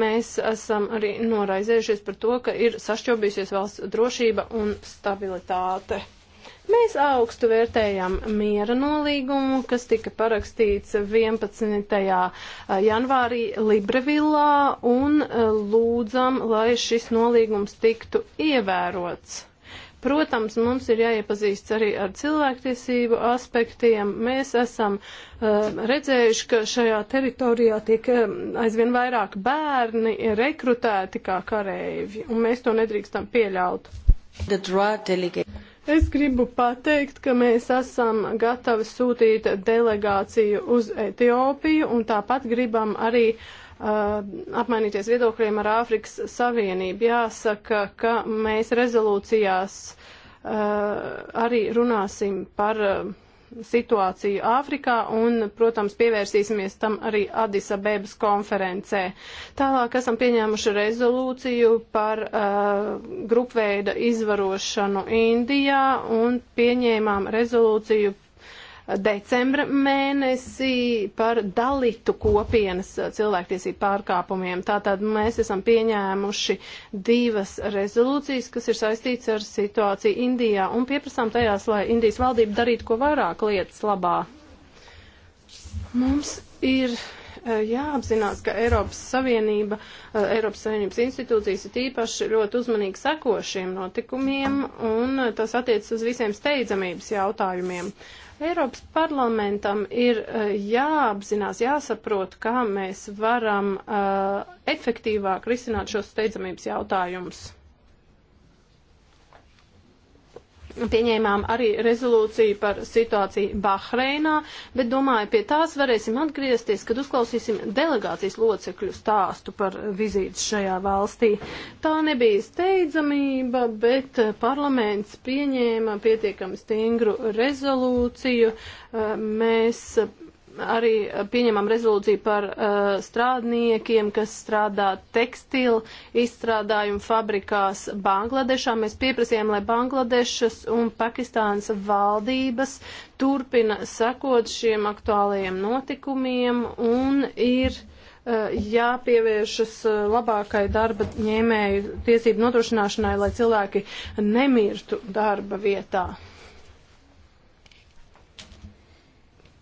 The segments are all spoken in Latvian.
Mēs esam arī noraizējušies par to, ka ir sašķobījusies valsts drošība un stabilitāte. Mēs augstu vērtējam miera nolīgumu, kas tika parakstīts 11. Eh, janvārī Librevillā un eh, lūdzam, lai šis nolīgums tiktu ievērots. Protams, mums ir jāiepazīst arī ar cilvēktiesību aspektiem. Mēs esam uh, redzējuši, ka šajā teritorijā tiek uh, aizvien vairāk bērni rekrutēti kā kareivi, un mēs to nedrīkstam pieļaut. Es gribu pateikt, ka mēs esam gatavi sūtīt delegāciju uz Etiopiju un tāpat gribam arī uh, Uh, apmainīties viedokļiem ar Āfrikas Savienību. Jāsaka, ka mēs rezolūcijās uh, arī runāsim par uh, situāciju Āfrikā un, protams, pievērsīsimies tam arī Adisa Bebas konferencē. Tālāk esam pieņēmuši rezolūciju par uh, grupveida izvarošanu Indijā un pieņēmām rezolūciju decembra mēnesī par dalitu kopienas cilvēktiesību pārkāpumiem. Tātad mēs esam pieņēmuši divas rezolūcijas, kas ir saistīts ar situāciju Indijā un pieprasām tajās, lai Indijas valdība darītu ko vairāk lietas labā. Mums ir eh, jāapzinās, ka Eiropas Savienība, eh, Eiropas Savienības institūcijas ir tīpaši ļoti uzmanīgi sekošiem notikumiem, un tas attiec uz visiem steidzamības jautājumiem. Uh, Eiropas parlamentam ir eh, jāapzinās, jāsaprot, kā mēs varam uh, efektīvāk risināt šos steidzamības jautājumus. pieņēmām arī rezolūciju par situāciju Bahreinā, bet domāju, pie tās varēsim atgriezties, kad uzklausīsim delegācijas locekļu stāstu par vizītes šajā valstī. Tā nebija steidzamība, bet parlaments pieņēma pietiekami stingru rezolūciju. Mēs arī pieņemam rezolūciju par uh, strādniekiem, kas strādā tekstilu izstrādājumu fabrikās Bangladešā. Mēs pieprasījām, lai Bangladešas un Pakistānas valdības turpina sekot šiem aktuālajiem notikumiem un ir uh, jāpievēršas eh, labākai darba ņēmēju tiesību nodrošināšanai, lai cilvēki nemirtu darba vietā.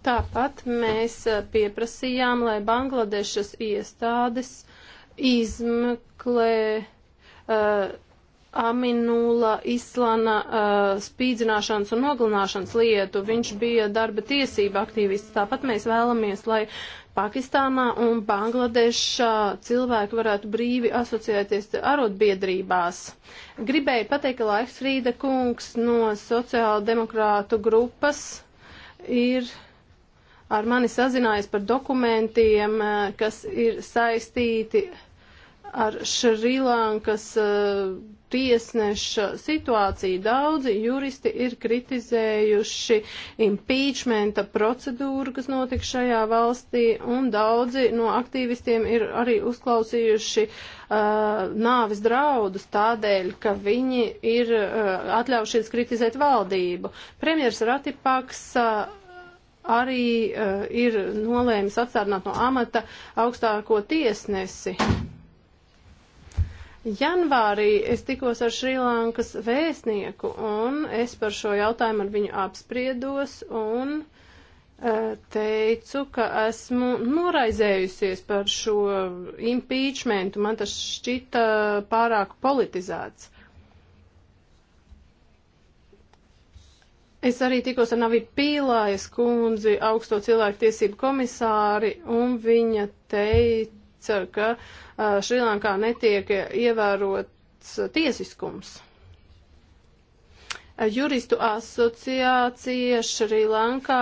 Tāpat mēs eh, pieprasījām, lai Bangladešas iestādes izmeklē uh, aminula islana uh, spīdzināšanas un nogalināšanas lietu. Viņš bija darba tiesība aktīvists. Tāpat mēs vēlamies, lai Pakistānā un Bangladešā cilvēki varētu brīvi asociēties arotbiedrībās. Gribēju pateikt, ka Laiksfrīda kungs no sociāldemokrātu grupas ir ar mani sazinājies par dokumentiem, eh, kas ir saistīti ar Šrilankas eh, tiesneša situāciju. Daudzi juristi ir kritizējuši impeachmenta procedūru, kas notika šajā valstī, un daudzi no aktīvistiem ir arī uzklausījuši uh, nāvis draudus tādēļ, ka viņi ir uh, atļaujušies kritizēt valdību. Premjers Ratipaks uh, arī uh, ir nolēmis atstādināt no amata augstāko tiesnesi. Janvārī es tikos ar Šrilankas vēstnieku un es par šo jautājumu ar viņu apspriedos un uh, teicu, ka esmu noraizējusies par šo impeachmentu. Man tas šķita eh, pārāk politizēts. Es arī tikos ar Navi Pīlājas kundzi, augsto cilvēku tiesību komisāri, un viņa teica, ka uh, Šrilankā netiek ievērots tiesiskums. Juristu asociācija Šrilankā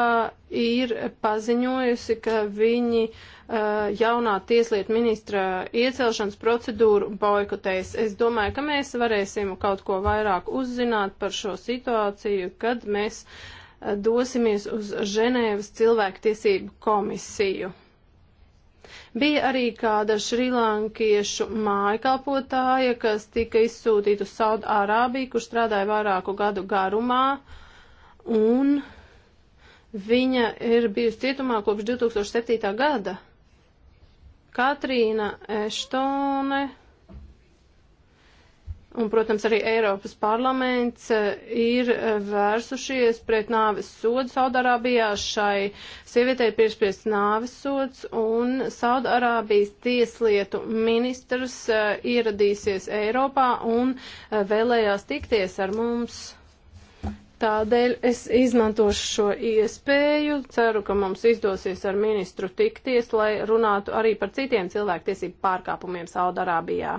ir paziņojusi, ka viņi uh, Uh, jaunā tieslietu ministra iecelšanas procedūru boikotēs. Es domāju, ka mēs varēsim kaut ko vairāk uzzināt par šo situāciju, kad mēs uh, dosimies uz Ženēvas cilvēktiesību komisiju. Bija arī kāda šrilankiešu mājkalpotāja, kas tika izsūtīta uz Saudārābiju, kur strādāja vairāku gadu garumā, un viņa ir bijusi cietumā kopš 2007. gada. Katrīna Eštone un, protams, arī Eiropas parlaments eh, ir eh, vērsušies pret nāves sodu Saudārābijā. Šai sievietei piešpiest nāves sods un Saudārābijas tieslietu ministrs eh, ieradīsies Eiropā un vēlējās tikties ar mums. Tādēļ es izmantošu šo iespēju, ceru, ka mums izdosies ar ministru tikties, lai runātu arī par citiem cilvēktiesību pārkāpumiem Saudarābijā.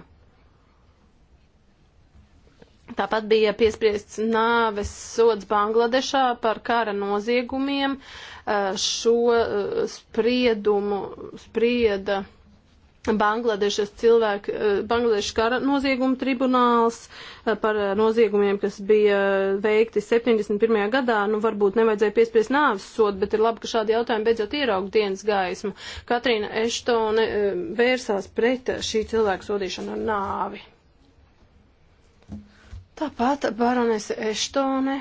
Tāpat bija piespriests nāves sods Bangladešā par kara noziegumiem. Šo spriedumu sprieda Bangladešas cilvēku, eh, Bangladešas kara nozieguma tribunāls eh, par noziegumiem, kas bija veikti 71. gadā, nu varbūt nevajadzēja piespriest nāvis sod, bet ir labi, ka šādi jautājumi beidzot ieraug dienas gaismu. Katrīna Eštone eh, vērsās pret šī cilvēka sodīšanu ar nāvi. Tāpat baronese Eštone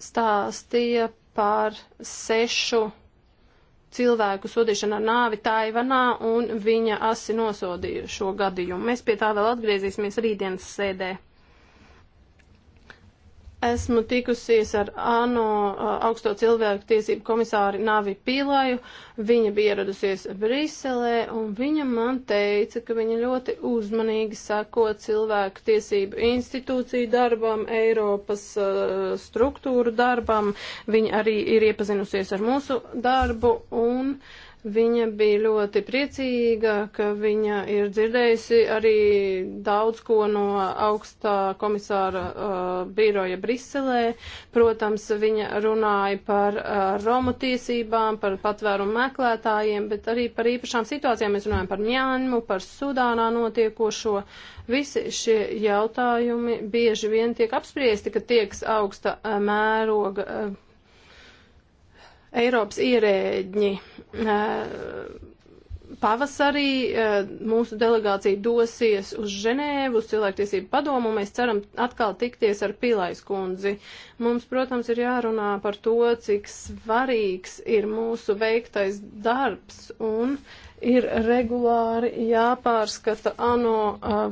stāstīja par sešu cilvēku sodīšana ar nāvi Taivanā un viņa asi nosodīja šo gadījumu. Mēs pie tā vēl atgriezīsimies rītdienas sēdē. Esmu tikusies ar ANO augsto cilvēku tiesību komisāri Navi Pilaju. Viņa bija ieradusies Briselē un viņa man teica, ka viņa ļoti uzmanīgi sako cilvēku tiesību institūciju darbam, Eiropas uh, struktūru darbam. Viņa arī ir iepazinusies ar mūsu darbu un uh, Viņa bija ļoti priecīga, ka viņa ir dzirdējusi arī daudz ko no augstā komisāra uh, biroja Briselē. Protams, viņa runāja par uh, Romu tiesībām, par patvērumu meklētājiem, bet arī par īpašām situācijām. Mēs runājam par Mjānmu, par Sudānā notiekošo. Visi šie jautājumi bieži vien tiek apspriesti, ka tieks augsta uh, mēroga. Uh, Eiropas ierēģi. Pavasarī mūsu delegācija dosies uz Ženēvu, uz cilvēktiesību padomu, un mēs ceram atkal tikties ar Pilais kundzi. Mums, protams, ir jārunā par to, cik svarīgs ir mūsu veiktais darbs, un ir regulāri jāpārskata ANO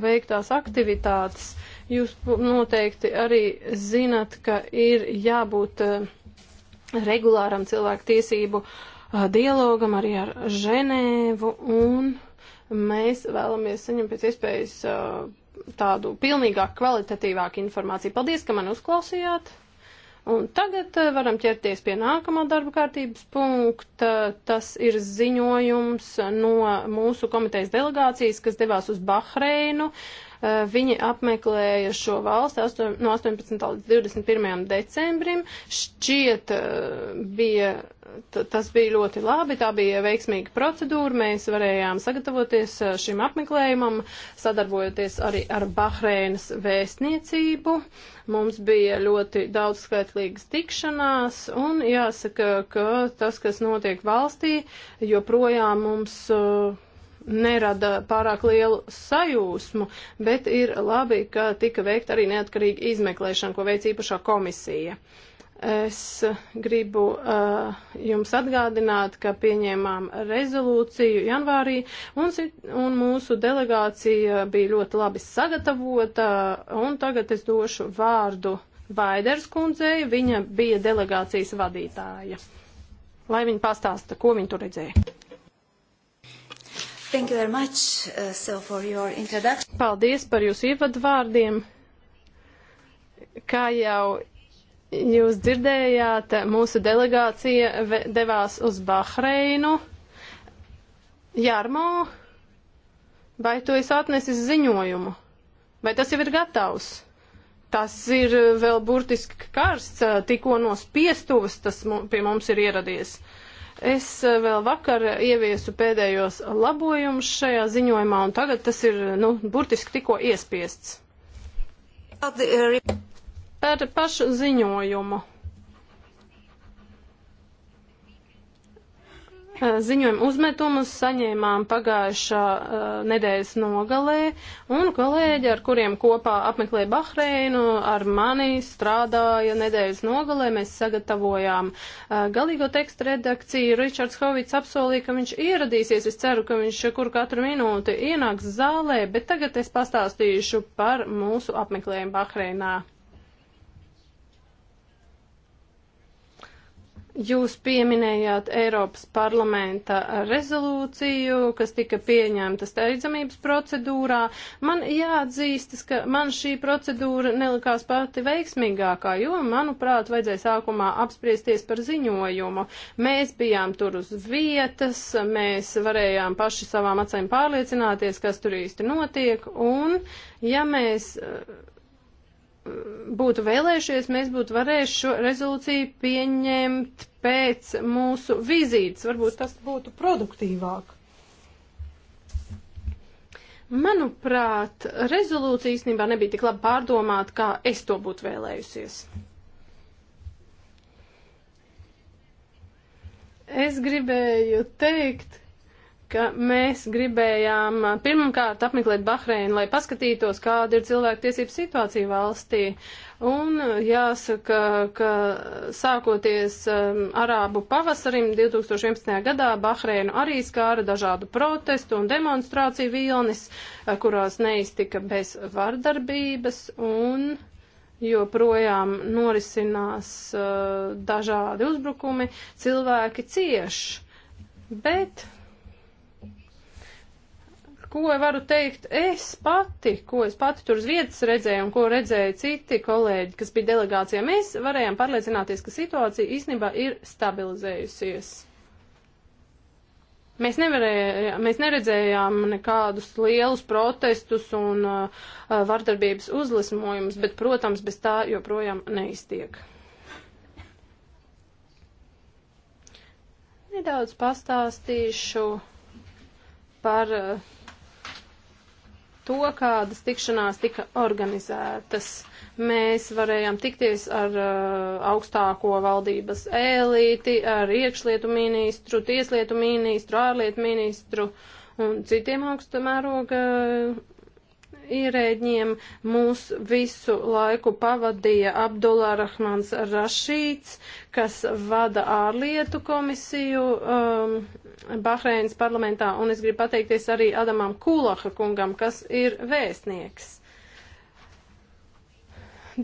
veiktās aktivitātes. Jūs noteikti arī zinat, ka ir jābūt. Uh, regulāram cilvēku tiesību uh, dialogam arī ar Ženēvu, un mēs vēlamies saņemt pēc iespējas uh, tādu pilnīgāku, kvalitatīvāku informāciju. Paldies, ka mani uzklausījāt! Un tagad uh, varam ķerties pie nākamā darba kārtības punkta. Tas ir ziņojums no mūsu komitejas delegācijas, kas devās uz Bahreinu. Uh, Viņi apmeklēja šo valsti 8, no 18. līdz 21. decembrim. Šķiet, bija, tas bija ļoti labi, tā bija veiksmīga procedūra. Mēs varējām sagatavoties šim apmeklējumam, sadarbojoties arī ar Bahreinas vēstniecību. Mums bija ļoti daudz skaitlīgas tikšanās, un jāsaka, ka tas, kas notiek valstī, joprojām mums. Uh, nerada pārāk lielu sajūsmu, bet ir labi, ka tika veikta arī neatkarīga izmeklēšana, ko veic īpašā komisija. Es gribu uh, jums atgādināt, ka pieņēmām rezolūciju janvārī un, un mūsu delegācija bija ļoti labi sagatavota. Un tagad es došu vārdu Vaiders kundzei. Viņa bija delegācijas vadītāja. Lai viņa pastāsta, ko viņa tur redzēja. Thank you very much uh, so for your introduction. Paldies par jūsu ievadvārdiem. Kā jau jūs dzirdējāt, mūsu delegācija devās uz Bahreinu. Jarmo, vai tu esi atnesis ziņojumu? Vai tas jau ir gatavs? Tas ir vēl burtiski karsts, uh, tikko no spiestuvas tas pie mums ir ieradies. Uh, Es eh, vēl vakar ieviesu pēdējos labojumus šajā ziņojumā, un tagad tas ir, nu, burtiski tikko iespiests. Uh, Par pašu ziņojumu. Ziņojumu uzmetumus saņēmām pagājušā nedēļas nogalē, un kolēģi, ar kuriem kopā apmeklēja Bahreinu, ar mani strādāja nedēļas nogalē. Mēs sagatavojām galīgo tekstu redakciju. Ričards Hovits apsolīja, ka viņš ieradīsies. Es ceru, ka viņš kur katru minūti ienāks zālē, bet tagad es pastāstīšu par mūsu apmeklējumu Bahreinā. Jūs pieminējāt Eiropas parlamenta rezolūciju, kas tika pieņemta steidzamības procedūrā. Man jāatzīstas, ka man šī procedūra nelikās pati veiksmīgākā, jo, manuprāt, vajadzēja sākumā apspriesties par ziņojumu. Mēs bijām tur uz vietas, mēs varējām paši savām acīm pārliecināties, kas tur īsti notiek, un ja mēs būtu vēlējušies, mēs būtu varējuši šo rezolūciju pieņemt pēc mūsu vizītes. Varbūt tas būtu produktīvāk. Manuprāt, rezolūcija īstenībā nebija tik labi pārdomāta, kā es to būtu vēlējusies. Es gribēju teikt, ka mēs gribējām uh, pirmkārt apmeklēt Bahreinu, lai paskatītos, kāda ir cilvēku tiesību situācija valstī. Un uh, jāsaka, ka sākoties um, Arābu pavasarim 2011. gadā Bahreinu arī skāra dažādu protestu un demonstrāciju vilnis, uh, kurās neiztika bez vardarbības un joprojām norisinās uh, dažādi uzbrukumi, cilvēki cieš. Bet ko varu teikt es pati, ko es pati tur uz vietas redzēju un ko redzēju citi kolēģi, kas bija delegācijā. Mēs varējām pārliecināties, ka situācija īstenībā ir stabilizējusies. Mēs, nevarēja, mēs neredzējām nekādus lielus protestus un uh, uh vardarbības uzlismojumus, bet, protams, bez tā joprojām neiztiek. Nedaudz pastāstīšu par uh, to, kādas tikšanās tika organizētas. Mēs varējām tikties ar uh, augstāko valdības elīti, ar iekšlietu ministru, tieslietu ministru, ārlietu ministru un citiem augstamēroga ierēģiem mūs visu laiku pavadīja Abdullah Rahmans Rašīts, kas vada ārlietu komisiju um, Bahreins parlamentā, un es gribu pateikties arī Adamam Kulaha kungam, kas ir vēstnieks.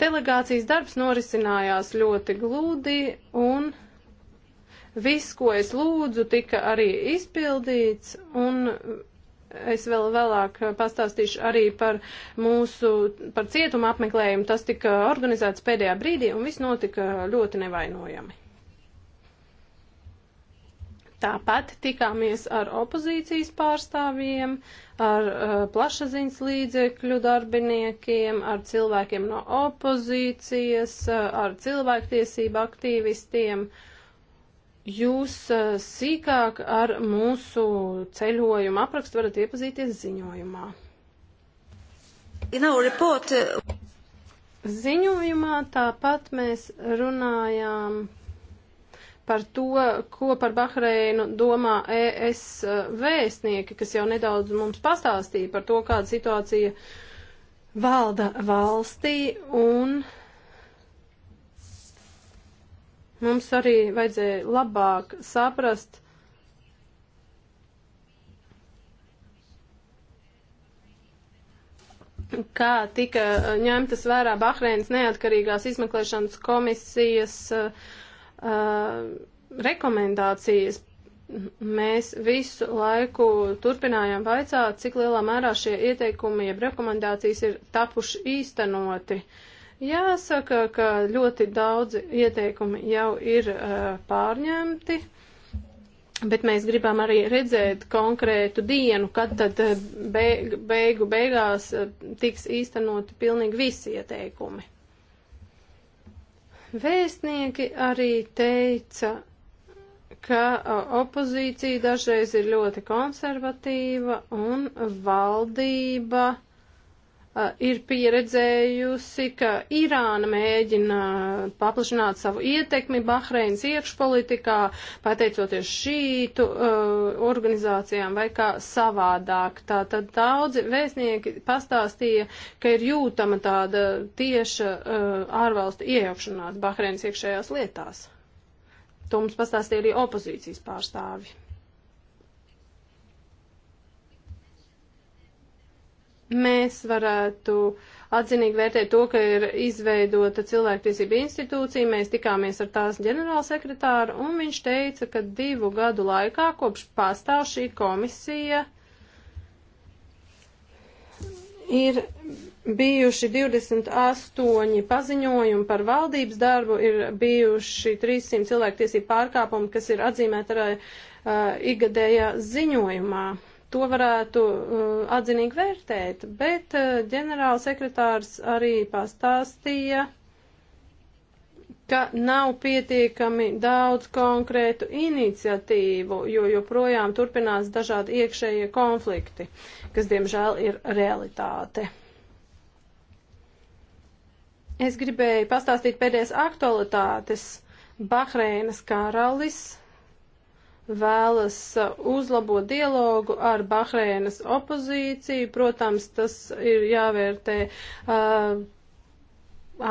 Delegācijas darbs norisinājās ļoti glūdi un viss, ko es lūdzu, tika arī izpildīts, un Es vēl vēlāk pastāstīšu arī par mūsu, par cietuma apmeklējumu. Tas tika organizēts pēdējā brīdī un viss notika ļoti nevainojami. Tāpat tikāmies ar opozīcijas pārstāvjiem, ar uh, plašsaziņas līdzekļu darbiniekiem, ar cilvēkiem no opozīcijas, uh, ar cilvēktiesību aktīvistiem. Uh, Jūs eh, sīkāk ar mūsu ceļojumu aprakstu varat iepazīties ziņojumā. Eh, ziņojumā tāpat mēs runājām par to, ko par Bahreinu domā ES eh, vēstnieki, kas jau nedaudz mums pastāstīja par to, kāda situācija valda valstī un uh, Mums arī vajadzēja labāk saprast, kā tika uh, ņemtas vērā Bahreinas neatkarīgās izmeklēšanas komisijas uh, uh, rekomendācijas. Mēs visu laiku turpinājām vaicāt, cik lielā mērā šie ieteikumi jeb rekomendācijas ir tapuši īstenoti. Uh, Jāsaka, ka ļoti daudzi ieteikumi jau ir uh, pārņemti. Bet mēs gribam arī redzēt konkrētu dienu, kad tad uh, beig, beigu beigās uh, tiks īstenoti pilnīgi visi ieteikumi. Vēstnieki arī teica, ka uh, opozīcija dažreiz ir ļoti konservatīva un valdība ir pieredzējusi, ka Irāna mēģina paplašināt savu ietekmi Bahreinas iekšpolitikā, pateicoties šītu uh, organizācijām vai kā savādāk. Tātad daudzi vēstnieki pastāstīja, ka ir jūtama tāda tieša uh, ārvalstu iejaukšanās Bahreinas iekšējās lietās. To mums pastāstīja arī opozīcijas pārstāvi. mēs varētu atzinīgi vērtēt to, ka ir izveidota cilvēktiesība institūcija. Mēs tikāmies ar tās ģenerālsekretāru, un viņš teica, ka divu gadu laikā, kopš pastāv šī komisija, ir bijuši 28 paziņojumi par valdības darbu, ir bijuši 300 cilvēktiesību pārkāpumi, kas ir atzīmēti arī uh, igadējā ziņojumā to varētu uh, atzinīgi vērtēt, bet uh, ģenerāla sekretārs arī pastāstīja, ka nav pietiekami daudz konkrētu iniciatīvu, jo joprojām turpinās dažādi iekšējie konflikti, kas diemžēl ir realitāte. Es gribēju pastāstīt pēdējais aktualitātes. Bahreinas karalis vēlas uh, uzlabot dialogu ar Bahreinas opozīciju. Protams, tas ir jāvērtē uh,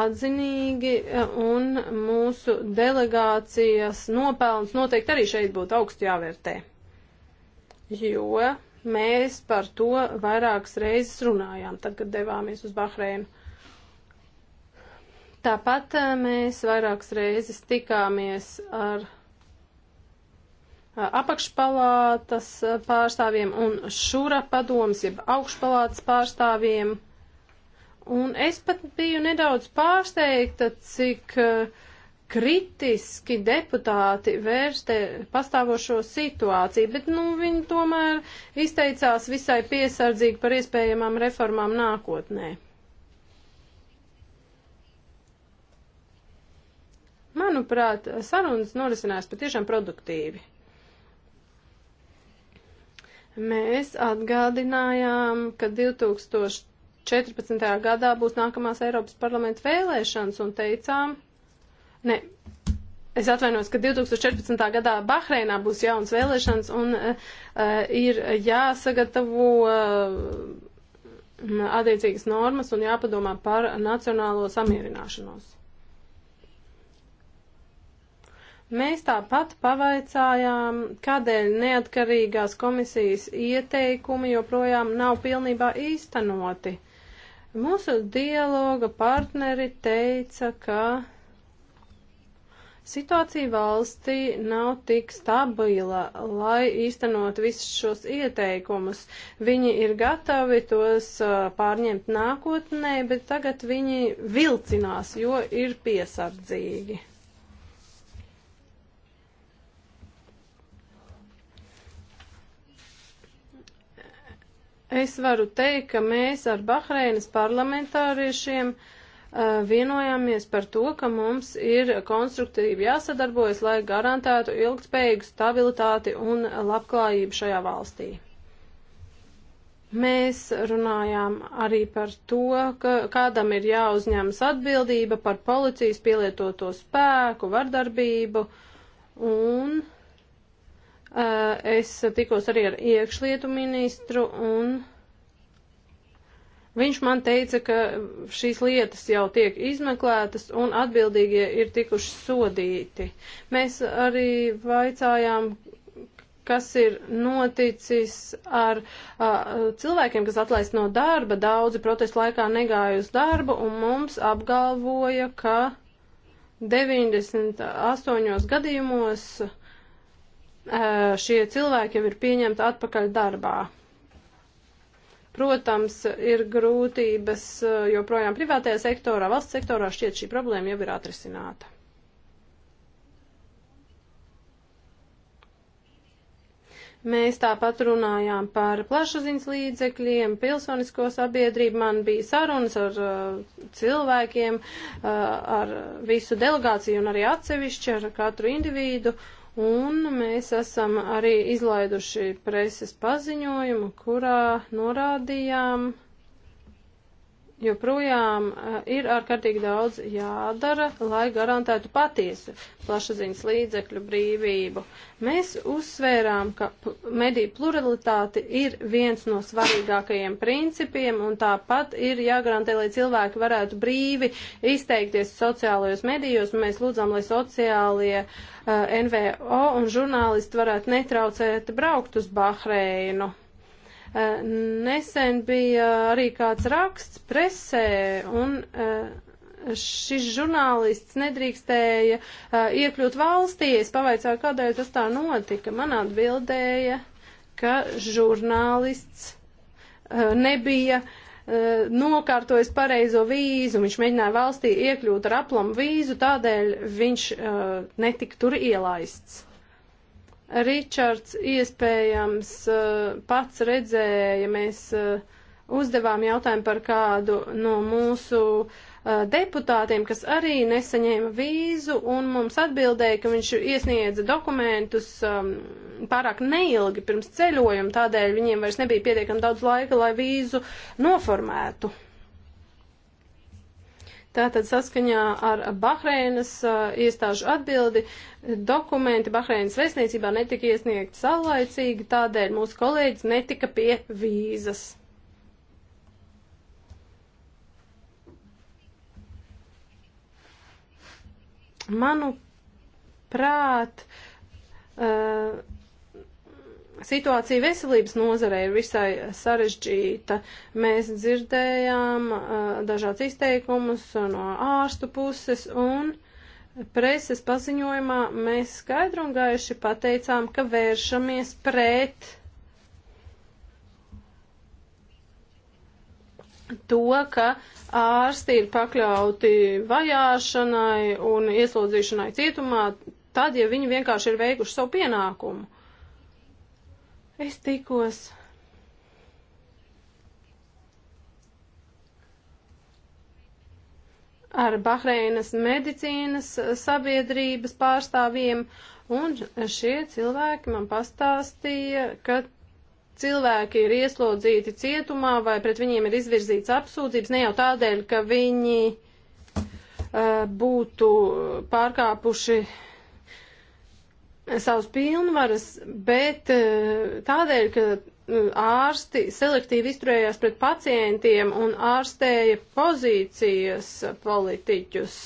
atzinīgi, uh, un mūsu delegācijas nopelns noteikti arī šeit būtu augstu jāvērtē. Jo mēs par to vairākas reizes runājām, tad, kad devāmies uz Bahreinu. Tāpat uh, mēs vairākas reizes tikāmies ar apakšpalātas pārstāvjiem un šura padoms, jeb augšpalātas pārstāvjiem. Un es pat biju nedaudz pārsteigta, cik uh, kritiski deputāti vērstē pastāvošo situāciju, bet, nu, viņi tomēr izteicās visai piesardzīgi par iespējamām reformām nākotnē. Manuprāt, sarunas norisinās patiešām produktīvi. Mēs atgādinājām, ka 2014. gadā būs nākamās Eiropas parlamenta vēlēšanas un teicām, ne, es atvainojos, ka 2014. gadā Bahreinā būs jauns vēlēšanas un uh, ir jāsagatavo. Uh, attiecīgas normas un jāpadomā par nacionālo samierināšanos. Mēs tāpat pavaicājām, kādēļ neatkarīgās komisijas ieteikumi joprojām nav pilnībā īstenoti. Mūsu dialoga partneri teica, ka situācija valstī nav tik stabila, lai īstenot visus šos ieteikumus. Viņi ir gatavi tos pārņemt nākotnē, bet tagad viņi vilcinās, jo ir piesardzīgi. Es varu teikt, ka mēs ar Bahreinas parlamentāriešiem vienojāmies par to, ka mums ir konstruktīvi jāsadarbojas, lai garantētu ilgspējīgu stabilitāti un labklājību šajā valstī. Mēs runājām arī par to, ka kādam ir jāuzņemas atbildība par policijas pielietoto spēku, vardarbību un Eh, es tikos arī ar iekšlietu ministru un viņš man teica, ka šīs lietas jau tiek izmeklētas un atbildīgie ir tikuši sodīti. Mēs arī vaicājām, kas ir noticis ar a, eh, cilvēkiem, kas atlaist no darba. Daudzi protestu laikā negāja uz darbu un mums apgalvoja, ka 98 gadījumos šie cilvēki jau ir pieņemti atpakaļ darbā. Protams, ir grūtības joprojām privātajā sektorā, valsts sektorā šķiet šī problēma jau ir atrisināta. Mēs tāpat runājām par plašsaziņas līdzekļiem, pilsonisko sabiedrību. Man bija sarunas ar uh, cilvēkiem, uh, ar visu delegāciju un arī atsevišķi ar katru individu. Uh, Un mēs esam arī izlaiduši preses paziņojumu, kurā norādījām, joprojām eh, ir ārkārtīgi daudz jādara, lai garantētu patiesu plašsaziņas līdzekļu brīvību. Mēs uzsvērām, ka mediju pluralitāte ir viens no svarīgākajiem principiem, un tāpat ir jāgarantē, lai cilvēki varētu brīvi izteikties sociālajos medijos, un mēs lūdzām, lai sociālie uh, eh, NVO un žurnālisti varētu netraucēt braukt uz Bahreinu. Eh, nesen bija arī kāds raksts presē, un eh, šis žurnālists nedrīkstēja eh, iekļūt valstī. Es pavaicāju, kādēļ tas tā notika. Man atbildēja, ka žurnālists nebija nokārtojis pareizo vīzu, viņš mēģināja valstī iekļūt ar aplamu vīzu, tādēļ viņš uh, netika tur ielaists. Ričards iespējams eh, pats redzēja, mēs eh, uzdevām jautājumu par kādu no mūsu eh, deputātiem, kas arī nesaņēma vīzu, un mums atbildēja, ka viņš iesniedza dokumentus um, pārāk neilgi pirms ceļojuma, tādēļ viņiem vairs nebija pietiekami daudz laika, lai vīzu noformētu. Tātad saskaņā ar Bahreinas uh, iestāžu atbildi dokumenti Bahreinas vēstniecībā netika iesniegti saulaicīgi, tādēļ mūsu kolēģis netika pie vīzas. Manuprāt, uh, Situācija veselības nozarē ir visai sarežģīta. Mēs dzirdējām uh, dažādas izteikumus no ārstu puses un preses paziņojumā mēs skaidru un gaiši pateicām, ka vēršamies pret to, ka ārsti ir pakļauti vajāšanai un ieslodzīšanai cietumā, tad, ja viņi vienkārši ir veikuši savu pienākumu. Es tikos ar Bahreinas medicīnas sabiedrības pārstāvjiem, un šie cilvēki man pastāstīja, ka cilvēki ir ieslodzīti cietumā vai pret viņiem ir izvirzīts apsūdzības ne jau tādēļ, ka viņi uh, būtu pārkāpuši uh, savas pilnvaras, bet eh, tādēļ, ka eh, ārsti selektīvi izturējās pret pacientiem un ārstēja pozīcijas politiķus.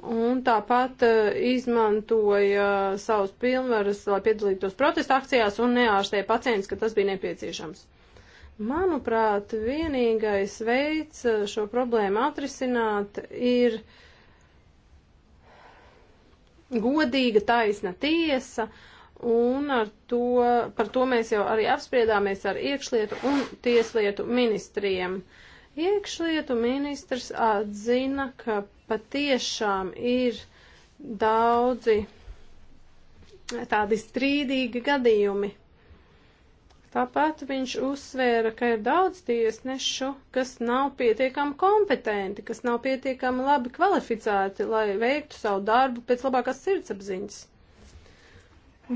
Un tāpat uh, izmantoja savus pilnvaras, lai piedalītos protesta akcijās un neārstēja pacients, ka tas bija nepieciešams. Manuprāt, vienīgais veids šo problēmu atrisināt ir uh, godīga, taisna tiesa, un ar to, par to mēs jau arī apspriedāmies ar iekšlietu un tieslietu ministriem. Iekšlietu ministrs atzina, ka patiešām ir daudzi tādi strīdīgi gadījumi. Tāpat viņš uzsvēra, ka ir daudz tiesnešu, kas nav pietiekami kompetenti, kas nav pietiekami labi kvalificēti, lai veiktu savu darbu pēc labākās sirdsapziņas.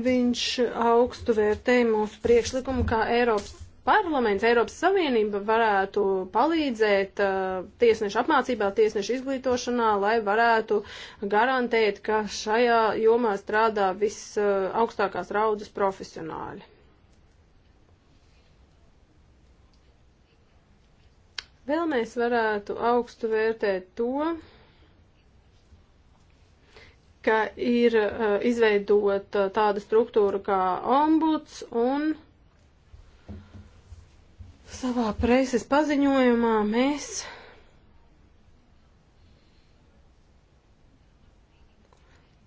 Viņš augstu vērtēja mūsu priekšlikumu, kā Eiropas parlaments, Eiropas Savienība varētu palīdzēt uh, tiesnešu apmācībā, tiesnešu izglītošanā, lai varētu garantēt, ka šajā jomā strādā visaugstākās uh, raudas profesionāļi. Vēl mēs varētu augstu vērtēt to, ka ir uh, izveidota uh, tāda struktūra kā ombuds un savā preses paziņojumā mēs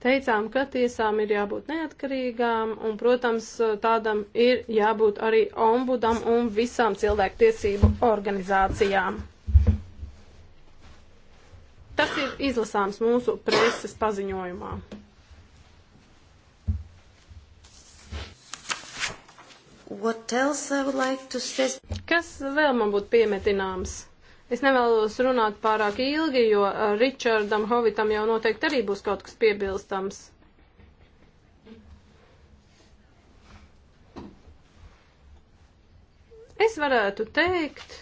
Teicām, ka tiesām ir jābūt neatkarīgām, un, protams, tādam ir jābūt arī ombudam un visām cilvēktiesību organizācijām. Tas ir izlasāms mūsu preses paziņojumā. Like Kas vēl man būtu piemetināms? Es nevēlos runāt pārāk ilgi, jo uh, Ričardam Hovitam jau noteikti arī būs kaut kas piebilstams. Es varētu teikt,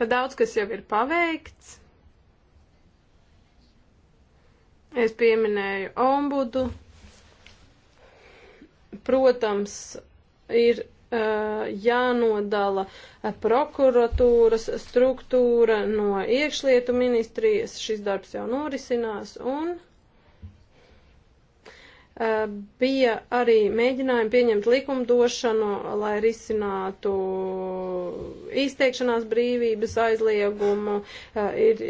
ka daudz kas jau ir paveikts. Es pieminēju ombudu, protams, ir jānodala prokuratūras struktūra no iekšlietu ministrijas. Šis darbs jau norisinās un bija arī mēģinājumi pieņemt likumdošanu, lai risinātu izteikšanās brīvības aizliegumu, ir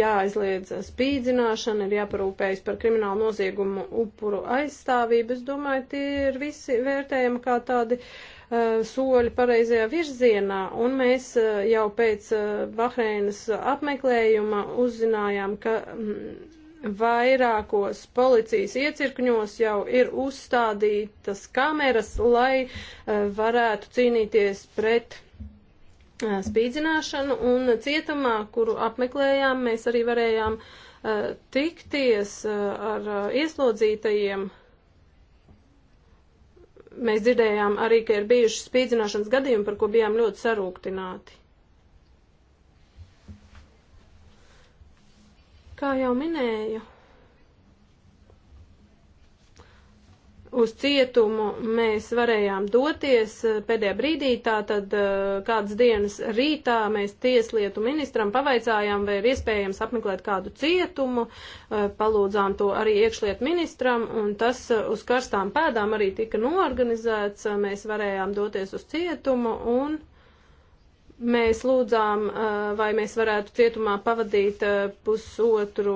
jāaizliedz spīdzināšana, ir jāparūpējas par kriminālu noziegumu upuru aizstāvību. Es domāju, tie ir visi vērtējumi kā tādi soļi pareizajā virzienā, un mēs jau pēc Bahreinas apmeklējuma uzzinājām, ka mm, vairākos policijas iecirkņos jau ir uzstādītas kameras, lai eh, varētu cīnīties pret eh, spīdzināšanu un cietumā, kuru apmeklējām, mēs arī varējām eh, tikties ar ieslodzītajiem. Mēs dzirdējām arī, ka ir bijuši spīdzināšanas gadījumi, par ko bijām ļoti sarūktināti. Kā jau minēju, uz cietumu mēs varējām doties e, pēdējā brīdī, tātad e, kādas dienas rītā mēs tieslietu ministram pavaicājām, vai ir iespējams apmeklēt kādu cietumu, e, palūdzām to arī iekšlietu ministram, un tas uz karstām pēdām arī tika norganizēts, mēs varējām doties uz cietumu un mēs lūdzām, uh, vai mēs varētu cietumā pavadīt uh, pusotru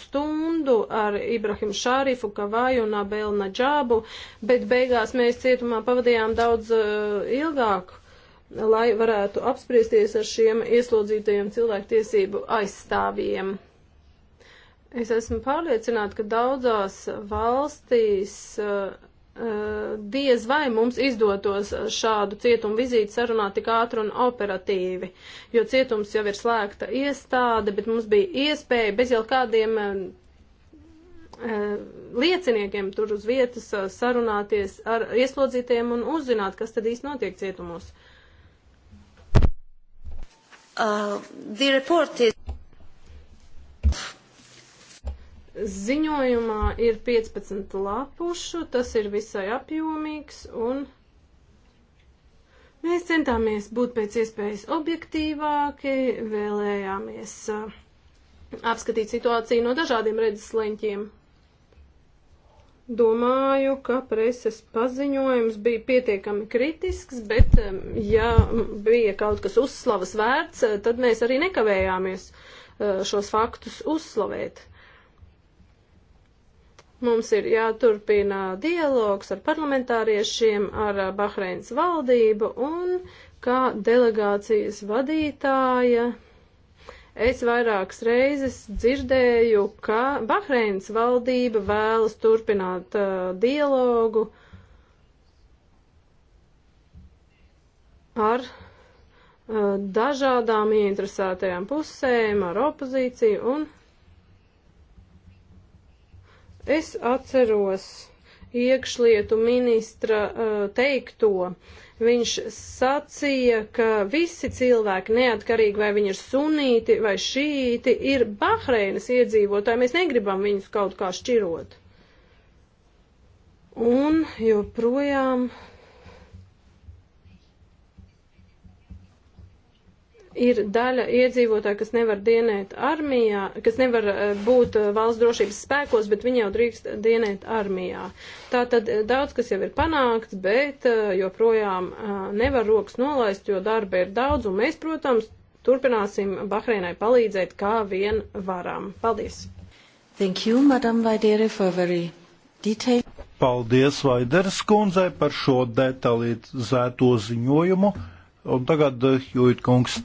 stundu ar Ibrahimu Šārifu, Kavaju un Abelu Naģābu, bet beigās mēs cietumā pavadījām daudz uh, ilgāk, lai varētu apspriesties ar šiem ieslodzītajiem cilvēktiesību aizstāvjiem. Es esmu pārliecināta, ka daudzās valstīs uh, diez vai mums izdotos šādu cietumu vizīti sarunāt tik ātri un operatīvi, jo cietums jau ir slēgta iestāde, bet mums bija iespēja bez jau kādiem eh, eh, lieciniekiem tur uz vietas eh, sarunāties ar ieslodzītiem un uzzināt, kas tad īsti notiek cietumos. Uh, the report is Ziņojumā ir 15 lapušu, tas ir visai apjomīgs un mēs centāmies būt pēc iespējas objektīvāki, vēlējāmies apskatīt situāciju no dažādiem redzes leņķiem. Domāju, ka preses paziņojums bija pietiekami kritisks, bet ja bija kaut kas uzslavas vērts, tad mēs arī nekavējāmies šos faktus uzslavēt. Uh, Mums ir jāturpina dialogs ar parlamentāriešiem, ar Bahreins valdību un kā delegācijas vadītāja. Es vairākas reizes dzirdēju, ka Bahreins valdība vēlas turpināt uh, dialogu ar uh, dažādām ieinteresētajām pusēm, ar opozīciju un Es atceros iekšlietu ministra uh, teikto. Viņš sacīja, ka visi cilvēki, neatkarīgi vai viņi ir sunīti vai šīti, ir Bahreinas iedzīvotāji. Mēs negribam viņus kaut kā šķirot. Un joprojām. Uh, ir daļa iedzīvotāji, kas nevar dienēt armijā, kas nevar eh, būt eh, valsts drošības spēkos, bet viņi jau drīkst dienēt armijā. Tā tad eh, daudz, kas jau ir panākts, bet joprojām nevar rokas nolaist, jo darba ir daudz, un mēs, protams, turpināsim Bahreinai palīdzēt, kā vien varam. Paldies! Thank you, Madam Vaidere, for very detailed. Paldies Vaideres kundzei par šo detalizēto ziņojumu. Un tagad Jūit kungs.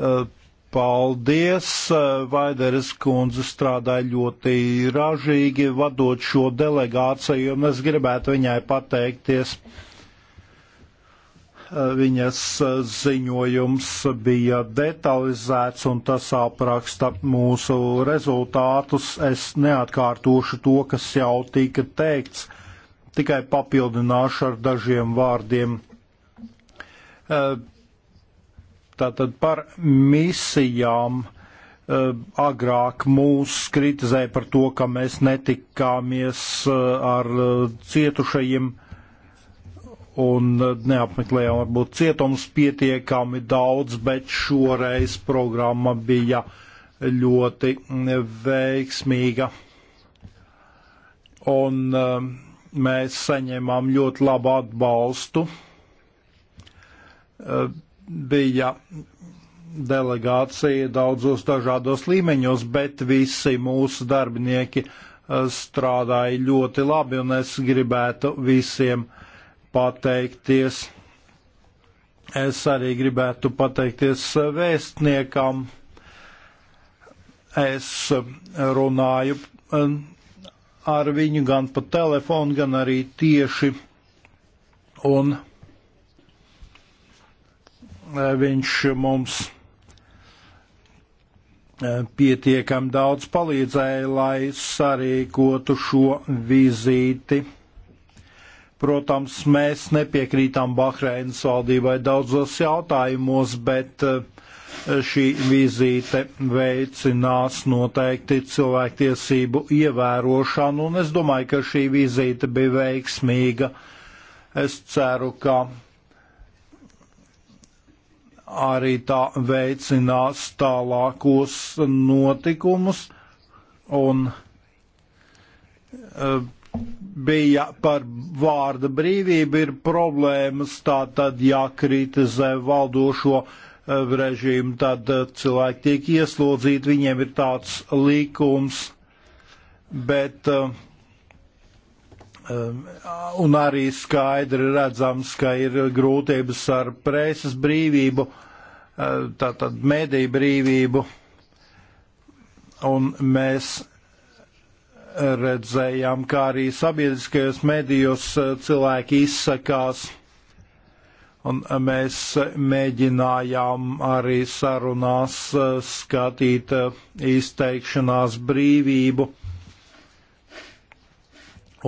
Eh, paldies! Eh, Vaideres kundze strādāja ļoti ražīgi, vadot šo delegāciju, un es gribētu viņai pateikties. Eh, viņas ziņojums bija detalizēts, un tas apraksta mūsu rezultātus. Es neatkārtošu to, kas jau tika teikts, tikai papildināšu ar dažiem vārdiem Tātad par misijām eh, agrāk mūs kritizēja par to, ka mēs netikāmies eh, ar eh, cietušajiem un neapmeklējām varbūt cietums pietiekami daudz, bet šoreiz programma bija ļoti mm, veiksmīga. Un mēs saņēmām ļoti labu atbalstu bija delegācija daudzos dažādos līmeņos, bet visi mūsu darbinieki eh, strādāja ļoti labi, un es gribētu visiem pateikties. Es arī gribētu pateikties vēstniekam. Es runāju eh, ar viņu gan pa telefonu, gan arī tieši. Un viņš mums e, pietiekam daudz palīdzēja, lai sarīkotu šo vizīti. Protams, mēs nepiekrītām Bahreinas valdībai daudzos jautājumos, bet e, šī vizīte veicinās noteikti cilvēktiesību ievērošanu, un es domāju, ka šī vizīte bija veiksmīga. Es ceru, ka arī tā veicinās tālākos notikumus un e, bija par vārda brīvību ir problēmas, tā tad jākritizē valdošo e, režīmu, tad e, cilvēki tiek ieslodzīti, viņiem ir tāds likums, bet uh, Um, un arī skaidri redzams, ka ir grūtības ar preses brīvību, uh, tātad mediju brīvību, un mēs redzējām, kā arī sabiedriskajos medijos uh, cilvēki izsakās, un mēs mēģinājām arī sarunās uh, skatīt izteikšanās brīvību.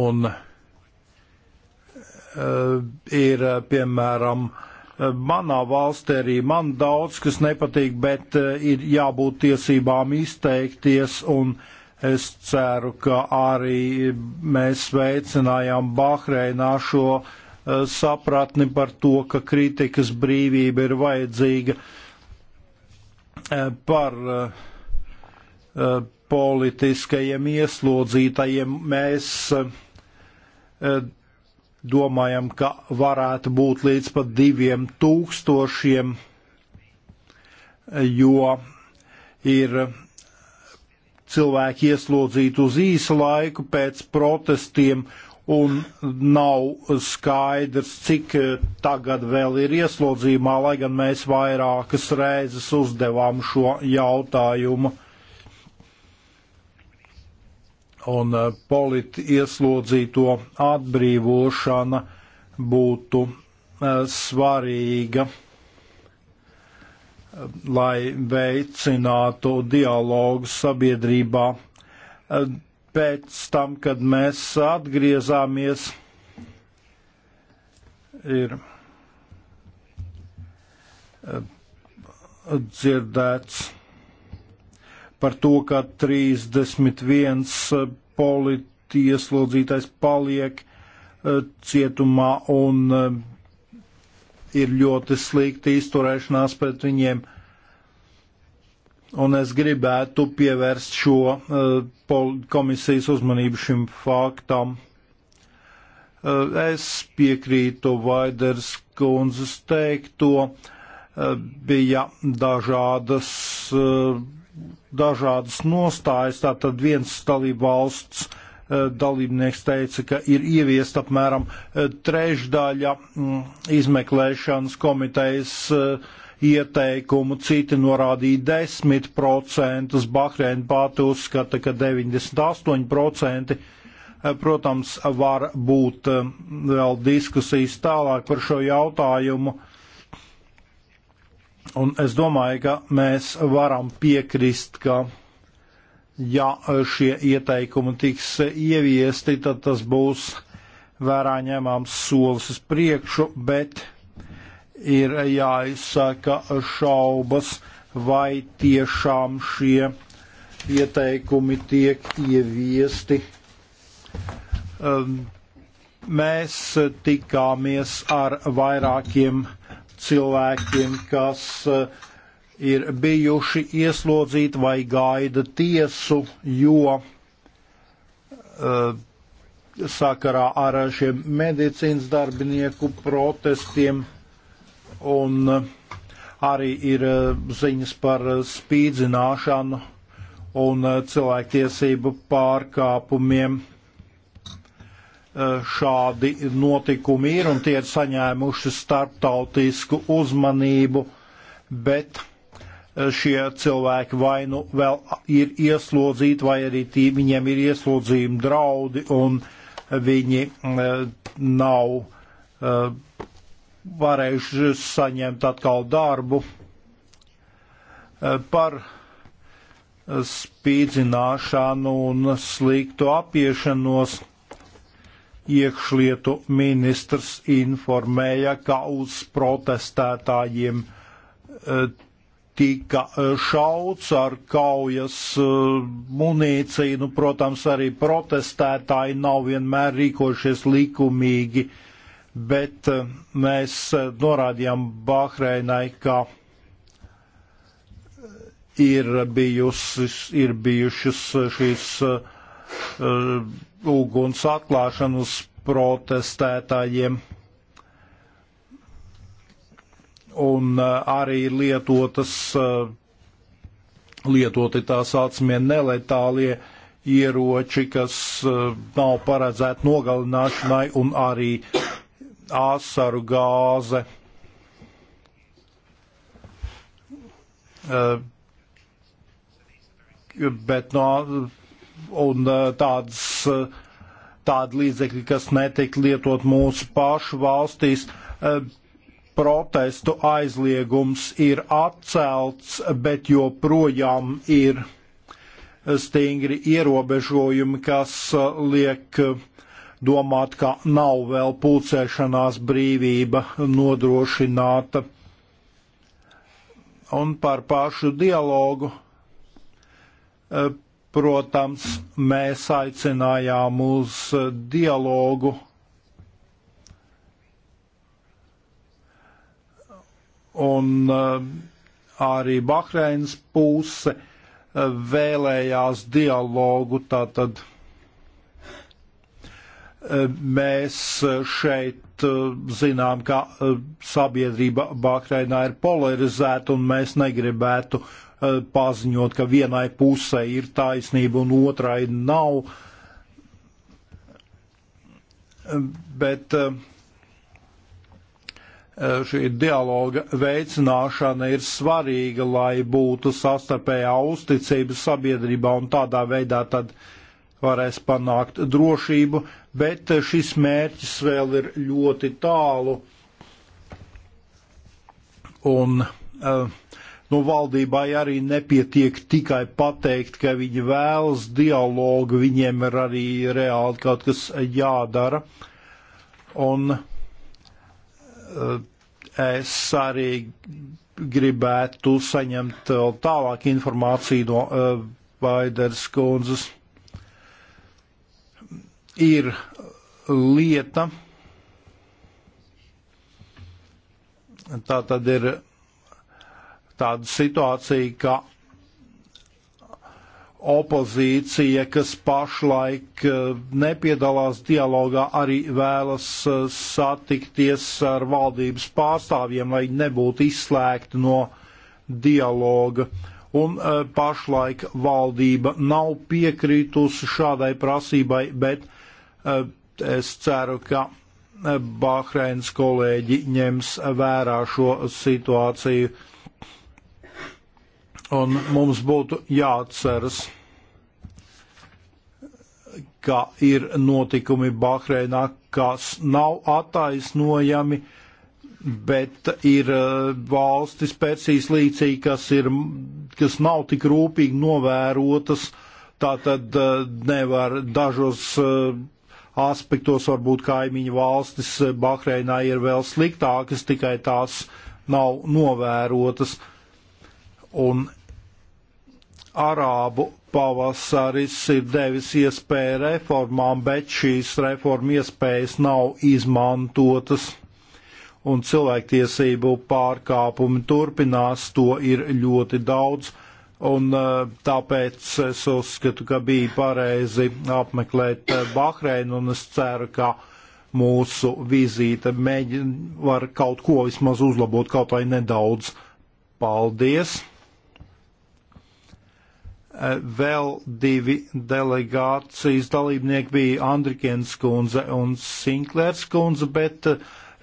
Un uh, Eh, ir eh, piemēram eh, manā valstī arī man daudz, kas nepatīk, bet ir jābūt tiesībām izteikties un es ceru, ka arī mēs veicinājām Bahreinā šo sapratni par to, ka kritikas brīvība ir vajadzīga par politiskajiem ieslodzītajiem. Mēs domājam, ka varētu būt līdz pat diviem tūkstošiem, jo ir cilvēki ieslodzīti uz īsu laiku pēc protestiem un nav skaidrs, cik tagad vēl ir ieslodzījumā, lai gan mēs vairākas reizes uzdevām šo jautājumu un uh, politi ieslodzīto atbrīvošana būtu uh, svarīga, uh, lai veicinātu dialogu sabiedrībā. Pēc tam, kad mēs atgriezāmies, ir dzirdēts par to, ka 31 eh, politieslodzītais paliek eh, cietumā un eh, ir ļoti slikta izturēšanās pret viņiem. Un es gribētu pievērst šo komisijas uzmanību šim faktam. Es piekrītu Vaiders kundzes teikto, bija dažādas dažādas nostājas. Tātad viens dalību valsts eh, dalībnieks teica, ka ir ieviest apmēram eh, trešdaļa mm, izmeklēšanas komitejas eh, ieteikumu, citi norādīja 10%, Bahreina pati uzskata, ka 98%. Protams, var būt vēl diskusijas tālāk par šo jautājumu. Un es domāju, ka mēs varam piekrist, ka ja šie ieteikumi tiks ieviesti, tad tas būs vērā ņemams solis uz priekšu, bet ir jāizsaka šaubas, vai tiešām šie ieteikumi tiek ieviesti. Um, mēs tikāmies ar vairākiem uh, cilvēkiem, kas eh, ir bijuši ieslodzīti vai gaida tiesu, jo eh, sakarā ar šiem medicīnas darbinieku protestiem un arī ir eh, ziņas par spīdzināšanu un cilvēktiesību pārkāpumiem. Eh, šādi notikumi ir un tie ir saņēmuši starptautisku uzmanību, bet eh, šie cilvēki vai nu vēl ir ieslodzīti, vai arī tī, viņiem ir ieslodzījumi draudi un viņi eh, nav varējuši saņemt atkal darbu par spīdzināšanu un sliktu apiešanos iekšlietu ministrs informēja, ka uz protestētājiem e, tika e, šauts ar kaujas e, munīciju. Nu, protams, arī protestētāji nav vienmēr rīkojušies likumīgi, bet mēs norādījām Bahreinai, ka ir, bijusis, ir bijušas šīs uh, Uh, uguns atklāšanu uz protestētājiem. Un uh, arī lietotas, uh, lietoti tā saucamie neletālie ieroči, kas nav paredzēti nogalināšanai, un arī asaru gāze. Bet no un uh, tādas, uh, tādi līdzekļi, kas netika lietot mūsu pašu valstīs. Uh, protestu aizliegums ir atcelts, bet joprojām ir stingri ierobežojumi, kas liek domāt, ka nav vēl pulcēšanās brīvība nodrošināta. Un par pašu dialogu Protams, mēs aicinājām uz dialogu un uh, arī Bahreinas puse uh, vēlējās dialogu. Tātad uh, mēs šeit zinām, ka sabiedrība Bahreinā ir polarizēta un mēs negribētu Eh, paziņot, ka vienai pusē ir taisnība un otrai nav. Eh, bet eh, šī dialoga veicināšana ir svarīga, lai būtu sastarpējā uzticība sabiedrībā un tādā veidā tad varēs panākt drošību, bet šis mērķis vēl ir ļoti tālu. Un uh, Nu, valdībai arī nepietiek tikai pateikt, ka viņi vēlas dialogu, viņiem ir arī reāli kaut kas jādara. Un eh, es arī gribētu saņemt tālāk informāciju no eh, Vaiders kundzes. Ir lieta, tā tad ir tāda situācija, ka opozīcija, kas pašlaik eh, nepiedalās dialogā, arī vēlas eh, satikties ar valdības pārstāvjiem, lai nebūtu izslēgti no dialoga. Un eh, pašlaik valdība nav piekrītusi šādai prasībai, bet es ceru, ka Bahreins kolēģi ņems vērā šo situāciju Un mums būtu jāatceras, ka ir notikumi Bahreinā, kas nav attaisnojami, bet ir e, valstis Persijas līcī, kas, ir, kas nav tik rūpīgi novērotas, tātad e, nevar dažos e, aspektos varbūt kaimiņu valstis Bahreinā ir vēl sliktākas, tikai tās nav novērotas. Un Arābu pavasaris ir devis iespēju reformām, bet šīs reformu iespējas nav izmantotas, un cilvēktiesību pārkāpumi turpinās, to ir ļoti daudz, un eh, tāpēc es uzskatu, ka bija pareizi apmeklēt eh, Bahreinu, un es ceru, ka mūsu vizīte mēģina var kaut ko vismaz uzlabot, kaut vai nedaudz. Paldies! Eh, vēl divi delegācijas dalībnieki bija Andrikienas kundze un Sinklērs kundze, bet eh,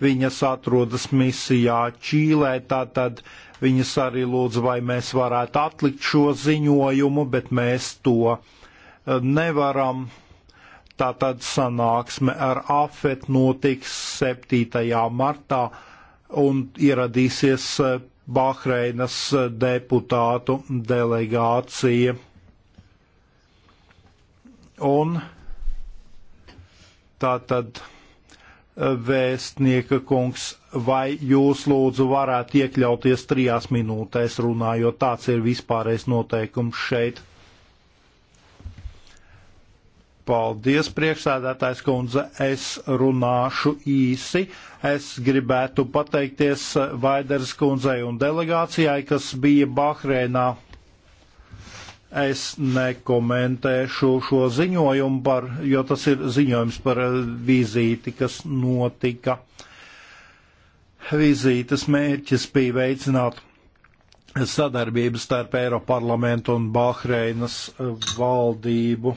viņas atrodas misijā Čīlē, tātad viņas arī lūdza, vai mēs varētu atlikt šo ziņojumu, bet mēs to eh, nevaram. Tātad sanāksme ar AFET notiks 7. martā un ieradīsies Bahreinas deputātu delegācija. Un tātad eh, vēstnieka kungs, vai jūs lūdzu varētu iekļauties trijās minūtēs runājot, tāds ir vispārējais noteikums šeit. Paldies, priekšsēdētājs kundze. Es runāšu īsi. Es gribētu pateikties Vaiders kundzei un delegācijai, kas bija Bahreinā. Es nekomentēšu šo ziņojumu, par, jo tas ir ziņojums par vizīti, kas notika. Vizītes mērķis bija veicināt sadarbību starp Eiroparlamentu un Bahreinas valdību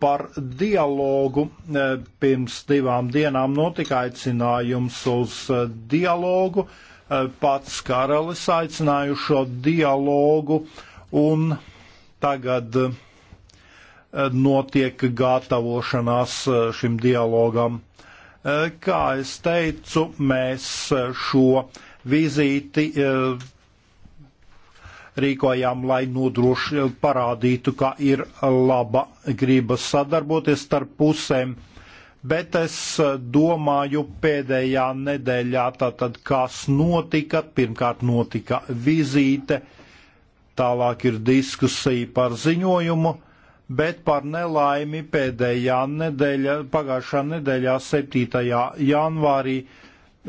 par dialogu. E, pirms divām dienām notika aicinājums uz e, dialogu. E, pats karalis aicināja šo dialogu un tagad notiek gatavošanās šim dialogam. Kā es teicu, mēs šo vizīti rīkojām, lai nodroši parādītu, ka ir laba griba sadarboties starp pusēm. Bet es eh, domāju, pēdējā nedēļā tātad, kas notika, pirmkārt notika vizīte, tālāk ir diskusija par ziņojumu, bet par nelaimi pēdējā nedēļa, pagājušā nedēļā 7. janvārī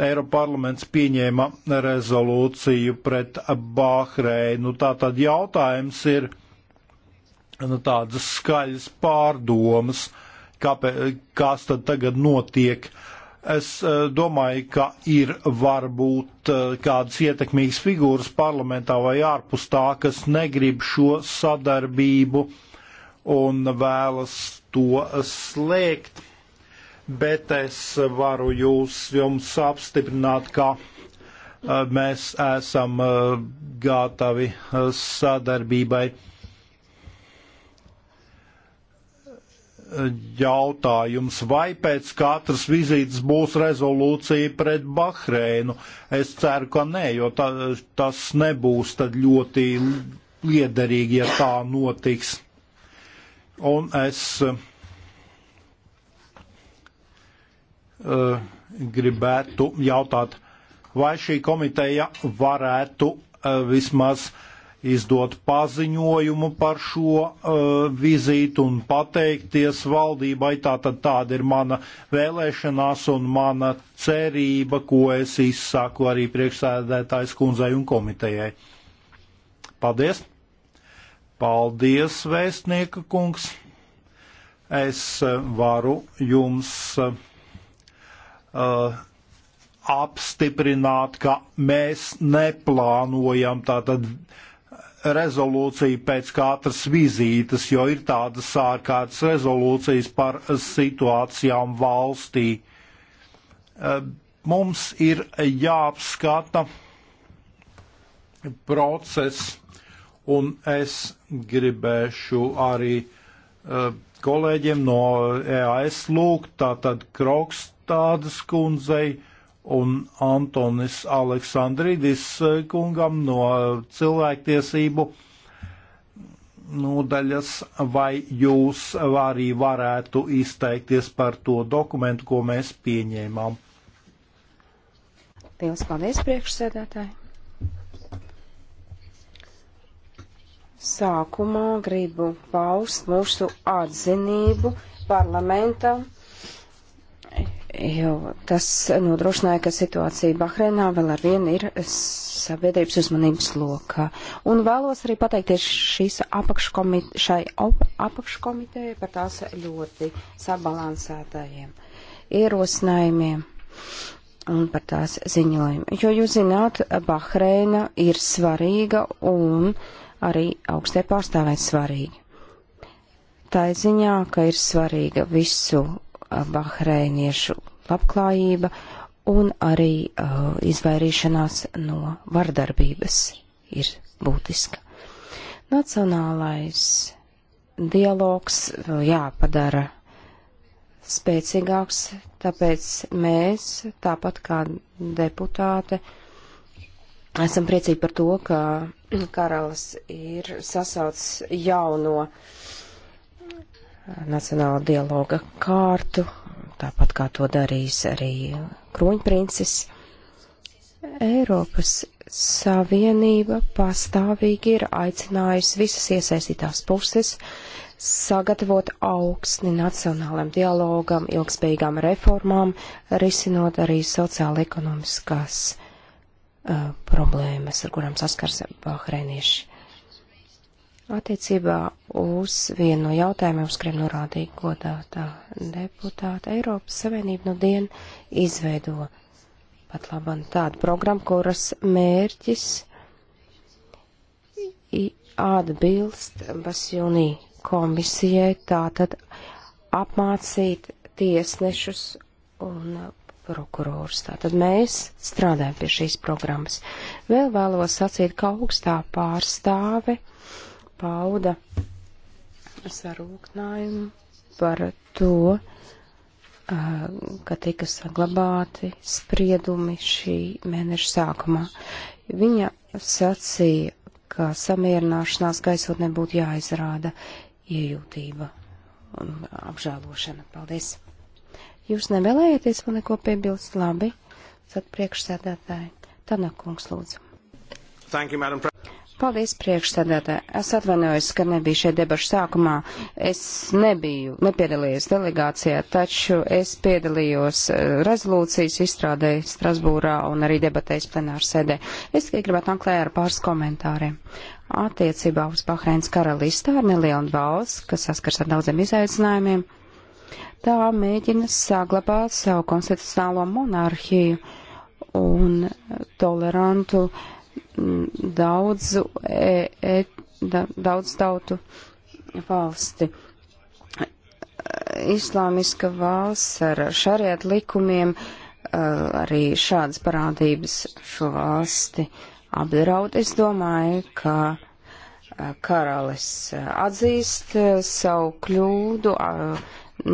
Eiropa parlaments pieņēma rezolūciju pret Bahreinu. Tātad jautājums ir nu, tādas skaļas pārdomas, kāpē, kas tad tagad notiek. Es eh, domāju, ka ir varbūt eh, kādas ietekmīgas figūras parlamentā vai ārpus tā, kas negrib šo sadarbību un vēlas to slēgt bet es varu jūs, jums apstiprināt, ka eh, mēs esam eh, gatavi eh, sadarbībai. jautājums, vai pēc katras vizītes būs rezolūcija pret Bahreinu. Es ceru, ka nē, jo ta, tas nebūs tad ļoti liederīgi, ja tā notiks. Un es Eh, gribētu jautāt, vai šī komiteja varētu eh, vismaz izdot paziņojumu par šo uh, vizītu un pateikties valdībai. Tātad tāda ir mana vēlēšanās un mana cerība, ko es izsaku arī priekšsēdētājs kundzei un komitejai. Paldies! Paldies, vēstnieka kungs! Es varu jums. Uh, uh, apstiprināt, ka mēs neplānojam tātad rezolūciju pēc katras vizītes, jo ir tādas ārkārtas rezolūcijas par situācijām valstī. Uh, mums ir jāapskata process, un es gribēšu arī uh, kolēģiem no EAS lūgt, tātad Krokst Tādas kundzei un Antonis Aleksandrīdis eh, kungam no cilvēktiesību nodaļas, vai jūs arī varētu izteikties par to dokumentu, ko mēs pieņēmām. Lielas paldies, priekšsēdētāji! Sākumā gribu paust mūsu atzinību parlamentam jo tas nodrošināja, ka situācija Bahreinā vēl ar vienu ir sabiedrības uzmanības lokā. Un vēlos arī pateikties šīs apakškomit šai apakškomitejai par tās ļoti sabalansētajiem ierosinājumiem un par tās ziņojumu. Jo jūs zināt, Bahreina ir svarīga un arī augstai pārstāvēt svarīga. Tā ir ziņā, ka ir svarīga visu bahreiniešu labklājība un arī uh, izvairīšanās no vardarbības ir būtiska. Nacionālais dialogs jāpadara spēcīgāks, tāpēc mēs, tāpat kā deputāte, esam priecīgi par to, ka karalis ir sasaucis jauno uh, nacionāla dialoga kārtu, tāpat kā to darīs arī kroņprincis. Eiropas Savienība pastāvīgi ir aicinājusi visas iesaistītās puses sagatavot augsni nacionālam dialogam, ilgspējīgām reformām, risinot arī sociāla ekonomiskās uh, problēmas, ar kurām saskars bahreinieši. Attiecībā uz vienu no jautājumiem, uz kuriem norādīja godātā deputāta, Eiropas Savienība nu dien izveido pat labam tādu programmu, kuras mērķis atbilst Basjūnī komisijai, tātad apmācīt tiesnešus un prokurors. Tātad mēs strādājam pie šīs programmas. Vēl vēlos sacīt, ka augstā pārstāve pauda sarūknājumu par to, ka tika saglabāti spriedumi šī mēneša sākumā. Viņa sacīja, ka samierināšanās gaisotnē būtu jāizrāda iejūtība un apžēlošana. Paldies! Jūs nevēlējieties man neko piebilst? Labi, tad priekšsēdētāji. Tanakungs, lūdzu. Thank you, Madam President. Paldies priekšsēdētāji. Es atvainojos, ka nebiju šeit debašu sākumā. Es nebiju, nepiedalījos delegācijā, taču es piedalījos eh, rezolūcijas izstrādē Strasbūrā un arī debatēs plenāru sēdē. Es tikai gribētu anklēt ar pāris komentāriem. Attiecībā uz Bahreinas karalistā ir neliela valsts, kas saskars ar daudziem izaicinājumiem. Tā mēģina saglabāt savu konstitucionālo monarhiju un tolerantu uh, Mm, daudzu, e, e, da, daudz tautu valsti. Islāmiska valsts ar šariet likumiem e, arī šādas parādības šo valsti apdraud. Es domāju, ka e, karalis e, atzīst savu kļūdu,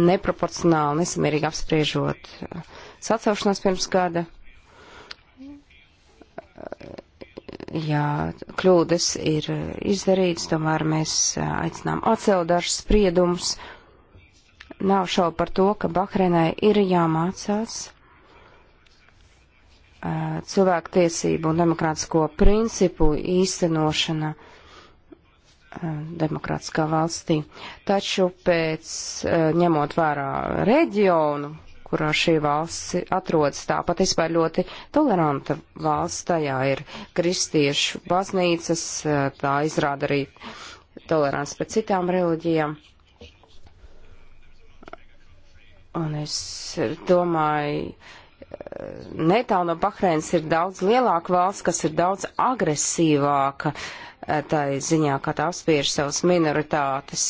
neproporcionāli, nesamierīgi apspriežot sacaušanās pirms gada jā, kļūdas ir izdarīts, tomēr mēs aicinām atcelt dažus spriedumus. Nav šaubu par to, ka Bahreinai ir jāmācās cilvēktiesību un demokrātisko principu īstenošana demokrātiskā valstī. Taču pēc ņemot vērā reģionu, kurā šī valsts atrodas. Tāpat vispār ļoti toleranta valsts, tajā ir kristiešu baznīcas, tā izrāda arī tolerants pret citām reliģijām. Un es domāju, netālu no Bahreinas ir daudz lielāka valsts, kas ir daudz agresīvāka eh, tai ziņā, kā tā apspiež savas minoritātes.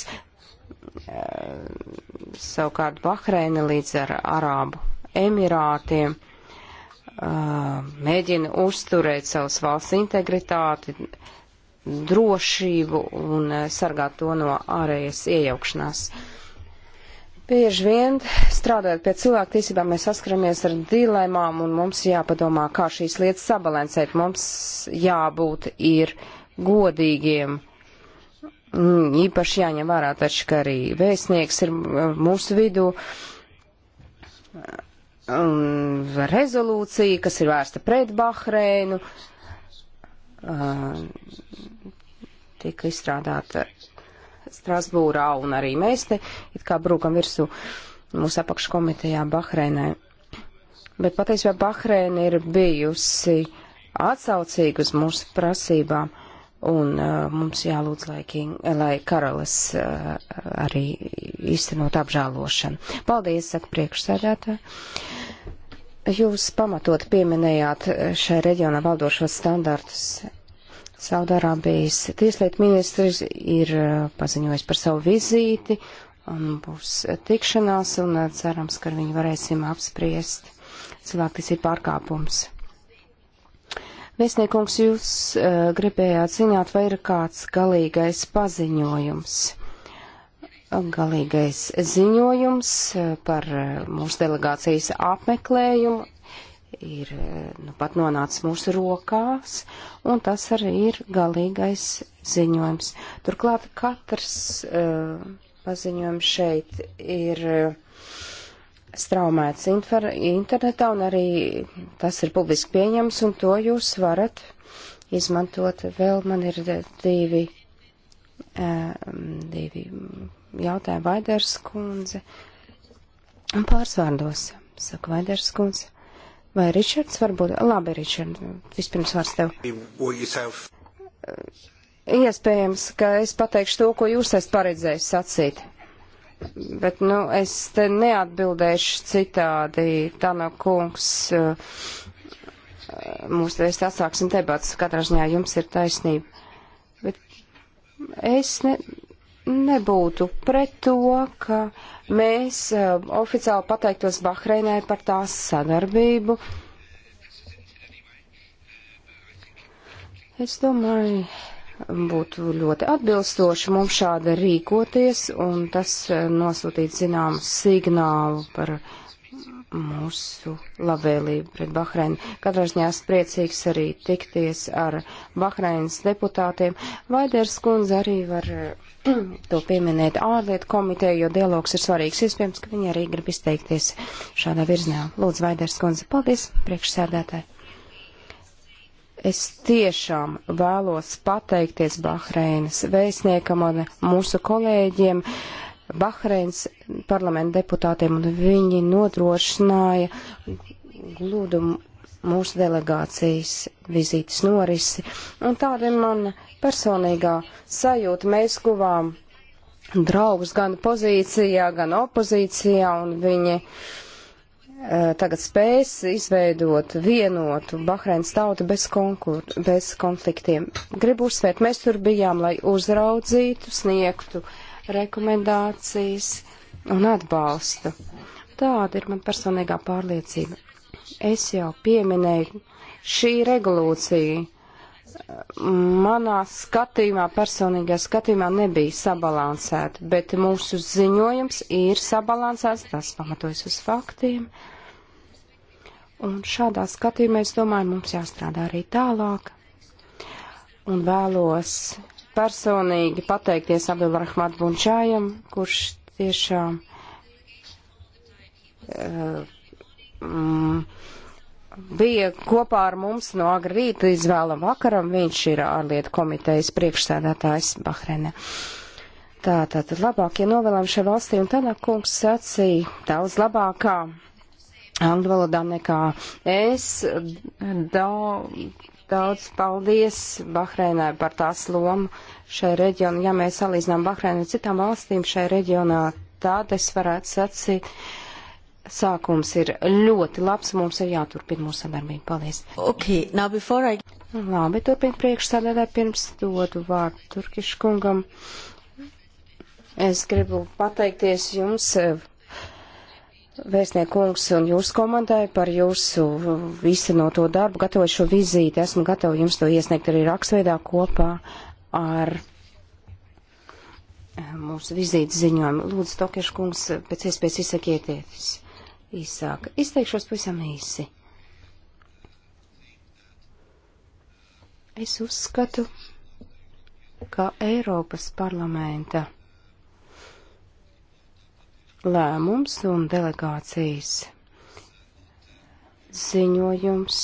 Eh, savukārt Bahreina līdz ar Arābu Emirātiem eh, mēģina uzturēt savas valsts integritāti, drošību un eh, sargāt to no ārējas iejaukšanās. Bieži vien strādājot pie cilvēktiesībām, mēs saskaramies ar dilemām un mums jāpadomā, kā šīs lietas sabalansēt. Mums jābūt ir godīgiem Mm, īpaši jāņem vērā taču, ka arī vēstnieks ir mūsu vidū. Un rezolūcija, kas ir vērsta pret Bahreinu, tika izstrādāta Strasbūrā, un arī mēs te it kā brūkam virsū mūsu apakškomitejā Bahreinai. Bet patiesībā Bahreina ir bijusi atsaucīga uz mūsu prasībām. Uh, un uh, mums jālūdz, lai, King, lai karalis uh, arī īstenot apžēlošanu. Paldies, saka priekšsēdētāji. Jūs pamatot pieminējāt šai reģionā valdošos standartus. Saudārābijas tieslietu ministrs ir uh, paziņojis par savu vizīti un būs tikšanās un uh, cerams, ka ar viņu varēsim apspriest cilvēktiesību pārkāpumus. Vēstniekungs, jūs uh, gribējāt zināt, vai ir kāds galīgais paziņojums. Galīgais ziņojums eh, par eh, mūsu delegācijas apmeklējumu ir nu, pat nonācis mūsu rokās, un tas arī ir galīgais ziņojums. Turklāt katrs uh, paziņojums šeit ir uh, straumēts infer, internetā un arī tas ir publiski pieņems un to jūs varat izmantot. Vēl man ir divi, divi jautājumi Vaiders kundze. Un pārsvārdos, saka Vaiders kundze. Vai Ričards varbūt? Labi, Ričard, vispirms vārds tev. Iespējams, ka es pateikšu to, ko jūs esat paredzējis sacīt bet, nu, es te neatbildēšu citādi. Tana kungs, mūs te es atsāksim debats, katrā ziņā jums ir taisnība. Bet es ne, nebūtu pret to, ka mēs eh, oficiāli pateiktos Bahreinai par tās sadarbību. Es domāju, būtu ļoti atbilstoši mums šādi rīkoties, un tas eh, nosūtīt zināmu signālu par mūsu labvēlību pret Bahreinu. Katrā ziņā es priecīgs arī tikties ar Bahreinas deputātiem. Vaiders kundze arī var eh, to pieminēt ārlietu komiteju, jo dialogs ir svarīgs. Iespējams, ka viņi arī grib izteikties šādā virzienā. Lūdzu, Vaiders kundze, paldies, priekšsēdētāji. Es tiešām vēlos pateikties Bahreinas vēstniekam un mūsu kolēģiem, Bahreins parlamenta deputātiem, un viņi nodrošināja glūdu mūsu delegācijas vizītes norisi. Un tāda ir mana personīgā sajūta. Mēs guvām draugus gan pozīcijā, gan opozīcijā, un viņi Eh, tagad spēs izveidot vienotu Bahreinas tautu bez, konkur, bez konfliktiem. Gribu uzsvērt, mēs tur bijām, lai uzraudzītu, sniegtu rekomendācijas un atbalstu. Tāda ir man personīgā pārliecība. Es jau pieminēju šī regulācija. Manā skatījumā, personīgā skatījumā nebija sabalansēta, bet mūsu ziņojums ir sabalansēts, tas pamatojas uz faktiem. Uh, Un šādā skatījumā, es domāju, mums jāstrādā arī tālāk. Un vēlos personīgi pateikties Abdul Rahmat Bunčājam, kurš tiešām uh, mm, bija kopā ar mums no agri rīta izvēlam vakaram. Viņš ir ārlietu komitejas priekšsēdētājs Bahrene. Tā, tā tad labākie ja novēlam šai valstī un Tanakungs sacīja daudz labākā angļu valodā nekā es. Daudz, daudz paldies Bahreinai par tās lomu šai reģionā. Ja mēs salīdzinām Bahreinu ar citām valstīm šai reģionā, tad es varētu sacīt, sākums ir ļoti labs, mums ir jāturpina mūsu sadarbība. Paldies. Okay, now before I... Labi, turpina priekšsādētāji, pirms dodu vārdu Turkiškungam. Es gribu pateikties jums Vēstniekungs un jūsu komandai par jūsu izcenoto darbu, gatavoju šo vizīti, esmu gatava jums to iesniegt arī rakstveidā kopā ar eh, mūsu vizītes ziņojumu. Lūdzu, Tokiešu kungs, pēc iespējas izsakieties īsāk. Izteikšos pavisam īsi. Es uzskatu, ka Eiropas parlamenta lēmums un delegācijas ziņojums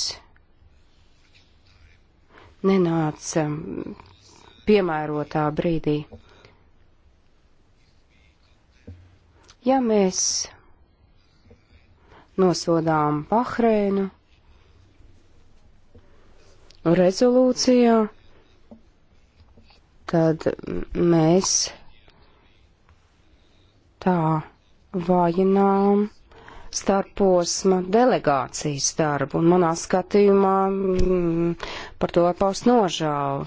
nenāca mm, piemērotā brīdī. Ja mēs nosodām Bahreinu rezolūcijā, tad mēs tā vājinām starposma delegācijas darbu, un manā skatījumā mm, par to paust nožēlu.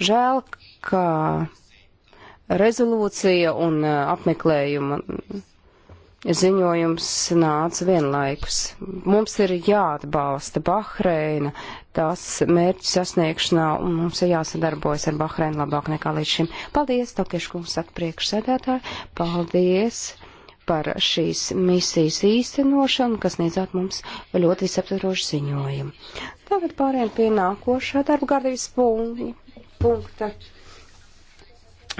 Žēl, ka rezolūcija un e, apmeklējuma ziņojums nāca vienlaikus. Mums ir jāatbalsta Bahreina, tās mērķu sasniegšanā, un mums ir jāsadarbojas ar Bahreinu labāk nekā līdz šim. Paldies, Tokiešu kungs, saka priekšsēdētāji, paldies par šīs misijas īstenošanu, kas niedzāt mums ļoti visaptvarošu ziņojumu. Tagad pārējiem pie nākošā darba gārdības punkta.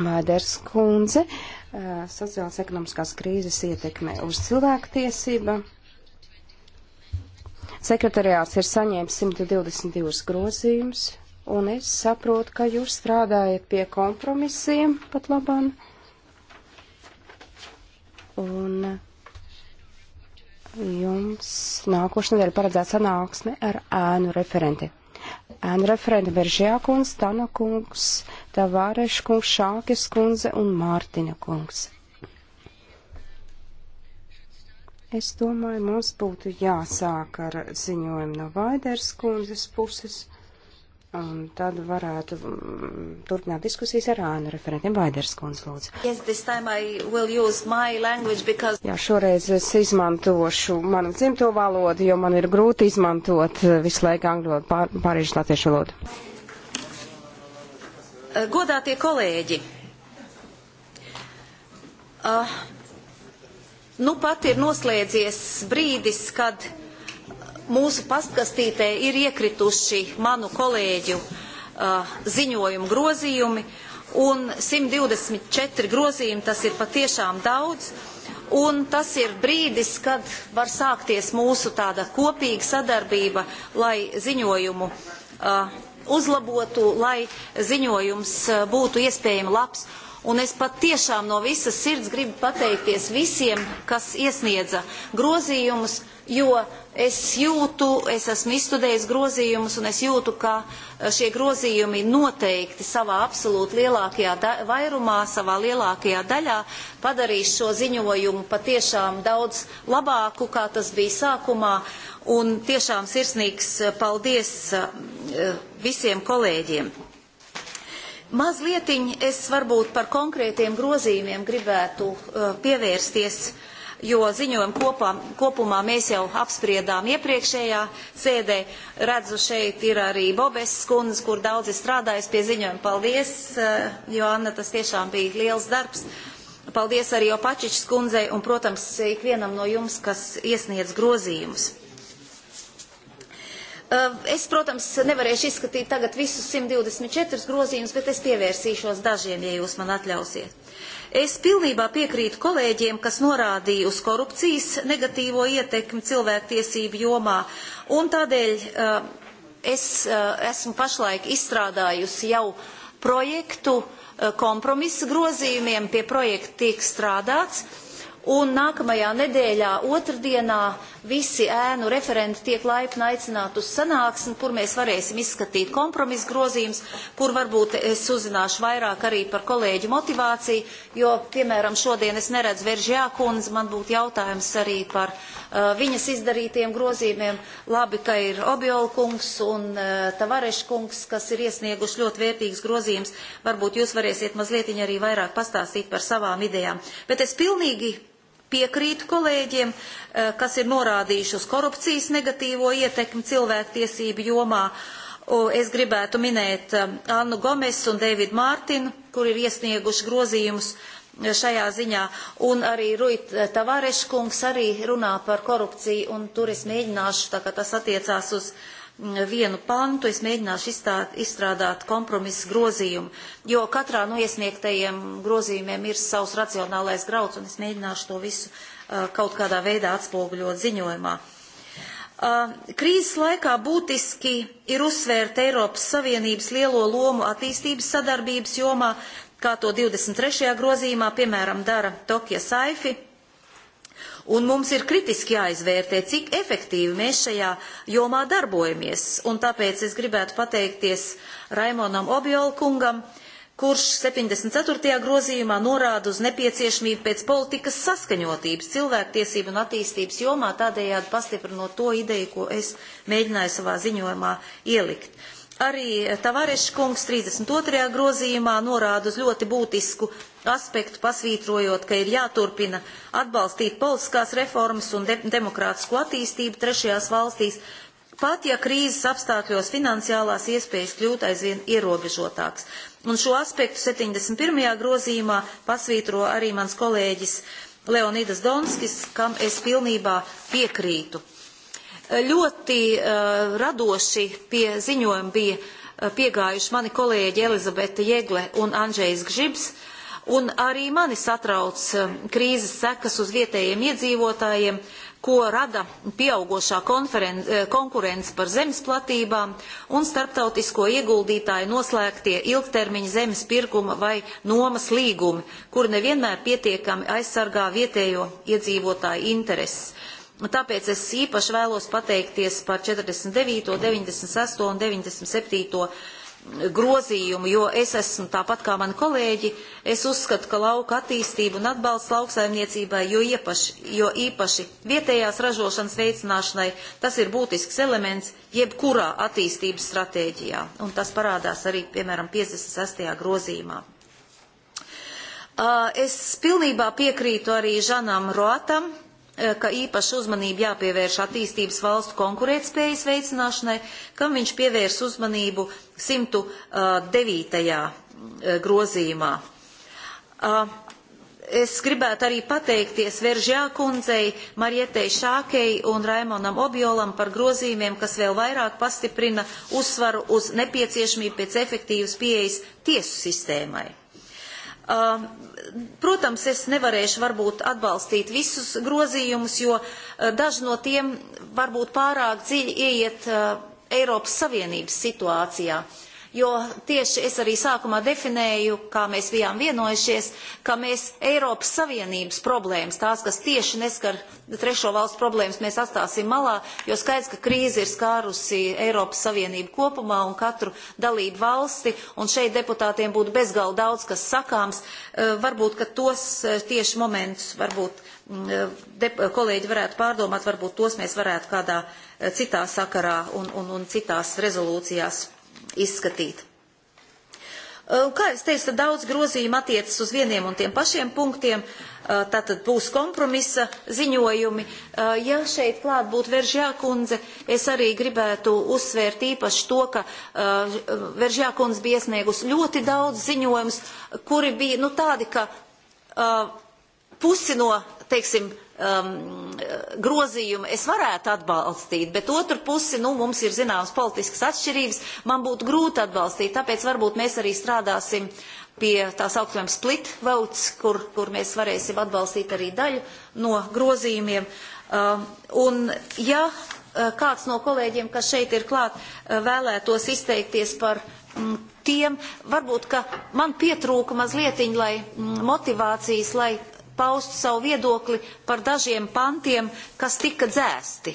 Mēders kundze, eh, sociāls ekonomiskās krīzes ietekme uz cilvēku tiesību. Sekretariāts ir saņēmis 122 grozījumus, un es saprotu, ka jūs strādājat pie kompromisiem pat labam. Un uh, jums nākošais nedēļa paredzēta sanāksme ar ēnu referenti. Ēnu referenti Beržijā kungs, Tana kungs, Tavāreš kungs, Šākes kundze un Mārtiņa kungs. Es domāju, mums būtu jāsāk ar ziņojumu no Vaiders kundzes puses, un tad varētu mm, turpināt diskusijas ar ānu referentiem Vaiders kundze, lūdzu. Yes, because... Jā, šoreiz es izmantošu manu dzimto valodu, jo man ir grūti izmantot eh, visu laiku angļu pār, pārīšu latviešu valodu. Eh, godātie kolēģi! Uh, nu pat ir noslēdzies brīdis, kad mūsu pastkastītē ir iekrituši manu kolēģu uh, ziņojumu grozījumi, un 124 grozījumi tas ir patiešām daudz, un tas ir brīdis, kad var sākties mūsu tāda kopīga sadarbība, lai ziņojumu uh, uzlabotu, lai ziņojums uh, būtu iespējami labs. Un es patiešām no visas sirds gribu pateikties visiem, kas iesniedza grozījumus, jo es jūtu, es esmu izstudējis grozījumus, un es jūtu, ka eh, šie grozījumi noteikti savā absolūti lielākajā vairumā, savā lielākajā daļā padarīs šo ziņojumu patiešām daudz labāku, kā tas bija sākumā. Un tiešām sirsnīgs eh, paldies eh, visiem kolēģiem. Mazlietiņ es varbūt par konkrētiem grozījumiem gribētu uh, pievērsties, jo ziņojumu kopā, kopumā mēs jau apspriedām iepriekšējā sēdē. Redzu, šeit ir arī Bobes skundas, kur daudzi strādājas pie ziņojuma. Paldies, uh, eh, jo Anna tas tiešām bija liels darbs. Paldies arī Opačičs kundzei un, protams, ikvienam no jums, kas iesniedz grozījumus. Eh, es, protams, nevarēšu izskatīt tagad visus 124 grozījumus, bet es pievērsīšos dažiem, ja jūs man atļausiet. Es pilnībā piekrītu kolēģiem, kas norādīja uz korupcijas negatīvo ietekmi cilvēktiesību jomā, un tādēļ eh, es eh, esmu pašlaik izstrādājusi jau projektu kompromisa grozījumiem, pie projekta tiek strādāts Un nākamajā nedēļā, otrdienā, visi ēnu referenti tiek laipni aicināti uz sanāksmi, kur mēs varēsim izskatīt kompromisu grozījumus, kur varbūt es uzzināšu vairāk arī par kolēģu motivāciju, jo, piemēram, šodien es neredzu Veržjā kundzi, man būtu jautājums arī par uh, viņas izdarītiem grozījumiem. Labi, ka ir Obiola kungs un uh, Tavareša kungs, kas ir iesnieguši ļoti vērtīgs grozījums. Varbūt jūs varēsiet mazliet arī vairāk pastāstīt par savām idejām. Bet es pilnīgi Piekrītu kolēģiem, eh, kas ir norādījuši uz korupcijas negatīvo ietekmi cilvēktiesību jomā. Es gribētu minēt eh, Annu Gomesu un Davidu Mārtinu, kur ir iesnieguši grozījumus eh, šajā ziņā. Un arī Ruit Tavareškungs arī runā par korupciju, un tur es mēģināšu, tā kā tas attiecās uz uh, vienu pantu, es mēģināšu izstāt, izstrādāt kompromisu grozījumu, jo katrā no iesniegtajiem grozījumiem ir savs racionālais grauds, un es mēģināšu to visu uh, kaut kādā veidā atspoguļot ziņojumā. Uh, krīzes laikā būtiski ir uzsvērt Eiropas Savienības lielo lomu attīstības sadarbības jomā, kā to 23. grozījumā, piemēram, dara Tokija Saifi, Un mums ir kritiski jāizvērtē, cik efektīvi mēs šajā jomā darbojamies. Un tāpēc es gribētu pateikties Raimonam Objolkungam, kurš 74. grozījumā norāda uz nepieciešamību pēc politikas saskaņotības cilvēktiesību un attīstības jomā, tādējādi pastiprinot to ideju, ko es mēģināju savā ziņojumā ielikt. Arī Tavareša kungs 32. grozījumā norāda uz ļoti būtisku aspektu pasvītrojot, ka ir jāturpina atbalstīt politiskās reformas un de demokrātisko attīstību trešajās valstīs, pat ja krīzes apstākļos finansiālās iespējas kļūt aizvien ierobežotāks. Un šo aspektu 71. grozījumā pasvītro arī mans kolēģis Leonidas Donskis, kam es pilnībā piekrītu. Ļoti uh, radoši pie ziņojuma bija uh, piegājuši mani kolēģi Elizabete Jegle un Andrzejs Gžibs, uh, Un arī mani satrauc eh, krīzes sekas uz vietējiem iedzīvotājiem, ko rada pieaugošā eh, konkurence par zemes platībām un starptautisko ieguldītāju noslēgtie ilgtermiņa zemes pirkuma vai nomas līgumi, kur nevienmēr pietiekami aizsargā vietējo iedzīvotāju intereses. Tāpēc es īpaši vēlos pateikties par 49., 96. un 97 grozījumu, jo es esmu tāpat kā mani kolēģi, es uzskatu, ka lauka attīstība un atbalsts lauksaimniecībai, jo, iepaši, jo īpaši vietējās ražošanas veicināšanai, tas ir būtisks elements jebkurā attīstības stratēģijā, un tas parādās arī, piemēram, 56. grozījumā. Es pilnībā piekrītu arī Žanam Roatam, ka īpaši uzmanību jāpievērš attīstības valstu konkurētspējas veicināšanai, kam viņš pievērs uzmanību 109. grozījumā. Es gribētu arī pateikties Veržjā kundzei, Marietei Šākei un Raimonam Objolam par grozījumiem, kas vēl vairāk pastiprina uzsvaru uz nepieciešamību pēc efektīvas pieejas tiesu sistēmai. Uh, protams, es nevarēšu varbūt atbalstīt visus grozījumus, jo uh, daži no tiem varbūt pārāk dziļi ieiet uh, Eiropas Savienības situācijā. Jo tieši es arī sākumā definēju, kā mēs bijām vienojušies, ka mēs Eiropas Savienības problēmas, tās, kas tieši neskar trešo valstu problēmas, mēs atstāsim malā, jo skaidrs, ka krīze ir skārusi Eiropas Savienību kopumā un katru dalību valsti, un šeit deputātiem būtu bezgalda daudz, kas sakāms, eh, varbūt, ka tos eh, tieši momentus varbūt Mm, eh, eh, kolēģi varētu pārdomāt, varbūt tos mēs varētu kādā eh, citā sakarā un, un, un citās rezolūcijās izskatīt. Kā es teicu, tad daudz grozījumu attiecas uz vieniem un tiem pašiem punktiem, tātad būs kompromisa ziņojumi. Ja šeit klāt būtu Veržjā kundze, es arī gribētu uzsvērt īpaši to, ka Veržjā kundze bija iesniegus ļoti daudz ziņojumus, kuri bija nu, tādi, ka pusi no teiksim, um, grozījumu es varētu atbalstīt, bet otru pusi, nu, mums ir zināmas politiskas atšķirības, man būtu grūti atbalstīt, tāpēc varbūt mēs arī strādāsim pie tās augstiem split votes, kur, kur mēs varēsim atbalstīt arī daļu no grozījumiem. Um, un, ja uh, kāds no kolēģiem, kas šeit ir klāt, uh, vēlētos izteikties par mm, tiem, varbūt, ka man pietrūka mazlietiņi, lai mm, motivācijas, lai paust savu viedokli par dažiem pantiem, kas tika dzēsti.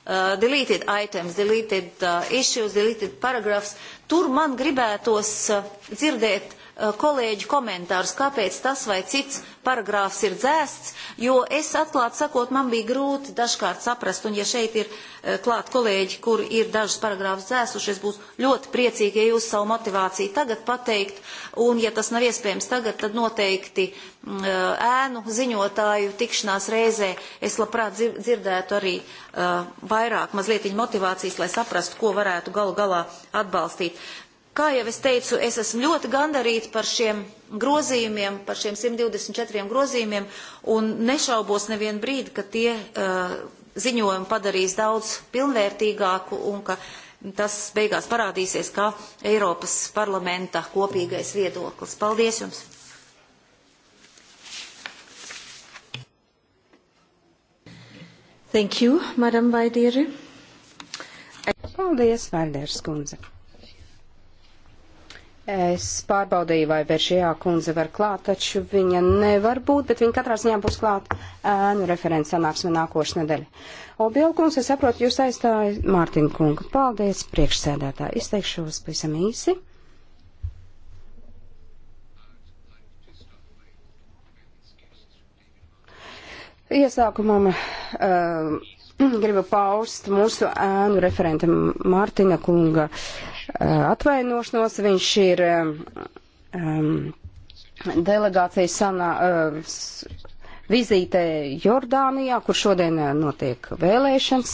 Uh, deleted items, deleted uh, issues, deleted paragraphs. Tur man gribētos uh, dzirdēt Eh, kolēģu komentārus, kāpēc tas vai cits paragrāfs ir dzēsts, jo es atklāti sakot, man bija grūti dažkārt saprast, un ja šeit ir eh, klāt kolēģi, kur ir dažas paragrāfas dzēsuši, es būs ļoti priecīgi, ja jūs savu motivāciju tagad pateikt, un ja tas nav iespējams tagad, tad noteikti mm, eh, ēnu ziņotāju tikšanās reizē es labprāt dzirdētu arī vairāk mazlietiņu motivācijas, lai saprastu, ko varētu galu galā atbalstīt. Kā jau es teicu, es esmu ļoti gandarīta par šiem grozījumiem, par šiem 124 grozījumiem, un nešaubos nevienu brīdi, ka tie uh, ziņojumi padarīs daudz pilnvērtīgāku un ka tas beigās parādīsies kā Eiropas parlamenta kopīgais viedoklis. Paldies jums! Thank you, Madam Vaidīri. Paldies, Vaidērs kundze. Es pārbaudīju, vai Veržijā kundze var klāt, taču viņa nevar būt, bet viņa katrā ziņā būs klāt ēnu referents sanāksme nākošu nedēļu. Obiela kungs, es saprotu, jūs aizstāja Mārtiņu kungu. Paldies, priekšsēdētā. Izteikšos pavisam īsi. Iesākumam um, uh, gribu paust mūsu ēnu referenta Mārtiņa kunga. Uh, Eh, atvainošanos. Viņš ir um, delegācijas sanā, uh, vizītē Jordānijā, kur šodien eh, notiek vēlēšanas.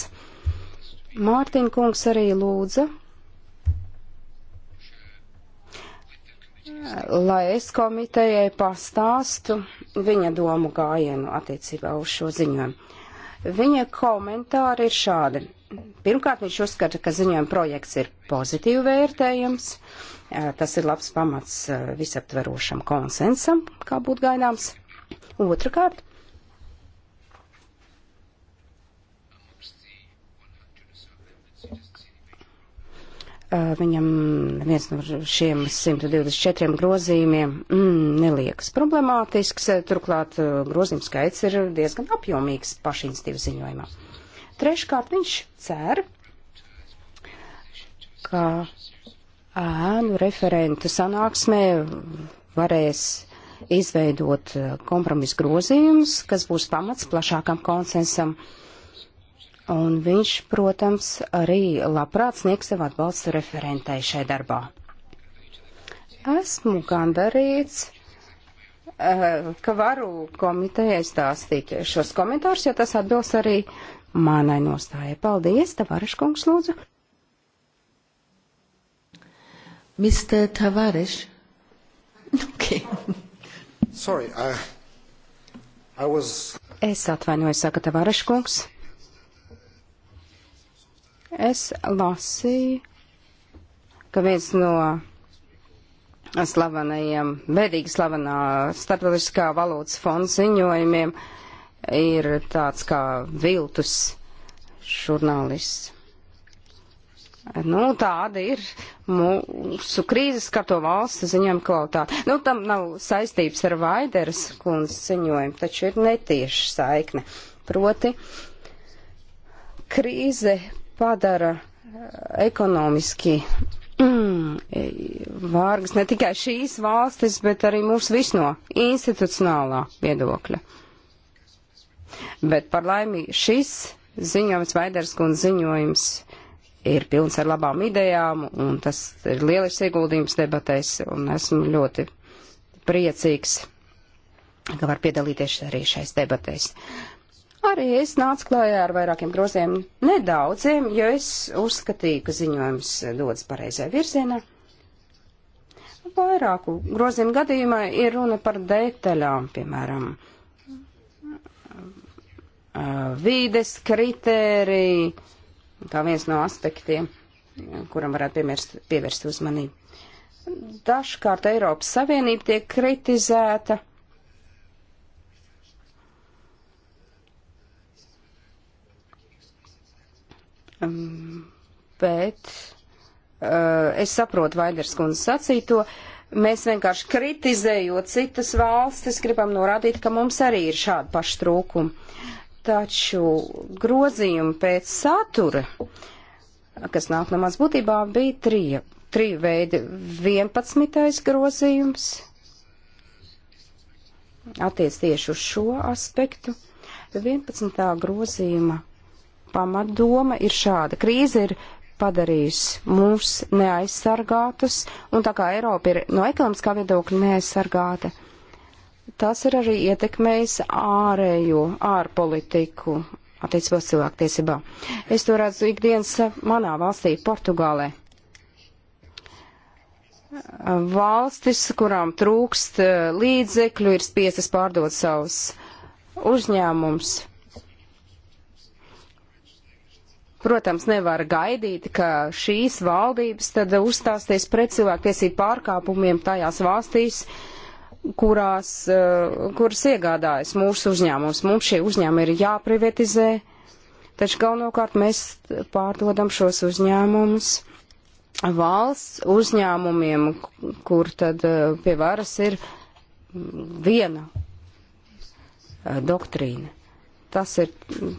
Mārtiņa kungs arī lūdza, lai es komitejai pastāstu viņa domu gājienu attiecībā uz šo ziņojumu. Viņa komentāri ir šādi. Pirmkārt, viņš uzskata, ka ziņojuma projekts ir pozitīvi vērtējams. Tas ir labs pamats visaptverošam konsensam, kā būtu gaidāms. Otrakārt, viņam viens no šiem 124 grozījumiem mm, neliekas problemātisks, turklāt grozījumu skaits ir diezgan apjomīgs pašinstīvu ziņojumā. Treškārt viņš cer, ka ēnu referentu sanāksmē varēs izveidot eh, kompromisu grozījumus, kas būs pamats plašākam konsensam. Un viņš, protams, arī labprāt sniegs sev atbalstu referentai šai darbā. Esmu gandarīts, eh, ka varu komitejai stāstīt šos komentārus, jo tas atbilst arī manai nostājai. Paldies, Tavaraš kungs, lūdzu. Mr. Tavares. Okay. Sorry, I, I was... Es atvainojos, saka Tavares kungs. Es lasīju, ka viens no slavenajiem, bēdīgi slavenā starptautiskā valūtas fonda ziņojumiem uh, ir tāds kā viltus žurnālists. Nu, tāda ir mūsu krīzes skarto valstu ziņojuma kvalitāte. Nu, tam nav saistības ar Vaideras kundzes ziņojumu, taču ir netieša saikne. Proti, krīze padara eh, ekonomiski vārgas ne tikai šīs valstis, bet arī mūsu visno institucionālā viedokļa. Bet par laimi šis ziņojums, Vaiderskundas ziņojums, ir pilns ar labām idejām, un tas ir lielisks ieguldījums debatēs, un esmu ļoti priecīgs, ka var piedalīties arī šais debatēs. Arī es nācu klājā ar vairākiem groziem nedaudziem, jo es uzskatīju, ka ziņojums dodas pareizajā virzienā. Vairāku grozījumu gadījumā ir runa par detaļām, piemēram, uh, Eh, vīdes kritēriji, kā viens no aspektiem, eh, kuram varētu piemērst, pievērst uzmanību. Dažkārt Eiropas Savienība tiek kritizēta. Bet uh, es saprotu Vaiders kundzes sacīto. Mēs vienkārši kritizējot citas valstis, gribam norādīt, ka mums arī ir šādi paši trūkumi. Taču grozījumi pēc satura, kas nāk no mans būtībā, bija trija, triju veidi. 11. grozījums attiec tieši uz šo aspektu. 11. grozījuma pamatdoma ir šāda. Krīze ir padarījusi mūs neaizsargātus, un tā kā Eiropa ir no ekonomiskā viedokļa neaizsargāta tas ir arī ietekmējis ārējo, ārpolitiku attiecībos cilvēktiesībā. Es to redzu ikdienas manā valstī, Portugālē. Valstis, kurām trūkst eh, līdzekļu, ir spiestas pārdot savus uzņēmums. Protams, nevar gaidīt, ka šīs valdības tad uzstāsties pret cilvēktiesību pārkāpumiem tajās valstīs, uh, kurās, eh, kuras iegādājas mūsu uzņēmums. Mums šie uzņēmumi ir jāprivatizē, taču galvenokārt mēs pārdodam šos uzņēmumus valsts uzņēmumiem, kur tad eh, pie varas ir viena eh, doktrīna. Tas ir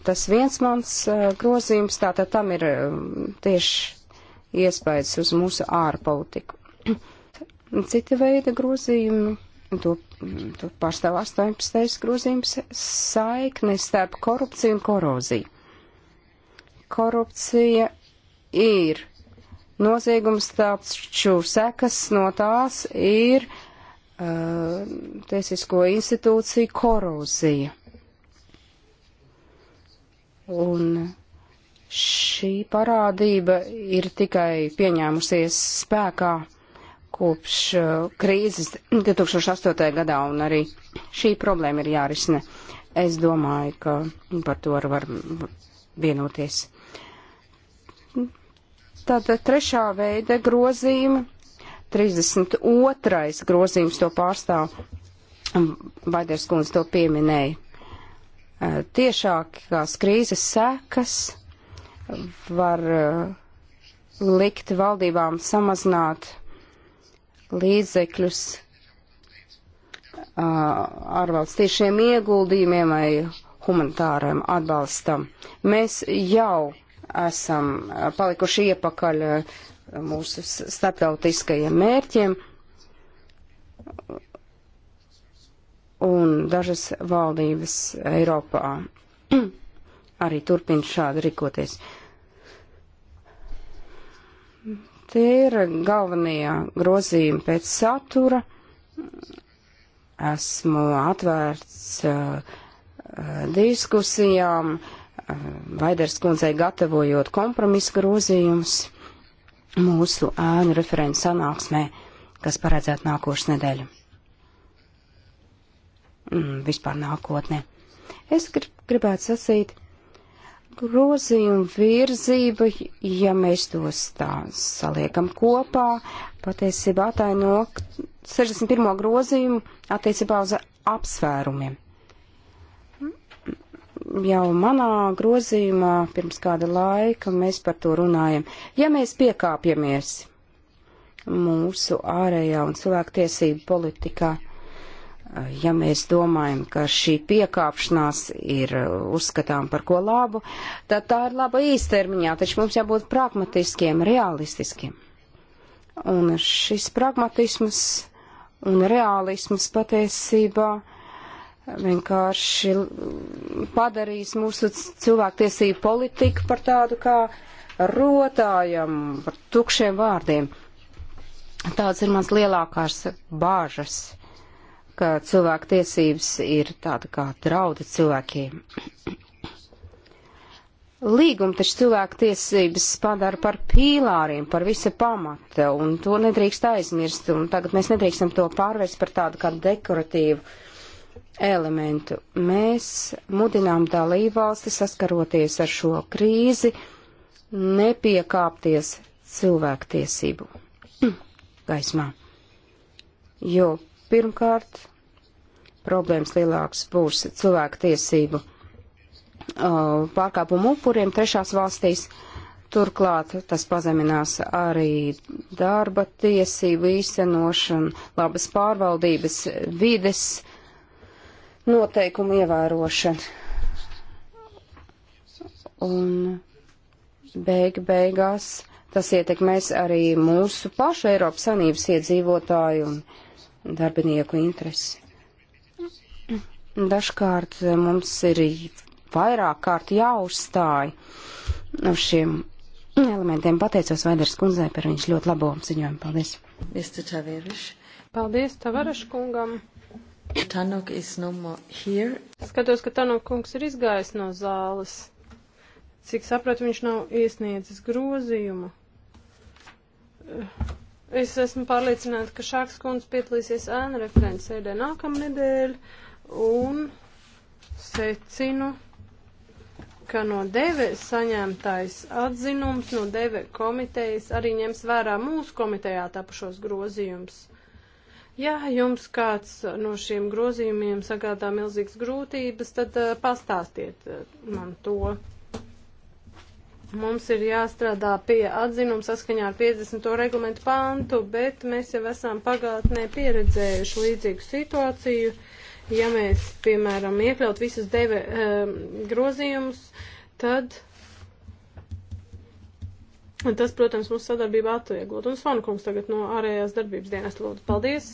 tas viens mans grozījums, tātad tam ir tieši iespējas uz mūsu ārpolitiku. Cita veida grozījumi to, to pārstāv 18. grozījums saikne starp korupciju un koroziju. Korupcija ir noziegums, taču sekas no tās ir uh, tiesisko institūciju korozija. Un šī parādība ir tikai pieņēmusies spēkā kopš uh, krīzes 2008. gadā, un arī šī problēma ir jārisina. Es domāju, ka par to var vienoties. Tad trešā veida grozījuma, 32. grozījums to pārstāv, Baiders kundze to pieminēja. Uh, tiešākās krīzes sekas var uh, likt valdībām samazināt līdzekļus ārvalsts tiešiem ieguldījumiem vai humanitāriem atbalstam. Mēs jau esam palikuši iepakaļ mūsu starptautiskajiem mērķiem, un dažas valdības Eiropā arī turpina šādi rīkoties. Uh, Tie ir galvenie grozījumi pēc satura. Esmu atvērts uh, diskusijām, uh, Vaiders kundzei gatavojot kompromisu grozījumus mūsu ēnu referents sanāksmē, kas paredzēta nākošas nedēļa. Mm, vispār nākotnē. Es grib, gribētu sacīt grozījuma virzība, ja mēs tos tā saliekam kopā, patiesībā tā ir no 61. grozījumu attiecībā uz apsvērumiem. Jau manā grozījumā pirms kāda laika mēs par to runājam. Ja mēs piekāpjamies mūsu ārējā un cilvēktiesību politikā, ja mēs domājam, ka šī piekāpšanās ir uh, uzskatām par ko labu, tad tā ir laba īstermiņā, taču mums jābūt pragmatiskiem, realistiskiem. Un šis pragmatisms un realisms patiesībā vienkārši padarīs mūsu cilvēktiesību politiku par tādu kā rotājam, par tukšiem vārdiem. Tāds ir mans lielākās bāžas ka cilvēku tiesības ir tāda kā drauda cilvēkiem. Līguma taču cilvēku tiesības padara par pīlāriem, par visa pamata, un to nedrīkst aizmirst, un tagad mēs nedrīkstam to pārvērst par tādu kā dekoratīvu elementu. Mēs mudinām dalībvalsti saskaroties ar šo krīzi, nepiekāpties cilvēku tiesību gaismā. Jo Pirmkārt, problēmas lielāks būs cilvēku tiesību uh, pārkāpumu upuriem trešās valstīs. Turklāt tas pazeminās arī darba tiesību īstenošanu, labas pārvaldības, vides noteikumu ievērošanu. Un beig beigās tas ietekmēs arī mūsu pašu Eiropas Sanības iedzīvotāju un darbinieku interesi. Dažkārt mums ir vairāk kārt jāuzstāj no šiem elementiem. Pateicos Vaidars kundzē par viņš ļoti labo ziņojumu. Paldies. Paldies Tavarašu kungam. Tanok is no more here. Skatos, ka Tanok kungs ir izgājis no zāles. Cik sapratu, viņš nav iesniedzis grozījumu. Uh Es esmu pārliecināta, ka Šāks kundze piedalīsies ēna referents sēdē nākamnedēļ un secinu, ka no DV saņemtais atzinums no DV komitejas arī ņems vērā mūsu komitejā tapušos grozījumus. Ja jums kāds no šiem grozījumiem sagādā milzīgas grūtības, tad eh, pastāstiet eh, man to. Mums ir jāstrādā pie atzinuma saskaņā ar 50. reglamentu pantu, bet mēs jau esam pagātnē pieredzējuši līdzīgu situāciju. Ja mēs, piemēram, iekļaut visus deve um, grozījumus, tad Un tas, protams, mūsu sadarbību atvieglot. Un Svankungs tagad no ārējās darbības dienas lūdzu. Paldies!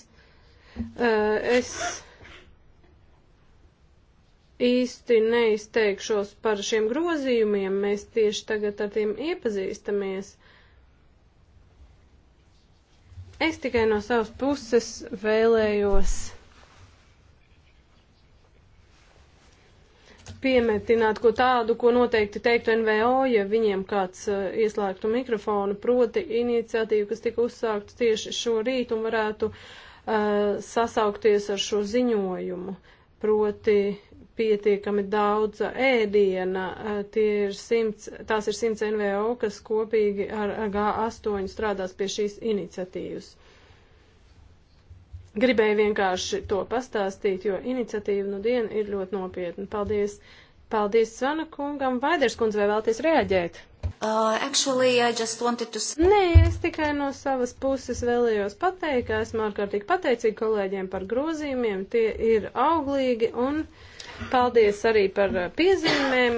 Uh, es īsti neizteikšos par šiem grozījumiem, mēs tieši tagad ar tiem iepazīstamies. Es tikai no savas puses vēlējos piemetināt ko tādu, ko noteikti teiktu NVO, ja viņiem kāds uh, ieslēgtu mikrofonu, proti iniciatīvu, kas tika uzsākta tieši šo rītu un varētu uh, sasaukties ar šo ziņojumu. Proti pietiekami daudz ēdiena. Eh, tie ir simts, tās ir simts NVO, kas kopīgi ar G8 strādās pie šīs iniciatīvas. Gribēju vienkārši to pastāstīt, jo iniciatīva nu diena ir ļoti nopietna. Paldies! Paldies Svana kungam! Vaiders kundze, vai vēlties reaģēt? Uh, actually, I just wanted to... Nē, es tikai no savas puses vēlējos pateikt, ka esmu ārkārtīgi pateicīga kolēģiem par grozījumiem. Tie ir auglīgi un. Uh, Paldies arī par uh, piezīmēm.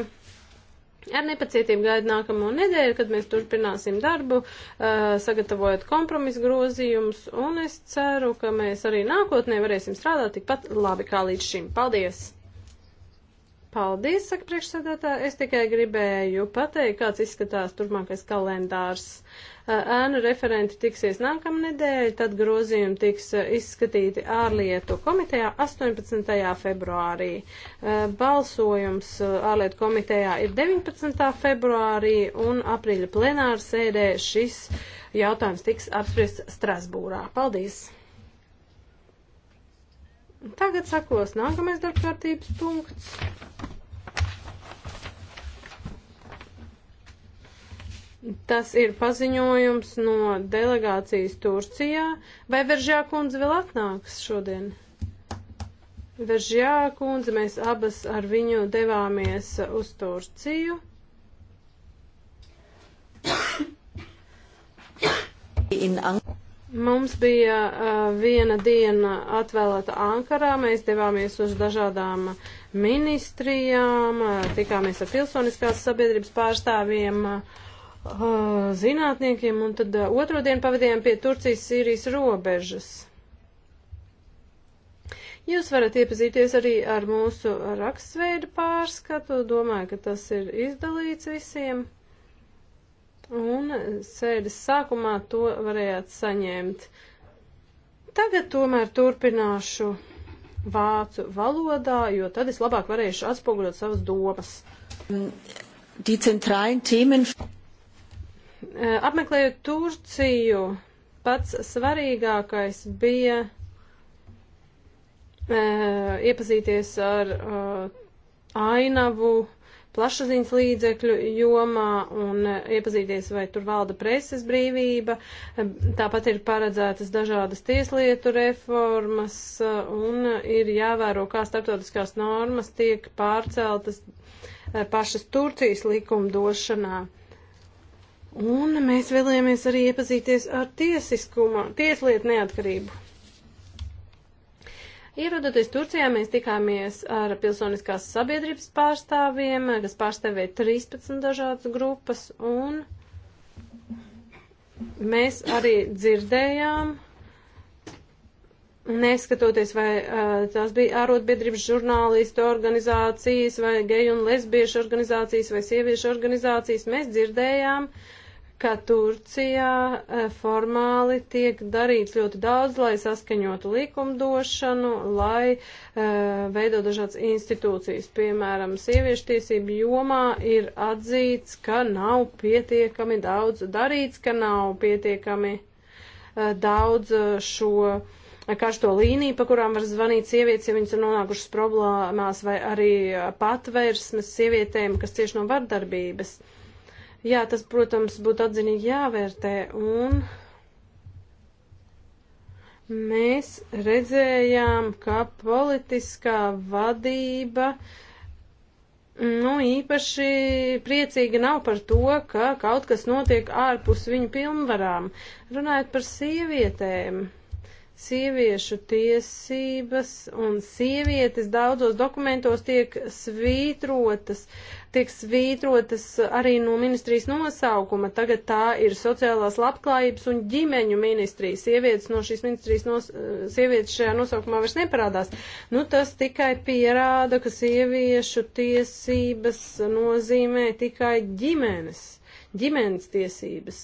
Ar nepacietību gaidu nākamo nedēļu, kad mēs turpināsim darbu, uh, sagatavojot kompromisu grozījumus, un es ceru, ka mēs arī nākotnē varēsim strādāt tikpat labi kā līdz šim. Paldies! Paldies, saka priekšsēdētā. Es tikai gribēju pateikt, kāds izskatās turpmākais kalendārs. Uh, ēnu referenti tiksies nākamnedēļ, tad grozījumi tiks izskatīti ārlietu komitejā 18. februārī. Balsojums ārlietu komitejā ir 19. februārī un aprīļa plenāra sēdē šis jautājums tiks apspriests Strasbūrā. Paldies! Tagad sakos nākamais darbkārtības punkts. Tas ir paziņojums no delegācijas Turcijā. Vai Veržjā kundze vēl atnāks šodien? Veržjā kundze, mēs abas ar viņu devāmies uz Turciju. Mums bija uh, viena diena atvēlēta Ankarā, mēs devāmies uz dažādām ministrijām, tikāmies ar pilsoniskās sabiedrības pārstāvjiem. Uh, zinātniekiem, un tad otro dienu pavadījām pie Turcijas-Sīrijas robežas. Jūs varat iepazīties arī ar mūsu rakstsveidu pārskatu, domāju, ka tas ir izdalīts visiem, un sēdes sākumā to varējāt saņemt. Tagad tomēr turpināšu vācu valodā, jo tad es labāk varēšu atspoguļot savas domas. Die zentralen Themen Eh, apmeklējot Turciju, pats svarīgākais bija eh, iepazīties ar eh, ainavu plašsaziņas līdzekļu jomā un iepazīties, vai tur valda preses brīvība. Tāpat ir paredzētas dažādas tieslietu reformas un ir jāvēro, kā starptautiskās normas tiek pārceltas pašas Turcijas likumdošanā. Un mēs vēlējāmies arī iepazīties ar tiesiskuma, tieslietu neatkarību. Ierodoties Turcijā, mēs tikāmies ar pilsoniskās sabiedrības pārstāvjiem, kas pārstāvēja 13 dažādas grupas, un mēs arī dzirdējām, neskatoties, vai tās bija ārotbiedrības žurnālistu organizācijas, vai geju un lesbiešu organizācijas, vai sieviešu organizācijas, mēs dzirdējām, uh, ka Turcijā e, formāli tiek darīts ļoti daudz, lai saskaņotu likumdošanu, lai e, veido dažādas institūcijas. Piemēram, sieviešu tiesību jomā ir atzīts, ka nav pietiekami daudz darīts, ka nav pietiekami e, daudz e, šo e, karsto līniju, pa kurām var zvanīt sievietes, ja viņas ir nonākušas problēmās, vai arī patvērsmes sievietēm, kas cieši no vardarbības. Uh, Jā, tas, protams, būtu atzinīgi jāvērtē, un mēs redzējām, ka politiskā vadība, nu, īpaši priecīga nav par to, ka kaut kas notiek ārpus viņu pilnvarām. Runājot par sievietēm sieviešu tiesības un sievietes daudzos dokumentos tiek svītrotas tiek svītrotas arī no ministrijas nosaukuma. Tagad tā ir sociālās labklājības un ģimeņu ministrija. Sievietes no šīs ministrijas nos, sievietes šajā nosaukumā vairs neparādās. Nu, tas tikai pierāda, ka sieviešu tiesības nozīmē tikai ģimenes, ģimenes tiesības.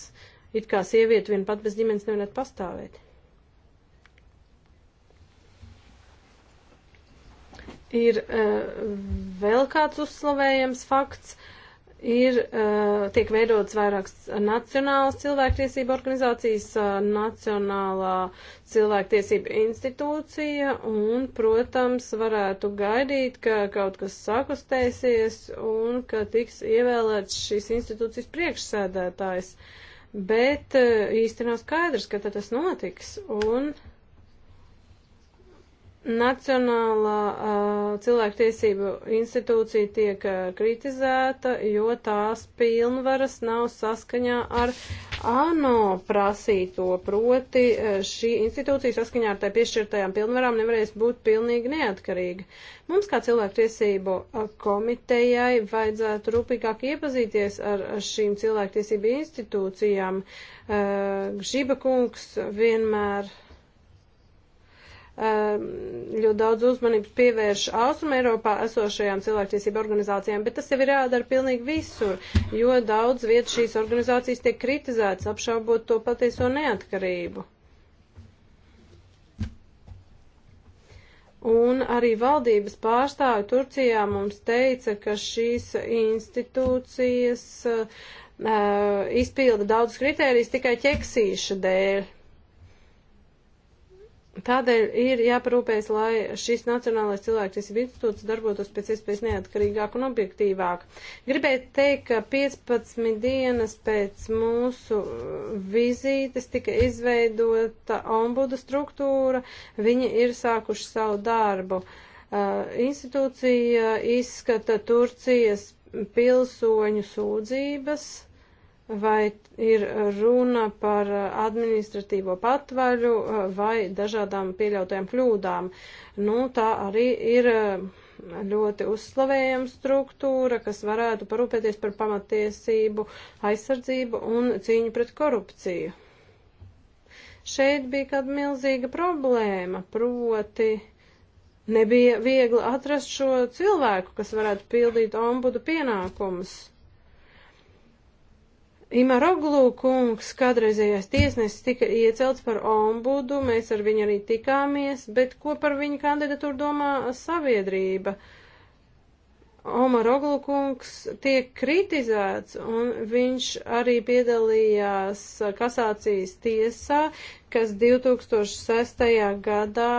It kā sieviete vien pat bez ģimenes nevarētu pastāvēt. Ir eh, vēl kāds uzslavējams fakts. Ir, eh, tiek veidotas vairākas nacionālas cilvēktiesība organizācijas, eh, nacionālā cilvēktiesība institūcija un, protams, varētu gaidīt, ka kaut kas sakustēsies un ka tiks ievēlēts šīs institūcijas priekšsēdētājs. Bet īsti nav skaidrs, ka tas notiks. Un, uh, Nacionālā uh, cilvēktiesību institūcija tiek uh, kritizēta, jo tās pilnvaras nav saskaņā ar ANO prasīto, proti uh, šī institūcija saskaņā ar tai piešķirtajām pilnvarām nevarēs būt pilnīgi neatkarīga. Mums kā cilvēktiesību komitejai vajadzētu rūpīgāk iepazīties ar šīm cilvēktiesību institūcijām. Uh, Žiba kungs vienmēr Ehm, ļoti daudz uzmanības pievērš Austrum Eiropā esošajām cilvēktiesību organizācijām, bet tas jau ir jādara pilnīgi visur, jo daudz viet šīs organizācijas tiek kritizētas, apšaubot to patieso neatkarību. Un arī valdības pārstāvi Turcijā mums teica, ka šīs institūcijas uh, izpilda daudz kritērijas tikai ķeksīša dēļ. Tādēļ ir jāparūpējas, lai šis Nacionālais cilvēktiesību institūts darbotos pēc iespējas neatkarīgāk un objektīvāk. Gribētu teikt, ka 15 dienas pēc mūsu vizītes tika izveidota ombuda struktūra, viņi ir sākuši savu darbu. Uh, institūcija izskata Turcijas pilsoņu sūdzības vai ir runa par administratīvo patvaļu eh, vai dažādām pieļautajām kļūdām. Nu, tā arī ir eh, ļoti uzslavējama struktūra, kas varētu parūpēties par pamatiesību, aizsardzību un cīņu pret korupciju. Šeit bija kāda milzīga problēma, proti nebija viegli atrast šo cilvēku, kas varētu pildīt ombudu pienākumus Imaroglu kungs, kādreizējais tiesnesis, tika iecelts par ombudu, mēs ar viņu arī tikāmies, bet ko par viņu kandidatūru domā sabiedrība? Omaroglu kungs tiek kritizēts, un viņš arī piedalījās kasācijas tiesā, kas 2006. gadā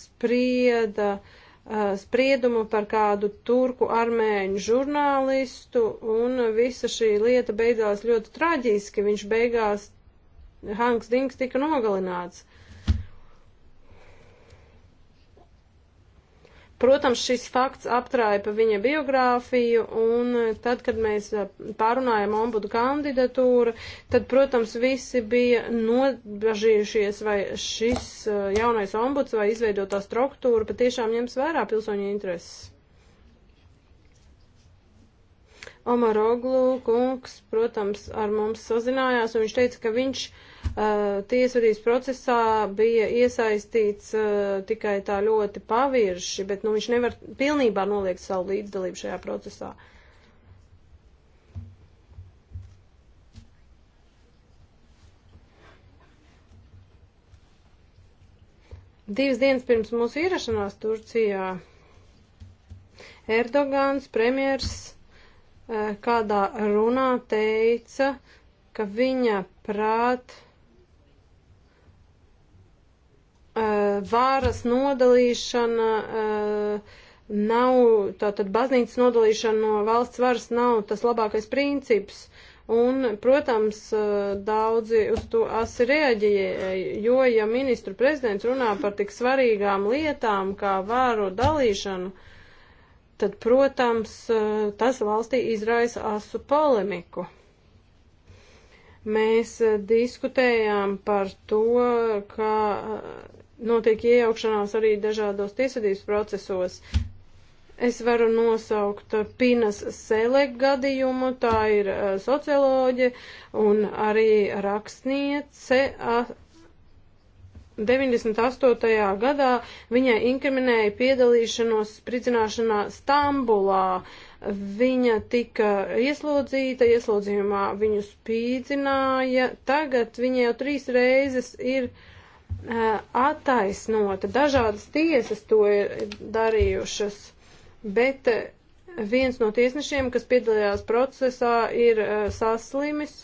sprieda uh, Eh, spriedumu par kādu turku armēņu žurnālistu, un visa šī lieta beidzās ļoti traģiski. Viņš beigās, Hanks Dings, tika nogalināts. Protams, šis fakts aptraipa viņa biogrāfiju, un tad, kad mēs pārunājam ombudu kandidatūru, tad, protams, visi bija nobažījušies, vai šis jaunais ombuds vai izveidotā struktūra patiešām ņems vērā pilsoņu intereses. Omaroglu kungs, protams, ar mums sazinājās, un viņš teica, ka viņš uh, tiesvedības procesā bija iesaistīts tikai tā ļoti pavirši, bet nu, viņš nevar pilnībā noliegt savu līdzdalību šajā procesā. Divas dienas pirms mūsu ierašanās Turcijā Erdogans, premjers, kādā runā teica, ka viņa prāt uh, Eh, vāras nodalīšana eh, nav, tātad baznīcas nodalīšana no valsts varas nav tas labākais princips. Un, protams, eh, daudzi uz to asi reaģēja, jo, ja ministru prezidents runā par tik svarīgām lietām kā vāru dalīšanu, tad, protams, tas valstī izraisa asu polemiku. Mēs diskutējām par to, ka notiek iejaukšanās arī dažādos tiesvedības procesos. Es varu nosaukt Pinas Selek gadījumu, tā ir uh, socioloģe un arī rakstniece. Uh, 98. gadā viņai inkriminēja piedalīšanos spridzināšanā Stambulā. Viņa tika ieslodzīta, ieslodzījumā viņu spīdzināja. Tagad viņa jau trīs reizes ir uh, attaisnota. Dažādas tiesas to ir darījušas, bet viens no tiesnešiem, kas piedalījās procesā, ir saslimis,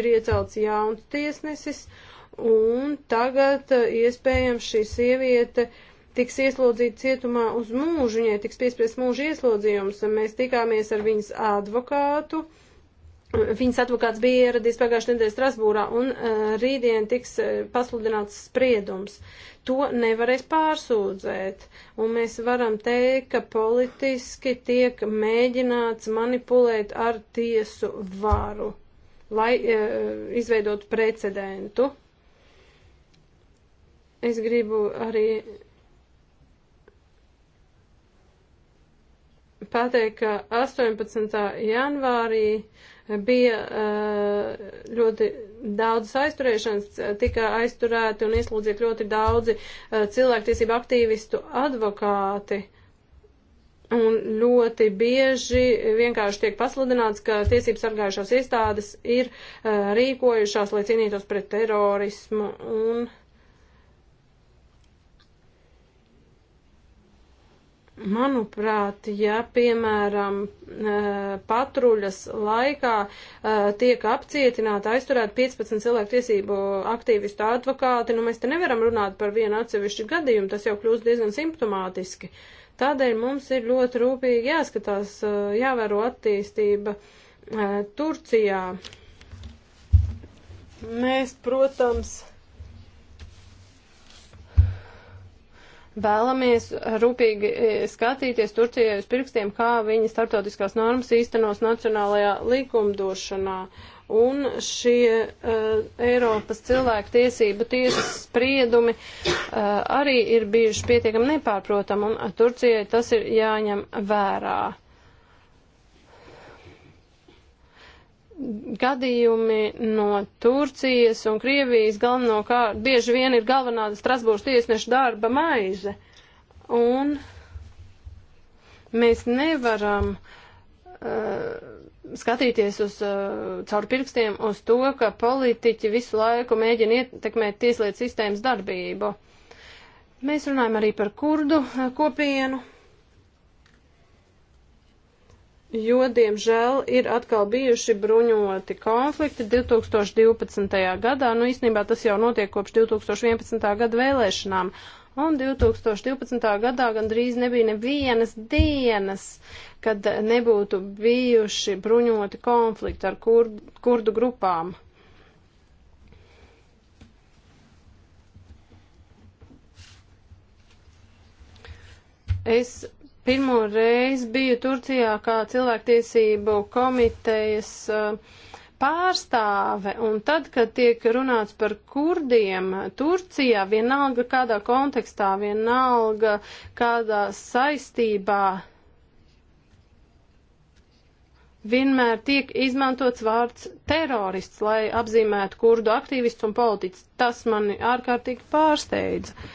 ir iecelts jauns tiesnesis, un tagad iespējams šī sieviete tiks ieslodzīta cietumā uz mūžu, viņai tiks piespriezt mūža ieslodzījums. Mēs tikāmies ar viņas advokātu. Uh, Viņas advokāts bija ieradies pagājušajā nedēļā Strasbūrā, un uh, rītdien tiks uh, pasludināts spriedums. To nevarēs pārsūdzēt, un mēs varam teikt, ka politiski tiek mēģināts manipulēt ar tiesu varu, lai uh, izveidotu precedentu. Es gribu arī pateikt, ka 18. janvārī uh, bija eh, ļoti daudz aizturēšanas, tika aizturēti un ieslodzīti ļoti daudzi eh, cilvēktiesību aktīvistu advokāti. Un ļoti bieži vienkārši tiek pasludināts, ka tiesības sargājušās iestādes ir eh, rīkojušās, lai cīnītos pret terorismu un Manuprāt, ja piemēram e, patruļas laikā e, tiek apcietināti, aizturēti 15 cilvēku tiesību aktīvistu advokāti, nu mēs te nevaram runāt par vienu atsevišķu gadījumu, tas jau kļūst diezgan simptomātiski. Tādēļ mums ir ļoti rūpīgi jāskatās, e, jāvēro attīstība Turcijā. Mēs, protams, vēlamies rūpīgi e, skatīties Turcijai uz pirkstiem, kā viņi starptautiskās normas īstenos nacionālajā likumdošanā. Un šie uh, Eiropas cilvēku tiesību tiesas spriedumi uh, arī ir bijuši pietiekami nepārprotam, un Turcijai tas ir jāņem vērā. Uh, gadījumi no Turcijas un Krievijas galvenokārt bieži vien ir galvenā Strasbūras tiesneša darba maize. Un mēs nevaram uh, skatīties uz, uh, caur pirkstiem uz to, ka politiķi visu laiku mēģina ietekmēt tieslietu sistēmas darbību. Mēs runājam arī par kurdu uh, kopienu jo, diemžēl, ir atkal bijuši bruņoti konflikti 2012. gadā. Nu, īstenībā tas jau notiek kopš 2011. gada vēlēšanām. Un 2012. gadā gandrīz nebija nevienas dienas, kad nebūtu bijuši bruņoti konflikti ar kurdu, kurdu grupām. Es pirmo reizi biju Turcijā kā cilvēktiesību komitejas uh, pārstāve, un tad, kad tiek runāts par kurdiem Turcijā, vienalga kādā kontekstā, vienalga kādā saistībā, vienmēr tiek izmantots vārds terorists, lai apzīmētu kurdu aktīvistu un politiķu. Tas mani ārkārtīgi pārsteidza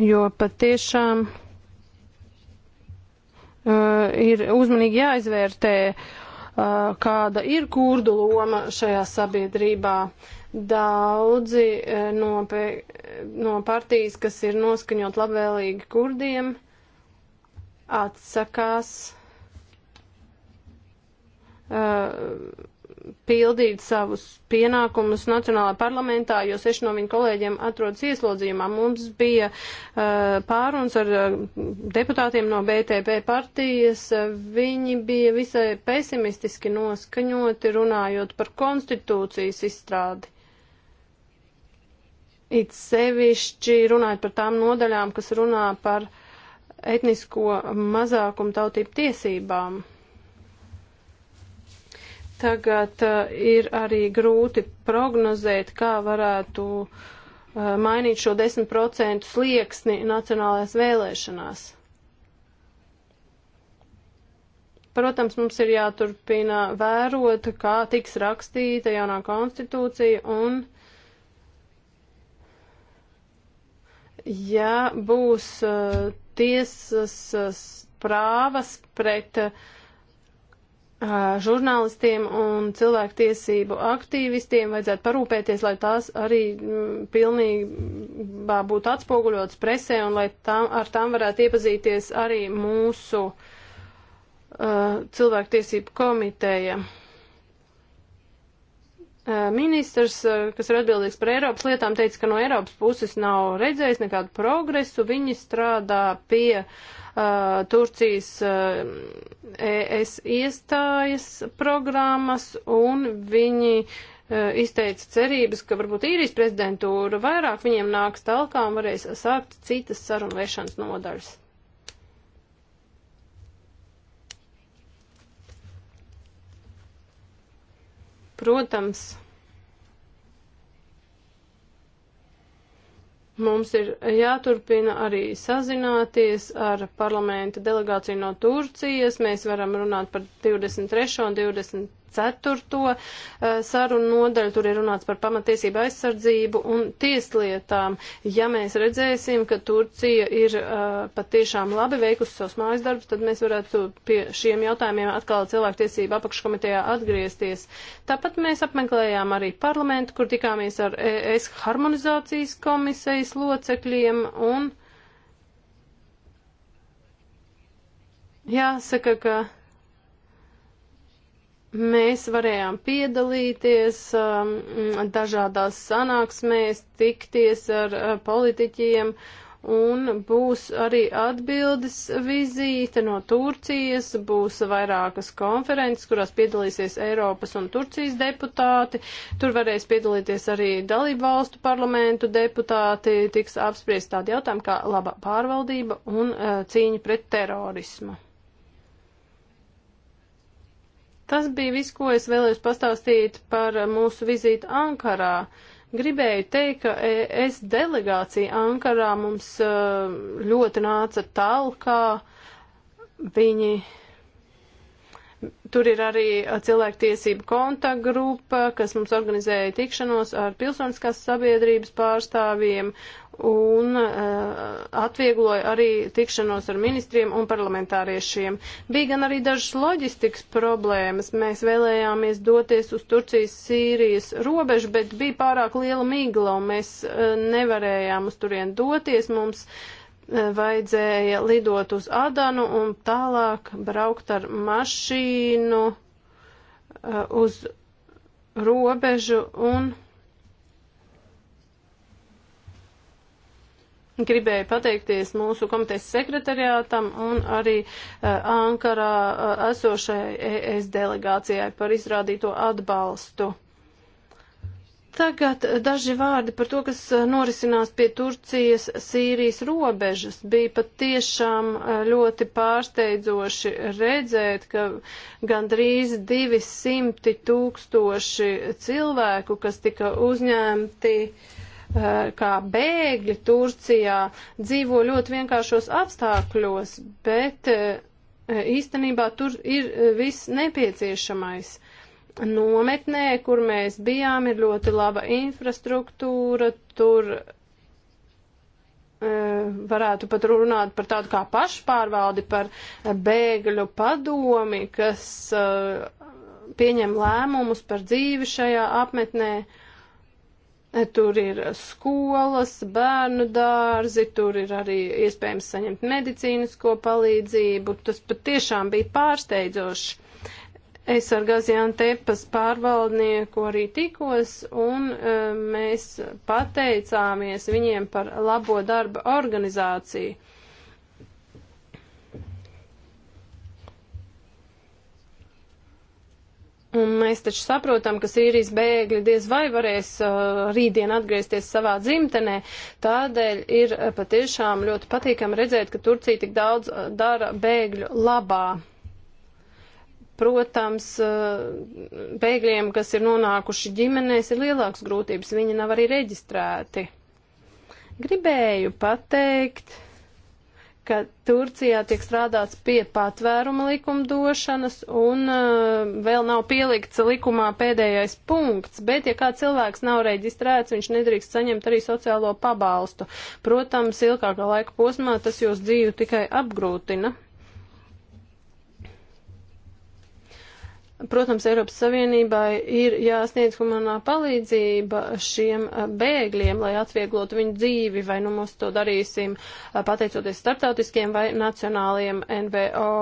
jo patiešām uh, ir uzmanīgi jāizvērtē, uh, kāda ir kurdu loma šajā sabiedrībā. Daudzi uh, no, pe, no partijas, kas ir noskaņot labvēlīgi kurdiem, atsakās. Uh, pildīt savus pienākumus Nacionālā parlamentā, jo seši no viņa kolēģiem atrodas ieslodzījumā. Mums bija uh, pāruns ar uh, deputātiem no BTP partijas. Viņi bija visai pesimistiski noskaņoti runājot par konstitūcijas izstrādi. It sevišķi runājot par tām nodaļām, kas runā par etnisko mazākumu tautību tiesībām. Tagad uh, ir arī grūti prognozēt, kā varētu uh, mainīt šo 10% slieksni nacionālajās vēlēšanās. Protams, mums ir jāturpina vērot, kā tiks rakstīta jaunā konstitūcija un ja būs uh, tiesas uh, prāvas pret uh, žurnālistiem un cilvēktiesību aktīvistiem vajadzētu parūpēties, lai tās arī pilnībā būtu atspoguļotas presē un lai tam, ar tām varētu iepazīties arī mūsu uh, cilvēktiesību komiteja. Ministrs, kas ir atbildīgs par Eiropas lietām, teica, ka no Eiropas puses nav redzējis nekādu progresu. Viņi strādā pie uh, Turcijas uh, ES iestājas programmas un viņi uh, izteica cerības, ka varbūt īrijas prezidentūra vairāk viņiem nāks talkā un varēs sākt citas sarunvešanas nodaļas. Protams, mums ir jāturpina arī sazināties ar parlamenta delegāciju no Turcijas. Mēs varam runāt par 23. un 20 ceturto uh, sarunu nodaļu, tur ir runāts par pamatiesību aizsardzību un tieslietām. Ja mēs redzēsim, ka Turcija ir uh, patiešām labi veikusi savus mājas darbus, tad mēs varētu pie šiem jautājumiem atkal cilvēktiesību apakškomitejā atgriezties. Tāpat mēs apmeklējām arī parlamentu, kur tikāmies ar ES harmonizācijas komisijas locekļiem un. Jāsaka, ka Mēs varējām piedalīties um, dažādās sanāksmēs, tikties ar uh, politiķiem un būs arī atbildes vizīte no Turcijas, būs vairākas konferences, kurās piedalīsies Eiropas un Turcijas deputāti, tur varēs piedalīties arī dalību valstu parlamentu deputāti, tiks apspriest tādi jautājumi kā laba pārvaldība un uh, cīņa pret terorismu. Tas bija viss, ko es vēlējos pastāstīt par mūsu vizīti Ankarā. Gribēju teikt, ka es delegācija Ankarā mums uh, ļoti nāca talkā. Viņi Tur ir arī cilvēktiesība kontaktgrupa, kas mums organizēja tikšanos ar pilsoniskās sabiedrības pārstāvjiem, un uh, atviegloja arī tikšanos ar ministriem un parlamentāriešiem. Bija gan arī dažas loģistikas problēmas. Mēs vēlējāmies doties uz Turcijas-Sīrijas robežu, bet bija pārāk liela migla un mēs uh, nevarējām uz turien doties. Mums uh, vajadzēja lidot uz Adanu un tālāk braukt ar mašīnu uh, uz robežu un. Gribēju pateikties mūsu komitejas sekretariātam un arī uh, Ankarā uh, esošajai ES delegācijai par izrādīto atbalstu. Tagad daži vārdi par to, kas eh, norisinās pie Turcijas Sīrijas robežas. Bija pat tiešām ļoti pārsteidzoši redzēt, ka gandrīz 200 tūkstoši cilvēku, kas tika uzņemti uh, Eh, kā bēgļi Turcijā dzīvo ļoti vienkāršos apstākļos, bet eh, īstenībā tur ir eh, viss nepieciešamais. Nometnē, kur mēs bijām, ir ļoti laba infrastruktūra, tur varētu pat runāt par tādu kā pašpārvaldi, par bēgļu padomi, kas pieņem lēmumus par dzīvi šajā apmetnē. Uh, Tur ir skolas, bērnu dārzi, tur ir arī iespējams saņemt medicīnisko palīdzību. Tas patiešām bija pārsteidzoši. Es ar Gaziānu Tepas pārvaldnieku arī tikos, un e, mēs pateicāmies viņiem par labo darba organizāciju. Un mēs taču saprotam, ka Sīrijas bēgļi diez vai varēs uh, rītdien atgriezties savā dzimtenē. Tādēļ ir uh, patiešām ļoti patīkami redzēt, ka Turcija tik daudz uh, dara bēgļu labā. Protams, uh, bēgļiem, kas ir nonākuši ģimenēs, ir lielākas grūtības. Viņi nav arī reģistrēti. Gribēju pateikt ka Turcijā tiek strādāts pie patvēruma likumdošanas un uh, vēl nav pielikts likumā pēdējais punkts, bet ja kā cilvēks nav reģistrēts, viņš nedrīkst saņemt arī sociālo pabalstu. Protams, ilgākā laika posmā tas jūs dzīvi tikai apgrūtina. Protams, Eiropas Savienībai ir jāsniedz humanā palīdzība šiem bēgļiem, lai atvieglotu viņu dzīvi, vai nu mēs to darīsim pateicoties starptautiskiem vai nacionāliem NVO.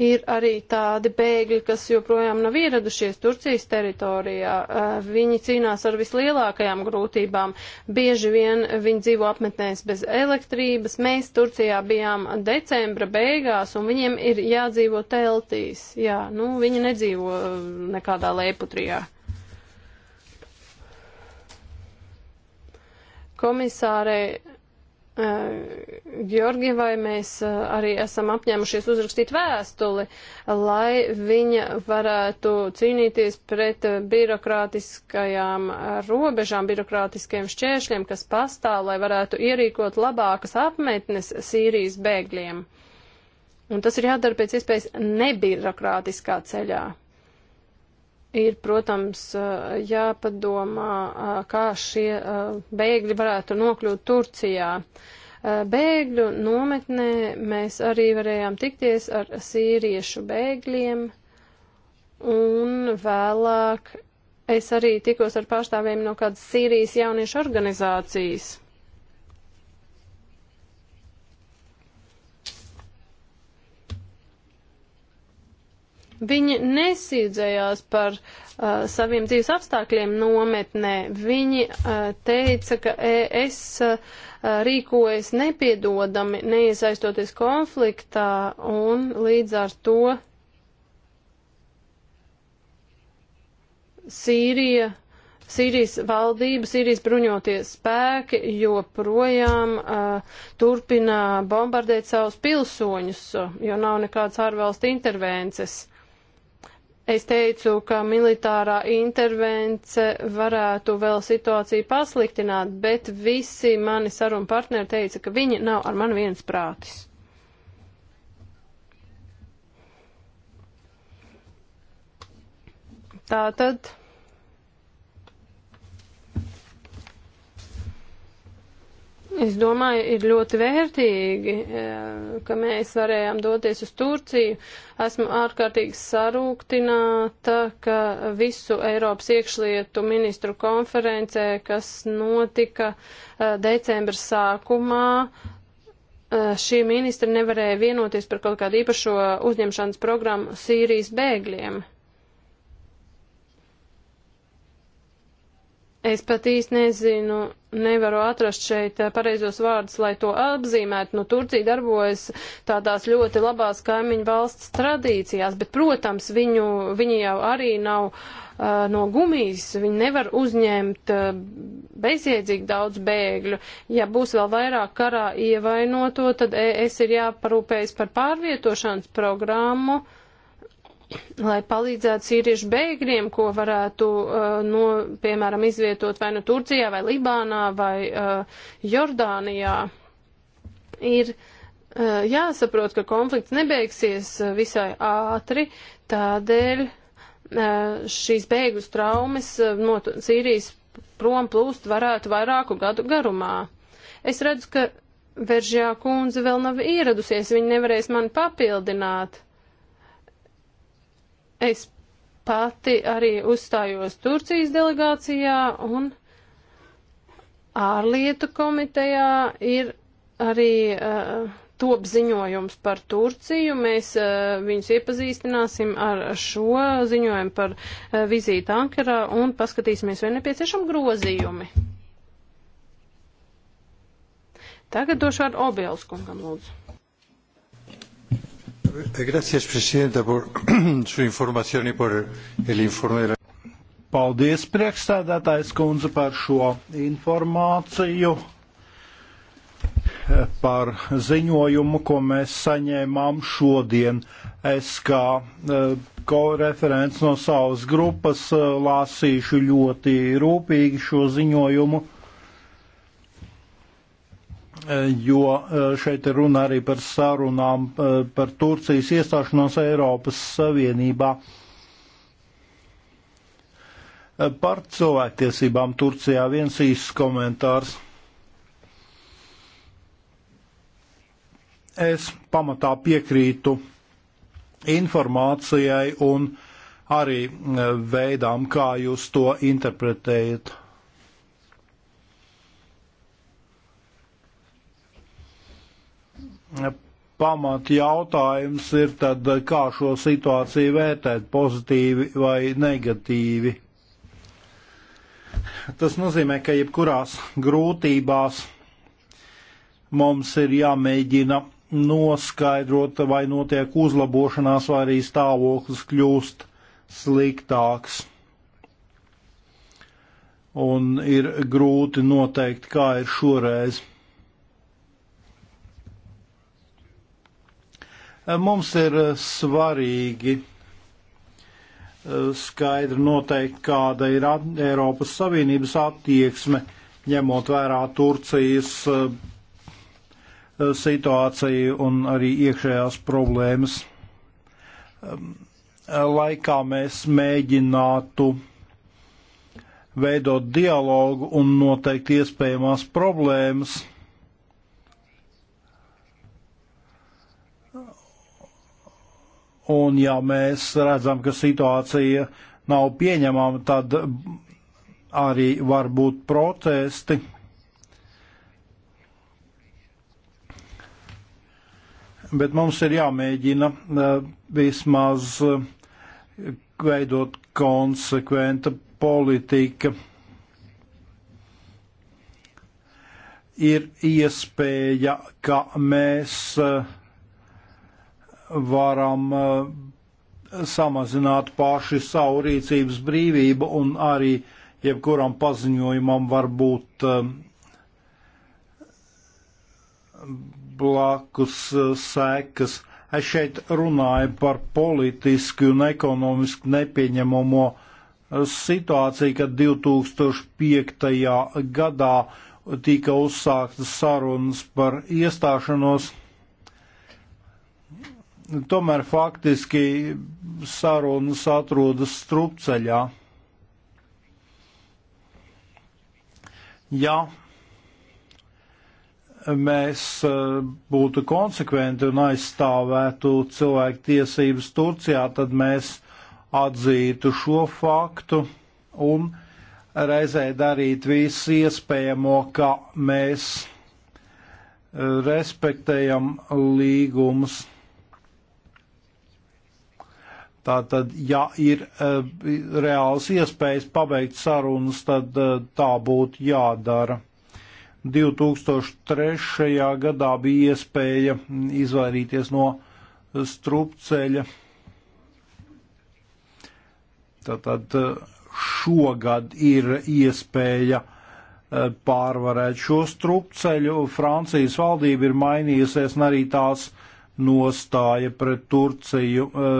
Ir arī tādi bēgļi, kas joprojām nav ieradušies Turcijas teritorijā. Eh, viņi cīnās ar vislielākajām grūtībām. Bieži vien viņi dzīvo apmetnēs bez elektrības. Mēs Turcijā bijām decembra beigās, un viņiem ir jādzīvo teltīs. Jā, nu, viņi nedzīvo eh, nekādā lēputrijā. Komisārei Eh, Georgi, vai mēs eh, arī esam apņēmušies uzrakstīt vēstuli, lai viņa varētu cīnīties pret eh, birokrātiskajām robežām, birokrātiskajiem šķēršļiem, kas pastāv, lai varētu ierīkot labākas apmetnes Sīrijas bēgļiem. Un tas ir jādara pēc iespējas nebirokrātiskā ceļā. Ir, protams, jāpadomā, kā šie bēgļi varētu nokļūt Turcijā. Bēgļu nometnē mēs arī varējām tikties ar sīriešu bēgļiem, un vēlāk es arī tikos ar pārstāvjiem no kādas Sīrijas jauniešu organizācijas. Viņi nesiedzējās par uh, saviem dzīves apstākļiem nometnē. Viņi uh, teica, ka es uh, rīkojas nepiedodami, neiesaistoties konfliktā un līdz ar to Sīrija Sīrijas valdība, Sīrijas bruņoties spēki joprojām uh, turpina bombardēt savus pilsoņus, jo nav nekādas ārvalstu intervences. Es teicu, ka militārā intervence varētu vēl situāciju pasliktināt, bet visi mani sarunu partneri teica, ka viņi nav ar mani viens prātis. Tātad Es domāju, ir ļoti vērtīgi, e, ka mēs varējām doties uz Turciju. Esmu ārkārtīgi sarūktināta, ka visu Eiropas iekšlietu ministru konferencē, kas notika e, decembra sākumā, šie ministri nevarēja vienoties par kaut kādu īpašo uzņemšanas programmu Sīrijas bēgļiem. Es pat īsti nezinu, nevaru atrast šeit eh, pareizos vārdus, lai to apzīmētu. Nu, Turcija darbojas tādās ļoti labās kaimiņu valsts tradīcijās, bet, protams, viņu, viņi jau arī nav uh, no gumijas, viņi nevar uzņemt uh, bezjēdzīgi daudz bēgļu. Ja būs vēl vairāk karā ievainoto, tad es ir jāparūpējas par pārvietošanas programmu. Uh, lai palīdzētu sīriešu bēgļiem, ko varētu, uh, no, piemēram, izvietot vai nu no Turcijā, vai Libānā, vai uh, Jordānijā, ir uh, jāsaprot, ka konflikts nebeigsies uh, visai ātri, tādēļ uh, šīs bēgļu traumas uh, no Sīrijas prom plūst varētu vairāku gadu garumā. Es redzu, ka Veržjā kundze vēl nav ieradusies, viņa nevarēs mani papildināt. Es pati arī uzstājos Turcijas delegācijā un ārlietu komitejā ir arī uh, top ziņojums par Turciju. Mēs uh, viņus iepazīstināsim ar šo ziņojumu par uh, vizīti Ankarā un paskatīsimies, vai nepieciešami grozījumi. Tagad došu vārdu Obēlskungam, lūdzu. Eh, gracias, Presidenta, por su información y por el informe de la. Paldies, priekšsēdētājs kundze, par šo informāciju, eh, par ziņojumu, ko mēs saņēmām šodien. Es kā eh, ko referents no savas grupas lasīšu ļoti rūpīgi šo ziņojumu Eh, jo eh, šeit ir runa arī par sarunām eh, par Turcijas iestāšanos Eiropas Savienībā. Par cilvēktiesībām Turcijā viens īsts komentārs. Es pamatā piekrītu informācijai un arī veidām, kā jūs to interpretējat. pamat jautājums ir tad, kā šo situāciju vērtēt pozitīvi vai negatīvi. Tas nozīmē, ka jebkurās grūtībās mums ir jāmēģina noskaidrot, vai notiek uzlabošanās, vai arī stāvoklis kļūst sliktāks. Un ir grūti noteikt, kā ir šoreiz. Mums ir eh, svarīgi eh, skaidri noteikt, kāda ir Eiropas Savienības attieksme, ņemot vērā Turcijas eh, situāciju un arī iekšējās problēmas. Laikā mēs mēģinātu veidot dialogu un noteikt iespējamās problēmas Un ja mēs redzam, ka situācija nav pieņemama, tad arī var būt protesti. Bet mums ir jāmēģina eh, vismaz eh, veidot konsekventa politika. Ir iespēja, ka mēs uh, varam eh, samazināt paši savu rīcības brīvību un arī jebkuram paziņojumam var būt eh, blakus eh, sekas. Es šeit runāju par politiski un ekonomiski nepieņemamo situāciju, kad 2005. gadā tika uzsāktas sarunas par iestāšanos tomēr faktiski sarunas atrodas strupceļā. Ja mēs e, būtu konsekventi un aizstāvētu cilvēku tiesības Turcijā, tad mēs atzītu šo faktu un reizē darīt visu iespējamo, ka mēs e, respektējam līgumus. Tātad, ja ir uh, reāls iespējas pabeigt sarunas, tad uh, tā būtu jādara. 2003. gadā bija iespēja izvairīties no strupceļa. Tātad e, šogad ir iespēja pārvarēt šo strupceļu. Francijas valdība ir mainījusies un arī tās nostāja pret Turciju eh,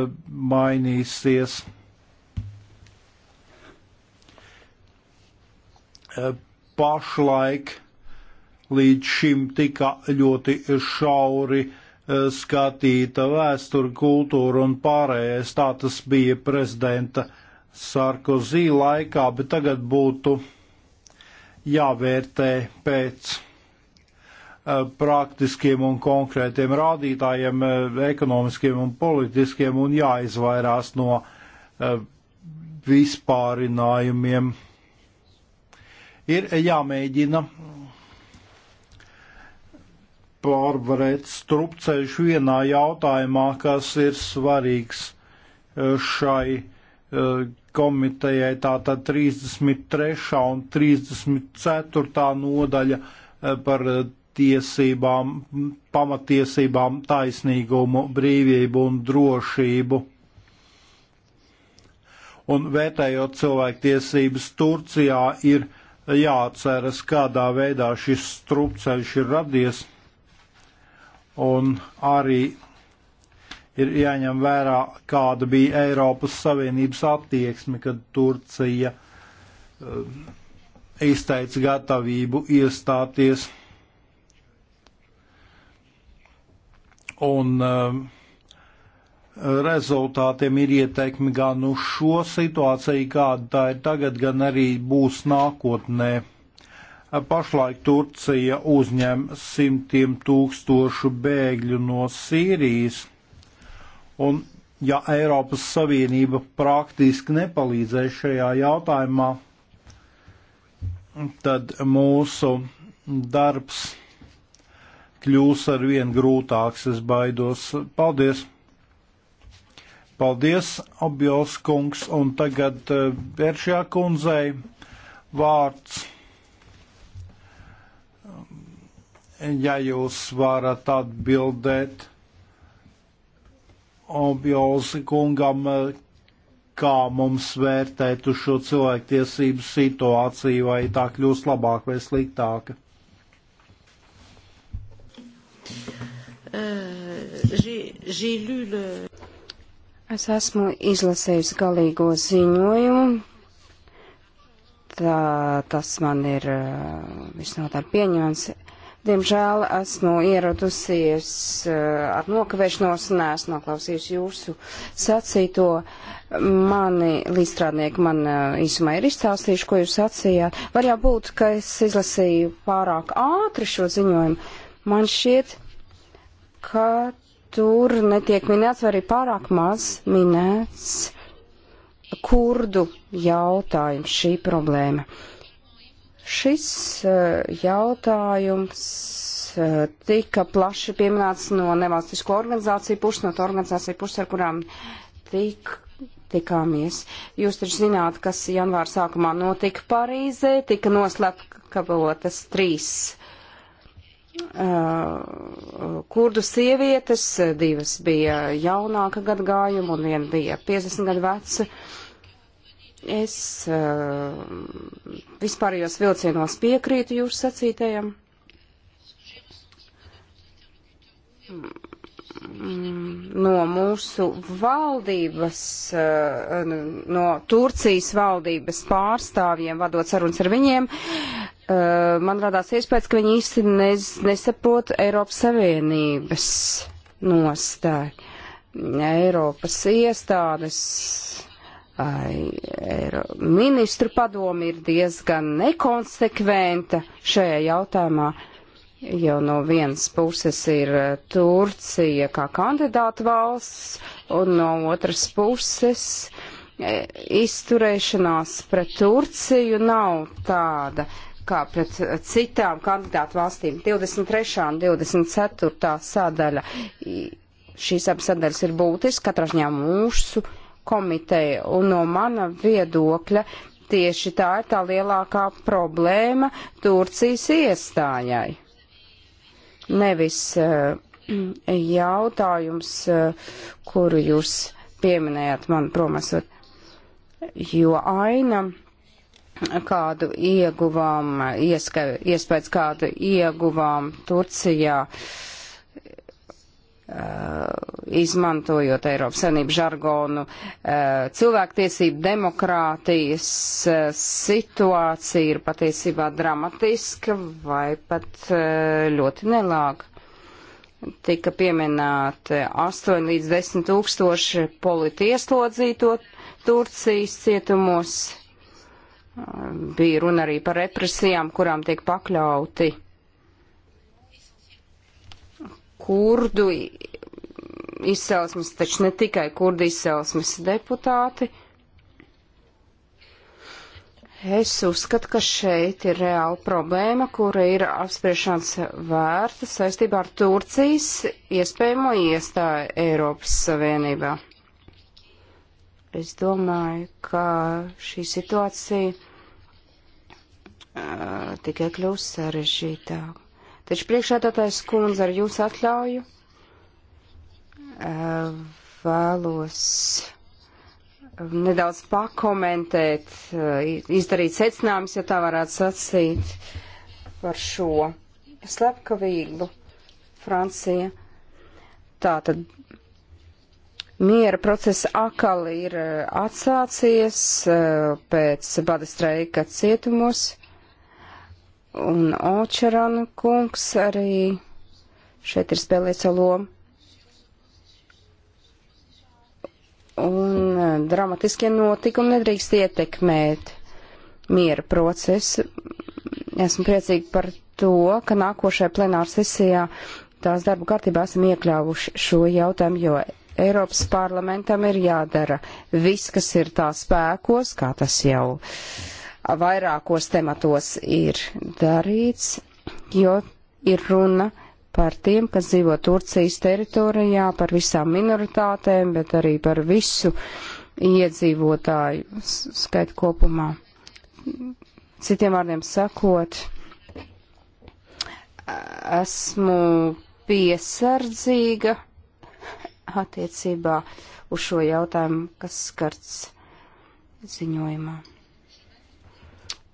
mainīsies. Eh, pašlaik līdz šim tika ļoti šauri eh, skatīta vēsture, kultūra un pārējais. Tā tas bija prezidenta Sarkozī laikā, bet tagad būtu jāvērtē pēc Eh, praktiskiem un konkrētiem rādītājiem, eh, ekonomiskiem un politiskiem, un jāizvairās no eh, vispārinājumiem. Ir jāmēģina pārvarēt strupceļš vienā jautājumā, kas ir svarīgs šai komitejai, tātad 33. un 34. nodaļa par tiesībām, pamatiesībām, taisnīgumu, brīvību un drošību. Un vērtējot cilvēktiesības Turcijā, ir jāatceras, kādā veidā šis strupceļš ir radies, un arī ir jāņem vērā, kāda bija Eiropas Savienības attieksme, kad Turcija um, izteica gatavību iestāties. un um, rezultātiem ir ieteikmi gan uz šo situāciju, kāda tā ir tagad, gan arī būs nākotnē. Pašlaik Turcija uzņem simtiem tūkstošu bēgļu no Sīrijas, un ja Eiropas Savienība praktiski nepalīdzēs šajā jautājumā, tad mūsu darbs kļūs ar vien grūtāks, es baidos. Paldies! Paldies, Objos kungs, un tagad eh, Vēršjā kundzei vārds. Ja jūs varat atbildēt Objos kungam, eh, kā mums vērtēt uz šo cilvēktiesību situāciju, vai tā kļūst labāk vai sliktāka. Euh, es esmu izlasējusi galīgo ziņojumu. Tā, tas man ir uh, visnotaļ pieņēmums. Diemžēl esmu ieradusies uh, ar nokavēšanos un esmu noklausījusi jūsu sacīto. Mani līdzstrādnieki man uh, īsumā ir izstāstījuši, ko jūs sacījāt. Var jau būt, ka es izlasīju pārāk ātri šo ziņojumu Man šķiet, ka tur netiek minēts, vai arī pārāk maz minēts kurdu jautājums šī problēma. Šis eh, jautājums eh, tika plaši pieminēts no nevalstisko organizāciju puses, no to organizāciju puses, ar kurām tik, tikāmies. Jūs taču zināt, kas janvāra sākumā notika Parīzē, tika noslēpkavotas trīs Uh, kurdu sievietes, divas bija jaunāka gadgājuma un viena bija 50 gadu veca. Es uh, vispārējos vilcienos piekrītu jūsu sacītajam. No mūsu valdības, uh, no Turcijas valdības pārstāvjiem, vadot sarunas ar viņiem, uh, Eh, man radās iespējas, ka viņi īsti nez, nesaprot Eiropas Savienības nostāju. Eiropas iestādes ai, Eiro, ministru padomi ir diezgan nekonsekventa šajā jautājumā. Jo no vienas puses ir eh, Turcija kā kandidāta valsts, un no otras puses eh, izturēšanās pret Turciju nav tāda uh, kā pret eh, citām kandidātu valstīm. 23. un 24. sadaļa. Šīs abas sadaļas ir būtiskas, katrā ziņā mūsu komiteja un no mana viedokļa tieši tā ir tā lielākā problēma Turcijas iestājai. Nevis eh, jautājums, eh, kuru jūs pieminējāt man promasot, jo aina kādu ieguvām, ieska, iespējas kādu ieguvām Turcijā, uh, izmantojot Eiropas Savienību žargonu, uh, cilvēktiesību demokrātijas uh, situācija ir patiesībā dramatiska vai pat uh, ļoti nelāga. Tika pieminēti 8 līdz 10 tūkstoši politieslodzīto Turcijas cietumos, Bija runa arī par represijām, kurām tiek pakļauti kurdu izcelsmes, taču ne tikai kurdu izcelsmes deputāti. Es uzskatu, ka šeit ir reāla problēma, kura ir apspriešanas vērta saistībā ar Turcijas iespējamo iestāju Eiropas Savienībā. Es domāju, ka šī situācija uh, tikai kļūs sarežģītāk. Taču priekšētātais kundze ar jūsu atļauju uh, vēlos nedaudz pakomentēt, uh, izdarīt secinājumus, ja tā varētu sacīt, par šo slepkavīglu Francija. Tātad Miera process akal ir eh, atsācies eh, pēc bada streika cietumos, un Očerana kungs arī šeit ir spēlējis savu lomu. Un eh, dramatiskie notikumi nedrīkst ietekmēt miera procesu. Esmu priecīgi par to, ka nākošajā plenāra sesijā tās darba kārtībā esam iekļāvuši šo jautājumu, jo Eiropas parlamentam ir jādara viss, kas ir tā spēkos, kā tas jau vairākos tematos ir darīts, jo ir runa par tiem, kas dzīvo Turcijas teritorijā, par visām minoritātēm, bet arī par visu iedzīvotāju skaitu kopumā. Citiem vārdiem sakot, esmu piesardzīga attiecībā uz šo jautājumu, kas skarts ziņojumā.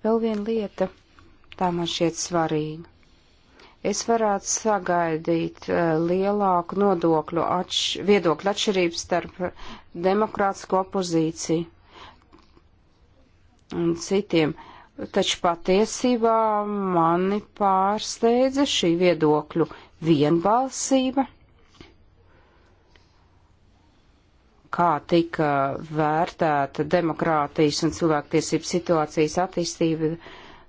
Vēl viena lieta, tā man šķiet svarīga. Es varētu sagaidīt uh, lielāku nodokļu atš viedokļu atšķirību starp demokrātisko opozīciju un citiem. Taču patiesībā mani pārsteidza šī viedokļu vienbalsība. kā tika vērtēta demokrātijas un cilvēktiesību situācijas attīstība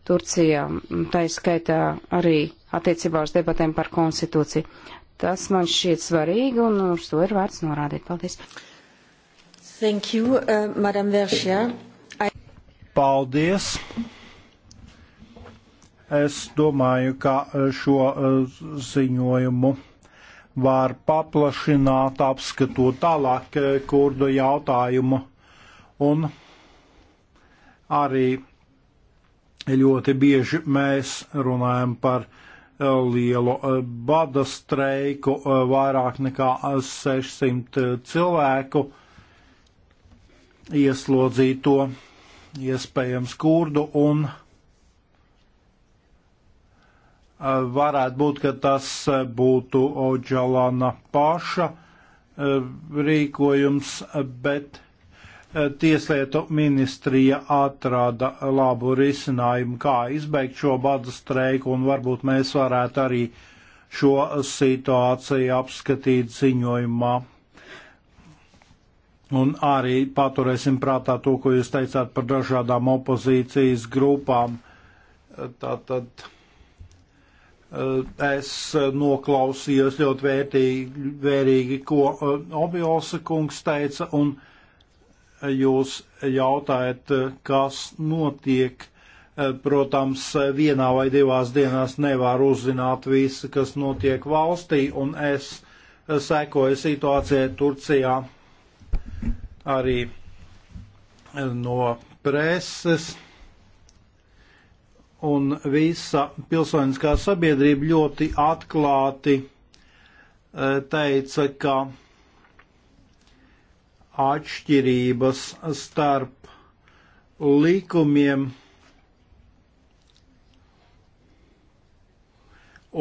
Turcijā, tā izskaitā arī attiecībā uz debatēm par konstitūciju. Tas man šķiet svarīgi un uz to ir vērts norādīt. Paldies. Thank you, uh, Madam Veršjā. I... Paldies. Es domāju, ka uh, šo uh, ziņojumu var paplašināt, apskatot tālāk eh, kurdu jautājumu. Un arī ļoti bieži mēs runājam par eh, lielu eh, bada streiku, vairāk nekā 600 cilvēku ieslodzīto, iespējams kurdu un kurdu Eh, varētu būt, ka tas eh, būtu Oģalana paša eh, rīkojums, bet Tieslietu ministrija atrada labu risinājumu, kā izbeigt šo badu streiku, un varbūt mēs varētu arī šo situāciju apskatīt ziņojumā. Un arī paturēsim prātā to, ko jūs teicāt par dažādām opozīcijas grupām. Tātad. Tā, Eh, es noklausījos ļoti vērtīgi, vērīgi ko eh, Obiolsa kungs teica, un jūs jautājat, eh, kas notiek. Protams, vienā vai divās dienās nevar uzzināt visu, kas notiek valstī, un es sekoju situācijai Turcijā arī no preses un visa pilsoniskā sabiedrība ļoti atklāti e, teica, ka atšķirības starp likumiem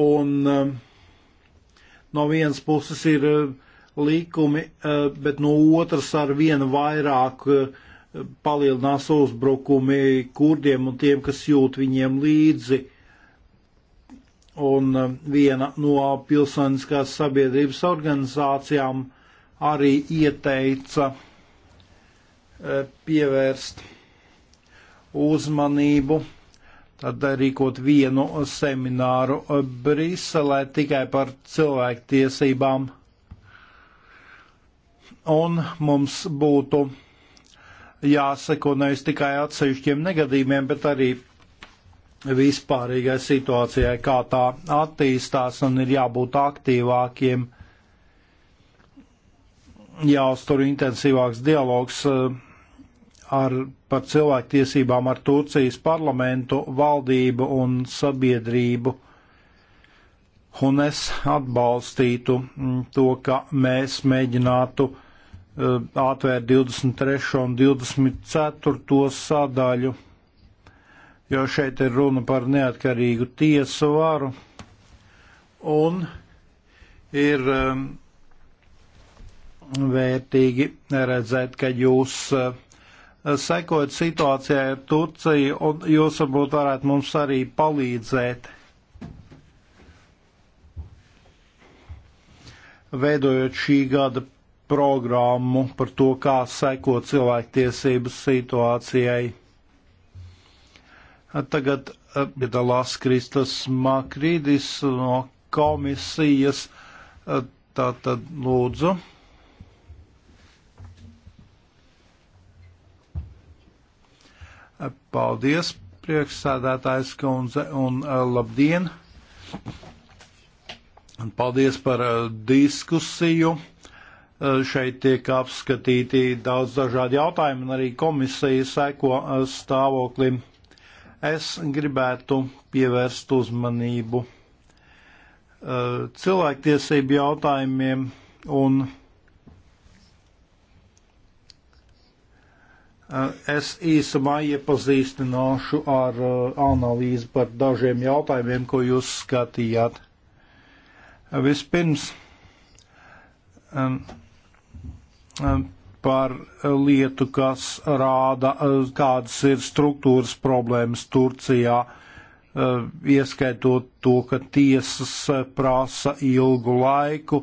un e, no vienas puses ir e, likumi, bet no otras ar vienu vairāk uh, palielinās uzbrukumi kurdiem un tiem, kas jūt viņiem līdzi. Un um, viena no pilsoniskās sabiedrības organizācijām arī ieteica uh, pievērst uzmanību, tad rīkot vienu semināru uh, Briselē tikai par cilvēktiesībām. Un mums būtu jāseko nevis tikai atsevišķiem negadījumiem, bet arī vispārīgai situācijai, kā tā attīstās un ir jābūt aktīvākiem, jāuztur intensīvāks dialogs eh, ar, par cilvēktiesībām ar Turcijas parlamentu, valdību un sabiedrību. Un es atbalstītu mm, to, ka mēs mēģinātu uh, Uh, atvērt 23. un 24. sadaļu, jo šeit ir runa par neatkarīgu tiesu varu un ir um, vērtīgi redzēt, ka jūs uh, sekot situācijai ar Turciju, un jūs varbūt varētu mums arī palīdzēt. Veidojot šī gada programmu par to, kā seko cilvēktiesību situācijai. Tagad piedalās Kristas Makrīdis no komisijas. Tātad lūdzu. Paldies, priekšsādātājs kundze, un labdien! Un paldies par diskusiju. Eh, šeit tiek apskatīti daudz dažādi jautājumi, un arī komisija seko eh, stāvoklim. Es gribētu pievērst uzmanību eh, cilvēktiesību jautājumiem un Es īsumā iepazīstināšu ar analīzi par dažiem jautājumiem, ko jūs skatījāt. Vispirms, Um, par lietu, kas rāda, uh, kādas ir struktūras problēmas Turcijā, uh, ieskaitot to, ka tiesas uh, prasa ilgu laiku,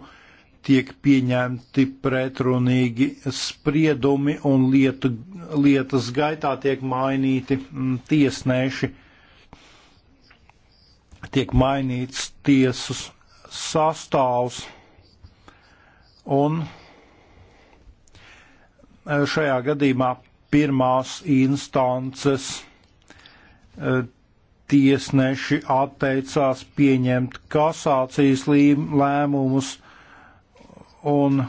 tiek pieņemti pretrunīgi spriedumi un lietu, lietas gaitā tiek mainīti mm, tiesneši, tiek mainīts tiesas sastāvs. Un šajā gadījumā pirmās instances e, tiesneši atteicās pieņemt kasācijas lēmumus un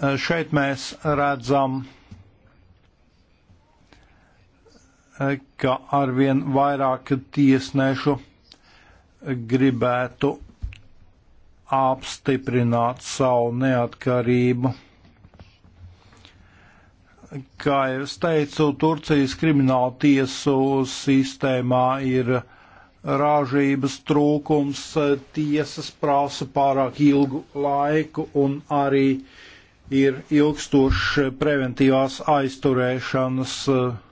e, šeit mēs redzam, e, ka arvien vairāk tiesnešu gribētu apstiprināt savu neatkarību. Kā jau es teicu, Turcijas krimināla tiesu sistēmā ir rāžības trūkums, tiesas prasa pārāk ilgu laiku un arī ir ilgstošs preventīvās aizturēšanas eh,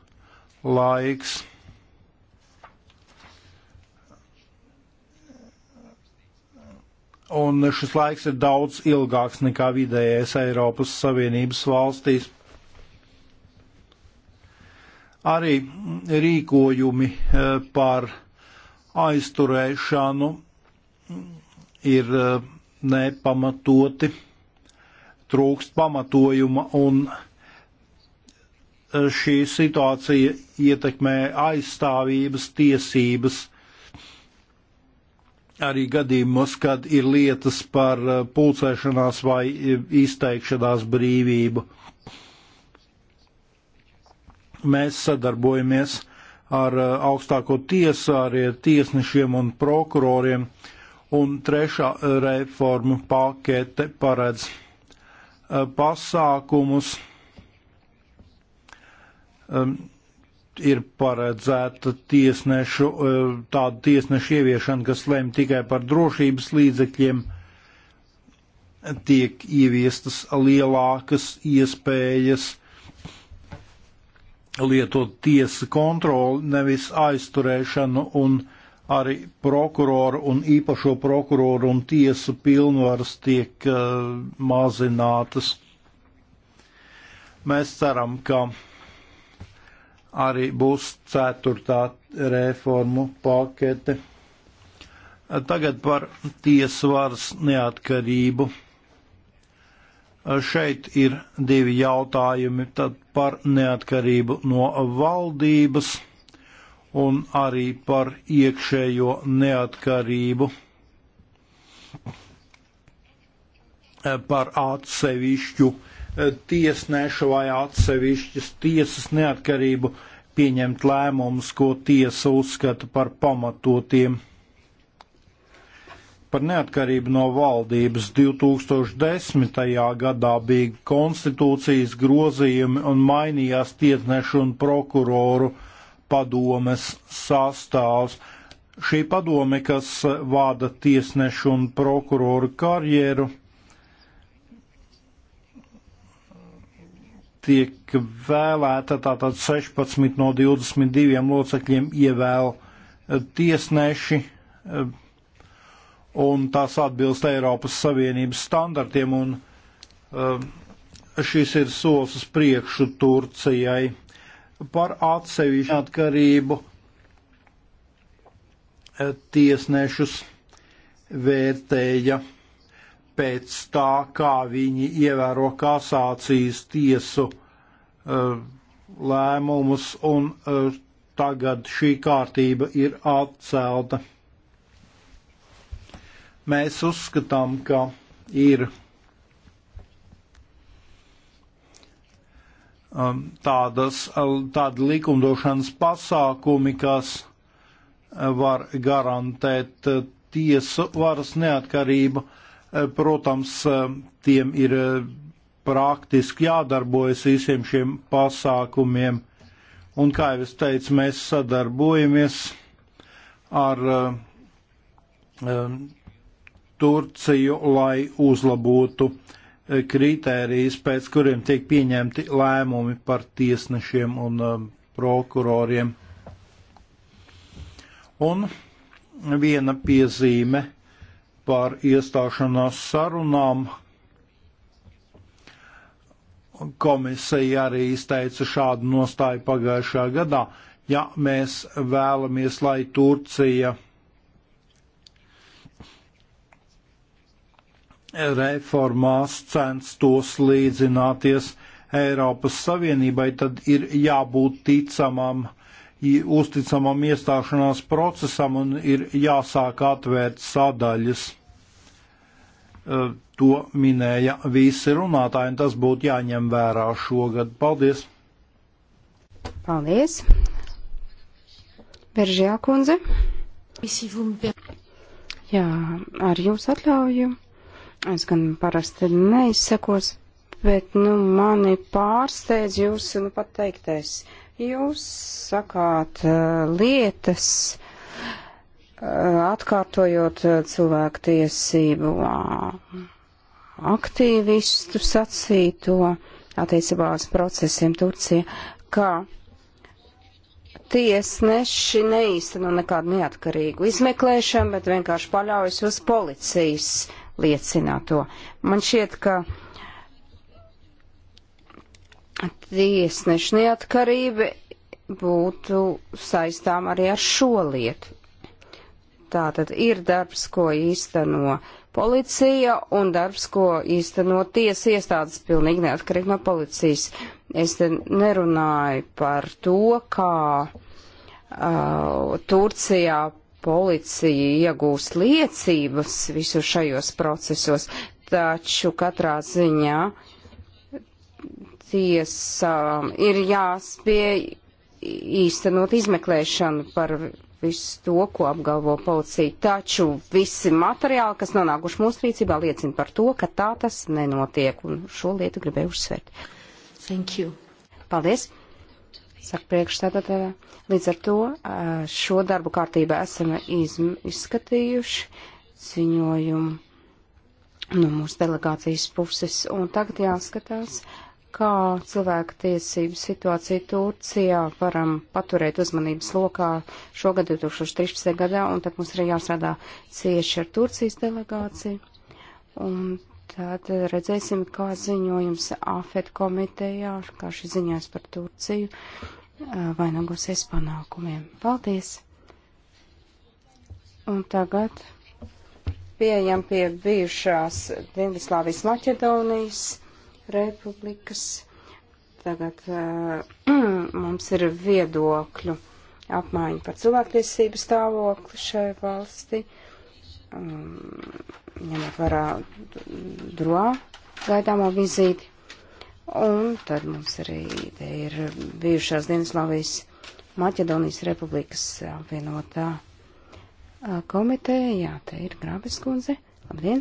laiks. un šis laiks ir daudz ilgāks nekā vidējais Eiropas Savienības valstīs. Arī rīkojumi eh, par aizturēšanu ir eh, nepamatoti, trūkst pamatojuma un eh, šī situācija ietekmē aizstāvības tiesības arī gadījumos, kad ir lietas par eh, pulcēšanās vai eh, izteikšanās brīvību. Mēs sadarbojamies ar eh, augstāko tiesu, ar tiesnešiem un prokuroriem, un trešā reformu pakete paredz pasākumus. Um, ir paredzēta tiesnešu, e, tāda tiesneša ieviešana, kas lem tikai par drošības līdzekļiem, tiek ieviestas lielākas iespējas lietot tiesa kontroli, nevis aizturēšanu un arī prokuroru un īpašo prokuroru un tiesu pilnvaras tiek uh, mazinātas. Mēs ceram, ka arī būs ceturtā reformu pakete. Tagad par tiesvaras neatkarību. Šeit ir divi jautājumi tad par neatkarību no valdības un arī par iekšējo neatkarību, par atsevišķu uh, tiesneša vai atsevišķas tiesas neatkarību pieņemt lēmumus, ko tiesa uzskata par pamatotiem. Par neatkarību no valdības 2010. gadā bija konstitūcijas grozījumi un mainījās tiesnešu un prokuroru padomes sastāvs. Šī padome, kas vada tiesnešu un prokuroru karjeru, tiek vēlēta tātad 16 no 22 locekļiem ievēl e, tiesneši, e, un tās atbilst Eiropas Savienības standartiem, un e, šis ir solis uz priekšu Turcijai par atsevišķu atkarību tiesnešus vērtēja pēc tā, kā viņi ievēro kasācijas tiesu uh, lēmumus, un uh, tagad šī kārtība ir atcelta. Mēs uzskatām, ka ir um, tādas, tādi likumdošanas pasākumi, kas eh, var garantēt tiesu varas neatkarību. Uh, Eh, protams, eh, tiem ir eh, praktiski jādarbojas visiem šiem pasākumiem. Un, kā jau es teicu, mēs sadarbojamies ar Turciju, lai uzlabotu kritērijas, pēc kuriem tiek pieņemti lēmumi par tiesnešiem un prokuroriem. Un viena piezīme par iestāšanās sarunām. Komisija arī izteica šādu nostāju pagājušā gadā. Ja mēs vēlamies, lai Turcija reformās censtos līdzināties Eiropas Savienībai, tad ir jābūt ticamam, uzticamam iestāšanās procesam un ir jāsāk atvērt sadaļas. To minēja visi runātāji, un tas būtu jāņem vērā šogad. Paldies! Paldies! Beržijā kundze. Jā, ar jūs atļauju. Es gan parasti neizsakos, bet, nu, mani pārsteidz jūs, nu, pateiktais. Jūs sakāt uh, lietas. Uh, atkārtojot eh, cilvēku tiesību aktīvistu sacīto attiecībā uz procesiem Turcija, ka tiesneši neīsteno nekādu neatkarīgu izmeklēšanu, bet vienkārši paļaujas uz policijas liecināto. Man šķiet, ka tiesneša neatkarība būtu saistām arī ar šo lietu. Tā tad ir darbs, ko īsteno policija un darbs, ko īsteno tiesa iestādes pilnīgi neatkarīgi no policijas. Es te nerunāju par to, kā uh, Turcijā policija iegūst liecības visu šajos procesos, taču katrā ziņā tiesām ir jāspēj īstenot izmeklēšanu par visu to, ko apgalvo policija. Taču visi materiāli, kas nonākuši mūsu rīcībā, liecina par to, ka tā tas nenotiek. Un šo lietu gribēju uzsvērt. Thank you. Paldies. Saka priekšstādātājā. Līdz ar to šo darbu kārtībā esam izskatījuši ziņojumu no mūsu delegācijas puses. Un tagad jāskatās. Uh, kā cilvēku tiesību situāciju Turcijā varam paturēt uzmanības lokā šogad 2013. gadā, un tad mums ir jāsādā cieši ar Turcijas delegāciju. Un tad redzēsim, kā ziņojums AFET komitejā, kā šis ziņās par Turciju, vainagosies panākumiem. Paldies! Un tagad pieejam pie bijušās Dienvidslāvijas Maķedonijas republikas. Tagad uh, mums ir viedokļu apmaiņa par cilvēktiesību stāvokli šai valsti, um, ņemot vērā droā gaidāmo vizīti. Un tad mums arī te ir bijušās Dienaslavijas Maķedonijas Republikas apvienotā komiteja. Jā, te ir Grābes kundze. Labdien!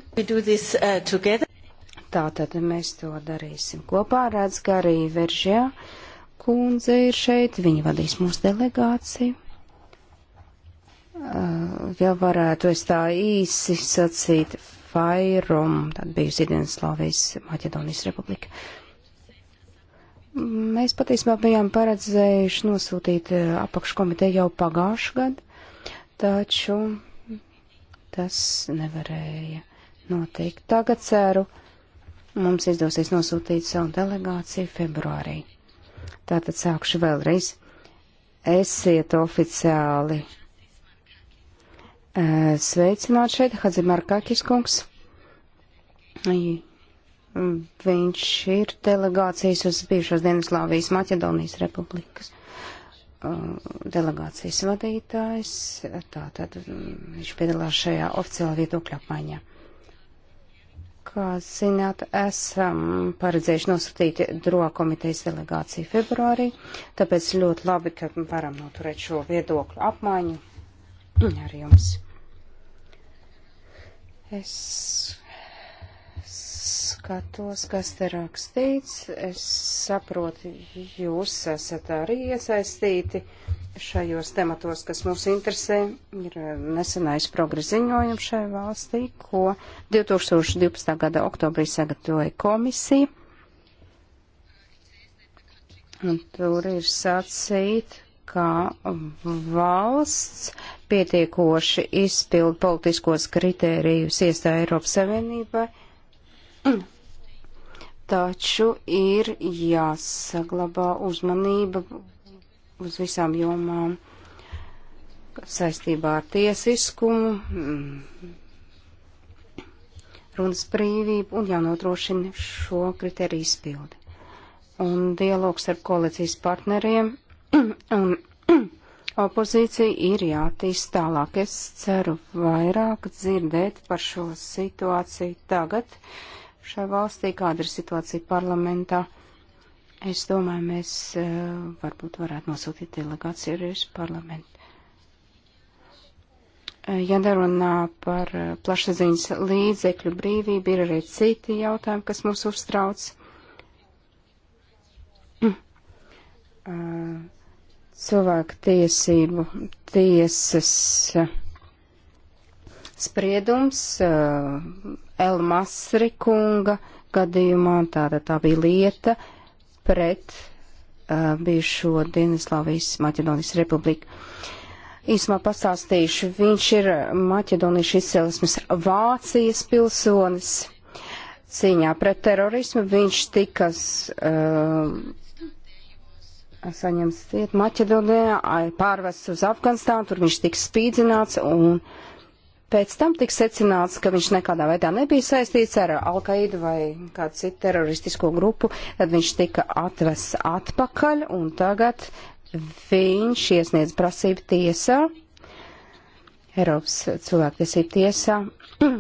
Tātad mēs to darīsim kopā ar Atsgarī Veržjā. Kundze ir šeit, viņa vadīs mūsu delegāciju. Uh, ja varētu es tā īsi sacīt, Fairum, tad bijusi Dienaslavijas Maķedonijas republika. Mēs patiesībā bijām paredzējuši nosūtīt uh, apakškomiteju jau pagājušu gadu, taču tas nevarēja notikt. Tagad ceru mums izdosies nosūtīt savu delegāciju februārī. Tātad sākšu vēlreiz. Esiet oficiāli eh, sveicināt šeit Hadzimarkakis kungs. Viņš ir delegācijas uz bijušās Dienaslāvijas Maķedonijas republikas eh, delegācijas vadītājs. Tātad mm, viņš piedalās šajā oficiāla viedokļa apmaiņā. Kā zināt, esam paredzējuši nosūtīt droā komitejas delegāciju februārī, tāpēc ļoti labi, ka varam noturēt šo viedokļu apmaiņu ar jums. Es skatos, kas te rakstīts. Es saprotu, jūs esat arī iesaistīti šajos tematos, kas mūs interesē, ir e, nesenais progresiņojums šai valstī, ko 2012. gada oktobrī sagatavoja komisija. Un tur ir sacīt, ka valsts pietiekoši izpild politiskos kritērijus iestāja Eiropas Savienībai, taču ir jāsaglabā uzmanība uz visām jomām saistībā ar tiesiskumu, mm, runas brīvību un jānodrošina šo kriteriju izpildi. Un dialogs ar koalīcijas partneriem un opozīcija ir jātīst tālāk. Es ceru vairāk dzirdēt par šo situāciju tagad šai valstī, kāda ir situācija parlamentā. Es domāju, mēs eh, varbūt varētu nosūtīt delegāciju arī uz parlamentu. Eh, ja nerunā par eh, plašsaziņas līdzekļu brīvību, ir arī citi jautājumi, kas mūs uztrauc. Mm. Cilvēku tiesību tiesas spriedums Elmasri kunga gadījumā, tāda tā bija lieta, pret uh, bijušo Dienaslavijas Maķedonijas republiku. Īsumā pastāstīšu, viņš ir Maķedonijas izcelsmes Vācijas pilsonis. Cīņā pret terorismu viņš tikas. Uh, saņemts ciet Maķedonijā, pārvests uz Afganistānu, tur viņš tiks spīdzināts un uh, Pēc tam tika secināts, ka viņš nekādā veidā nebija saistīts ar Alkaidu vai kādu citu teroristisko grupu, tad viņš tika atvests atpakaļ un tagad viņš iesniedz prasību tiesā, Eiropas cilvēktiesību tiesā,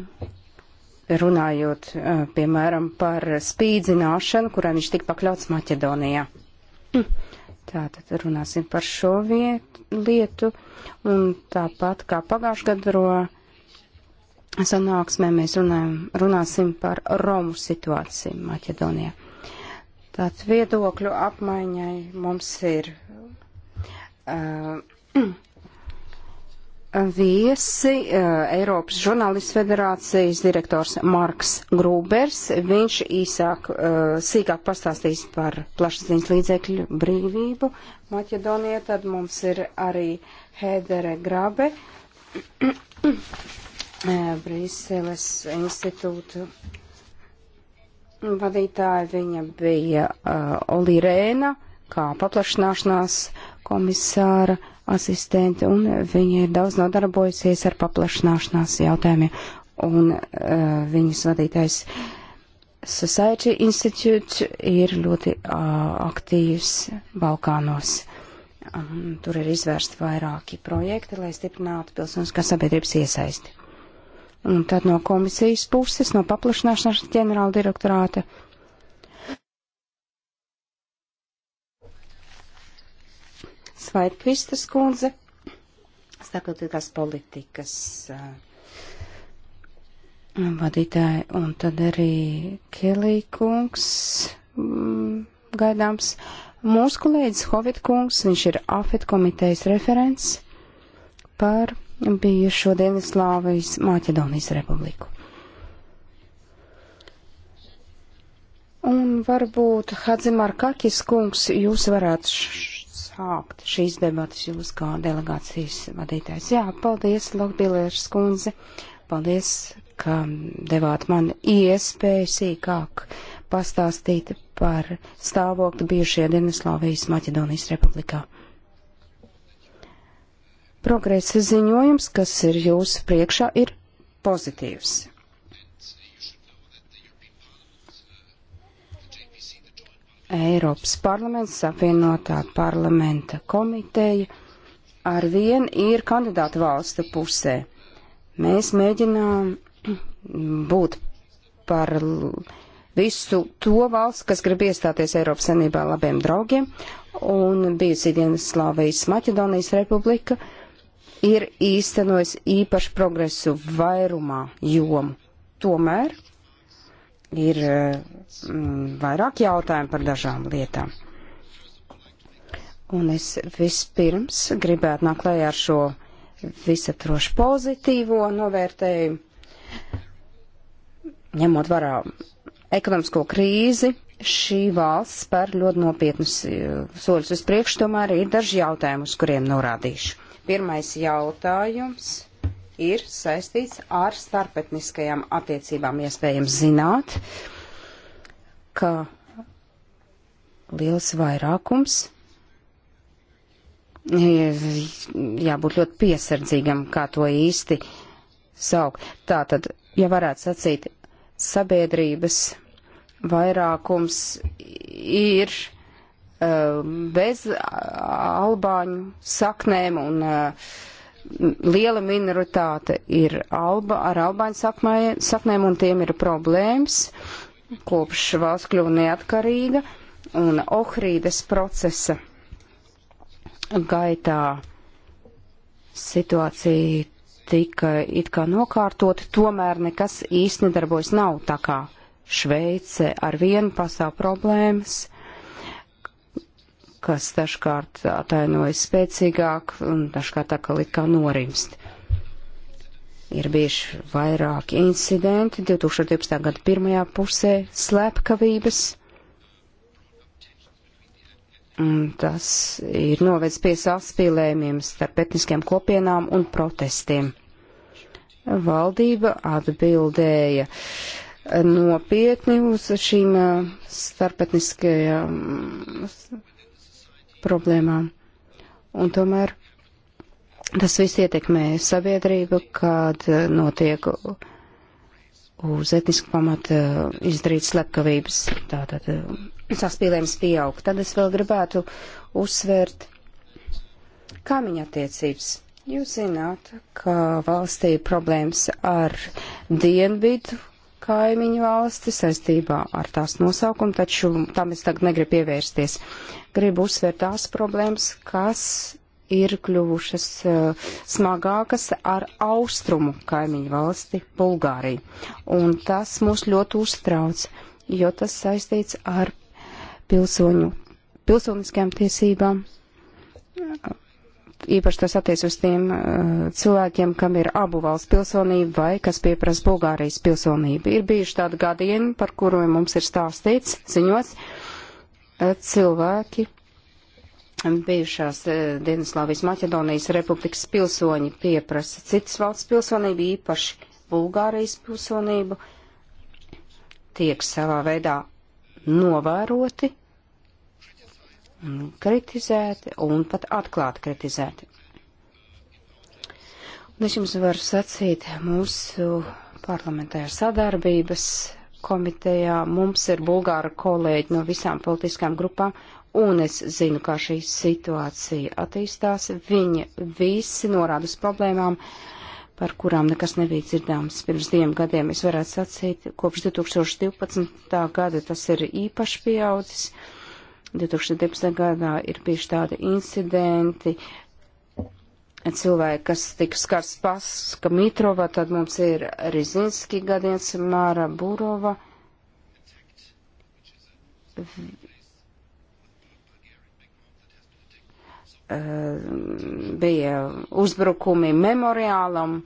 runājot, eh, piemēram, par spīdzināšanu, kurai viņš tika pakļauts Maķedonijā. Tātad runāsim par šo vietu, lietu, un tāpat kā pagājušajā gadā sanāksmē mēs runājam, runāsim par Romu situāciju Maķedonijā. Tātad viedokļu apmaiņai mums ir uh, viesi uh, Eiropas žurnālistu federācijas direktors Marks Grūbers. Viņš īsāk, uh, sīkāk pastāstīs par plašsaziņas līdzekļu brīvību Maķedonijā. Tad mums ir arī Hēdere Grabe. Brīseles institūtu vadītāja. Viņa bija uh, Olirēna, kā paplašināšanās komisāra asistente, un viņa ir daudz nodarbojusies ar paplašināšanās jautājumiem. Un uh, viņas vadītais Society Institute ir ļoti uh, aktīvs Balkānos. Um, tur ir izvērsti vairāki projekti, lai stiprinātu pilsoniskās sabiedrības iesaisti un tad no komisijas puses, no paplašināšanas ģenerāla direktorāta. Svaitkvistas kundze, starptautiskās politikas uh, vadītāji, un tad arī Kelī kungs mm, gaidāms. Mūsu kolēģis Hovid kungs, viņš ir AFET komitejas referents par bijušo Dienvidslāvijas Maķedonijas republiku. Un varbūt, Hadzimār Kakis kungs, jūs varētu sākt šīs debatas jūs kā delegācijas vadītājs. Jā, paldies, Lokbilērs kundze, paldies, ka devāt man iespēju sīkāk pastāstīt par stāvokli bijušajā Dienvidslāvijas Maķedonijas republikā. Progresa ziņojums, kas ir jūsu priekšā, ir pozitīvs. Eiropas parlaments, apvienotā parlamenta komiteja ar vien ir kandidāta valsta pusē. Mēs mēģinām būt par visu to valsts, kas grib iestāties Eiropas senībā labiem draugiem, un bijusi Dienas Slāvijas Maķedonijas republika ir īstenojis īpašu progresu vairumā jomu. Tomēr ir eh, mm, vairāk jautājumu par dažām lietām. Un es vispirms gribētu nākt klajā ar šo visatrošu pozitīvo novērtējumu, ņemot varā ekonomisko krīzi, šī valsts spēr ļoti nopietnus eh, soļus uz priekšu, tomēr ir daži jautājumi, uz kuriem norādīšu. Pirmais jautājums ir saistīts ar starpetniskajām attiecībām. Iespējams zināt, ka liels vairākums jābūt ļoti piesardzīgam, kā to īsti saukt. Tātad, ja varētu sacīt, sabiedrības vairākums ir Um, bez albāņu saknēm un uh, liela minoritāte ir alba, ar albāņu sakmai, saknēm un tiem ir problēmas kopš valsts kļuva neatkarīga un Ohrīdes procesa gaitā situācija tika it kā nokārtota, tomēr nekas īsti nedarbojas. Nav tā kā Šveice ar vienu pastāv problēmas kas dažkārt atainojas spēcīgāk un dažkārt tā kā likā norimst. Ir bijuši vairāki incidenti 2012. gada pirmajā pusē slepkavības. Un tas ir novedis pie saspīlējumiem starp etniskajām kopienām un protestiem. Valdība atbildēja nopietni uz šīm uh, starpetniskajām problēmām. Un tomēr tas viss ietekmē sabiedrību, kad eh, notiek uz etnisku pamatu eh, izdarīts slepkavības, tātad eh, saspīlējums pieaug. Tad es vēl gribētu uzsvērt kaimiņa attiecības. Jūs zināt, ka valstī problēmas ar dienvidu kaimiņu valsti saistībā ar tās nosaukumu, taču tam es tagad negribu pievērsties. Gribu uzsvērt tās problēmas, kas ir kļuvušas uh, smagākas ar austrumu kaimiņu valsti Bulgāriju. Un tas mūs ļoti uztrauc, jo tas saistīts ar pilsoņu, pilsoniskajām tiesībām, īpaši tas attiec uz tiem uh, cilvēkiem, kam ir abu valsts pilsonība vai kas pieprasa Bulgārijas pilsonību. Ir bijuši tādi gadieni, par kuriem mums ir stāstīts, ziņots, uh, cilvēki, bijušās uh, Dienaslāvijas Maķedonijas republikas pilsoņi pieprasa citas valsts pilsonību, īpaši Bulgārijas pilsonību, tiek savā veidā novēroti Mm, kritizēti un pat atklāti kritizēti. Un es jums varu sacīt, mūsu parlamentārā sadarbības komitejā mums ir bulgāra kolēģi no visām politiskām grupām, un es zinu, kā šī situācija attīstās. Viņi visi norāda uz problēmām, par kurām nekas nebija dzirdāms pirms diviem gadiem. Es varētu sacīt, kopš 2012. gada tas ir īpaši pieaudzis. 2012. gadā ir bijuši tādi incidenti, cilvēki, kas tika skars paska Mitrova, tad mums ir Rizinski gadiens, Māra Burova, bija uzbrukumi memoriālam,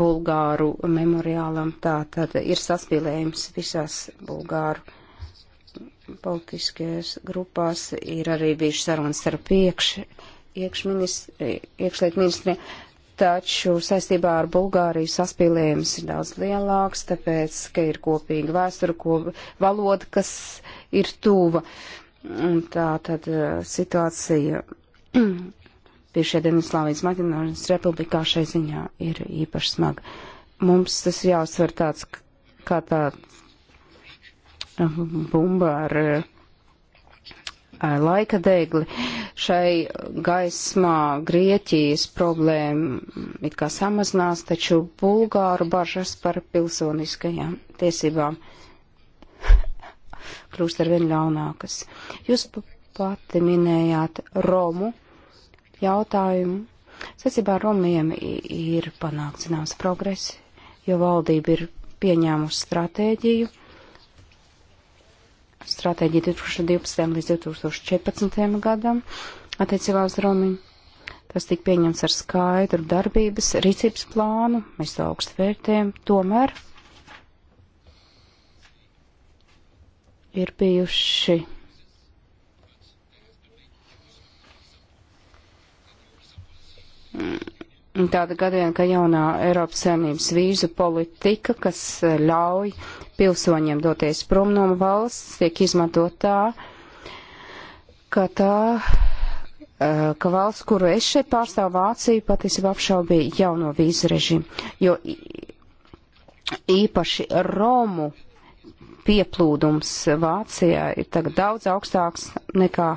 bulgāru memoriālam, tā tad ir saspīlējums visās bulgāru politiskajās grupās ir arī bijuši sarunas ar piekš, iekšministri, iekšliet ministri, taču saistībā ar Bulgāriju saspīlējums ir daudz lielāks, tāpēc, ka ir kopīga vēstura, ko valoda, kas ir tuva. Un tā tad eh, situācija pie šie Dienvidslāvijas Maķedonijas republikā šai ziņā ir īpaši smaga. Mums tas jāuzsver tāds, kā tāds bumba ar laika degli. Šai gaismā Grieķijas problēma it kā samazinās, taču Bulgāru bažas par pilsoniskajām tiesībām kļūst arvien ļaunākas. Jūs pati minējāt Romu jautājumu. Sacībā Romiem ir panākts zināms progress, jo valdība ir pieņēmusi stratēģiju stratēģiju 2012. līdz 2014. gadam attiecībā uz Romiem. Tas tika pieņemts ar skaidru darbības rīcības plānu, mēs to augstu vērtējam. Tomēr ir bijuši mm tāda gadiena, ka jaunā Eiropas saimnības vīzu politika, kas eh, ļauj pilsoņiem doties prom no valsts, tiek izmantot tā, ka tā, eh, ka valsts, kuru es šeit pārstāvu Vāciju, patiesībā apšaubīja jauno vīzu režīmu, jo īpaši Romu pieplūdums Vācijā ir tagad daudz augstāks nekā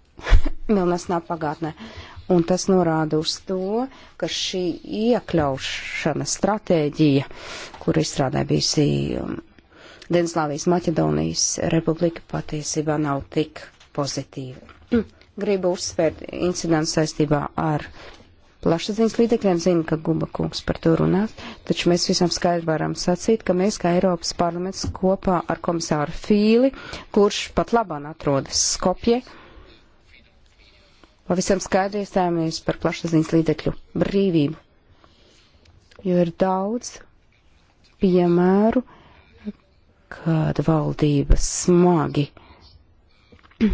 milnesnā pagātnē. Uh, un tas norāda uz to, ka šī iekļaušana stratēģija, kur izstrādāja bijusi um, Dienslāvijas Maķedonijas republika, patiesībā nav tik pozitīva. Mm. Gribu uzsvērt incidentu saistībā ar plašsaziņas līdzekļiem zina, ka Guba kungs par to runās, taču mēs visam skaidri varam sacīt, ka mēs kā Eiropas parlaments kopā ar komisāru Fīli, kurš pat labāk atrodas Skopje, pavisam skaidri iestājāmies par plašsaziņas līdzekļu brīvību. Jo ir daudz piemēru, kad valdības smagi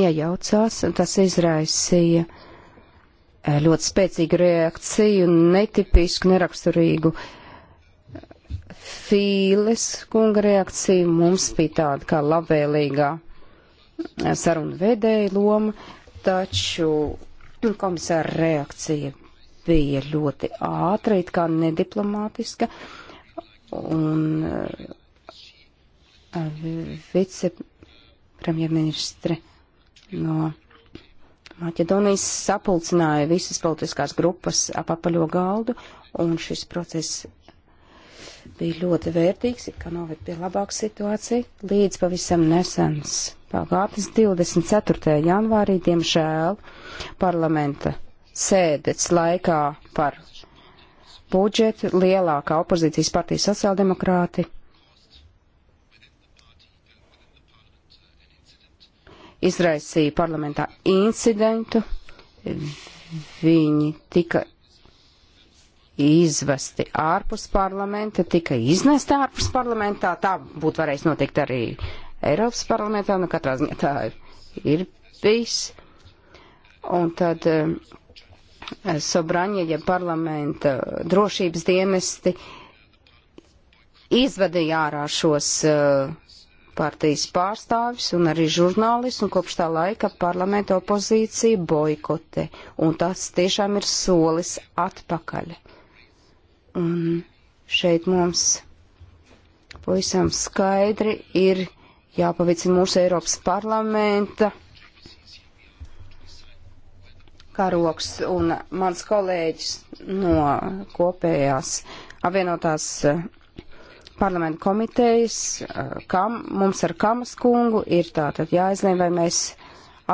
iejaucās, un tas izraisīja eh, ļoti spēcīgu reakciju, netipisku, neraksturīgu eh, Fīles kunga reakciju. Mums bija tāda kā labvēlīgā eh, sarunu vedēja loma, taču komisāra reakcija bija ļoti ātra, it kā nediplomātiska, un eh, vicepremjerministre no Maķedonijas sapulcināja visas politiskās grupas ap apaļo galdu, un šis process bija ļoti vērtīgs, it kā noved pie labākas situācijas, līdz pavisam nesens pagātnes 24. janvārī, diemžēl, parlamenta sēdes laikā par budžetu lielākā opozīcijas partija sociāldemokrāti izraisīja parlamentā incidentu, viņi tika izvesti ārpus parlamenta, tika iznesti ārpus parlamentā, tā būtu varējis notikt arī Eiropas parlamentā, nu katrā ziņā tā ir, ir bijis. Un tad eh, Sobraņa, ja parlamenta drošības dienesti izvadīja ārā šos eh, partijas pārstāvis un arī žurnālis, un kopš tā laika parlamenta opozīcija boikote, un tas tiešām ir solis atpakaļ. Un šeit mums pavisam skaidri ir jāpavicina mūsu Eiropas parlamenta karoks un mans kolēģis no kopējās apvienotās eh, parlamenta komitejas, eh, kam, mums ar Kamas kungu ir tātad jāizlēm, vai mēs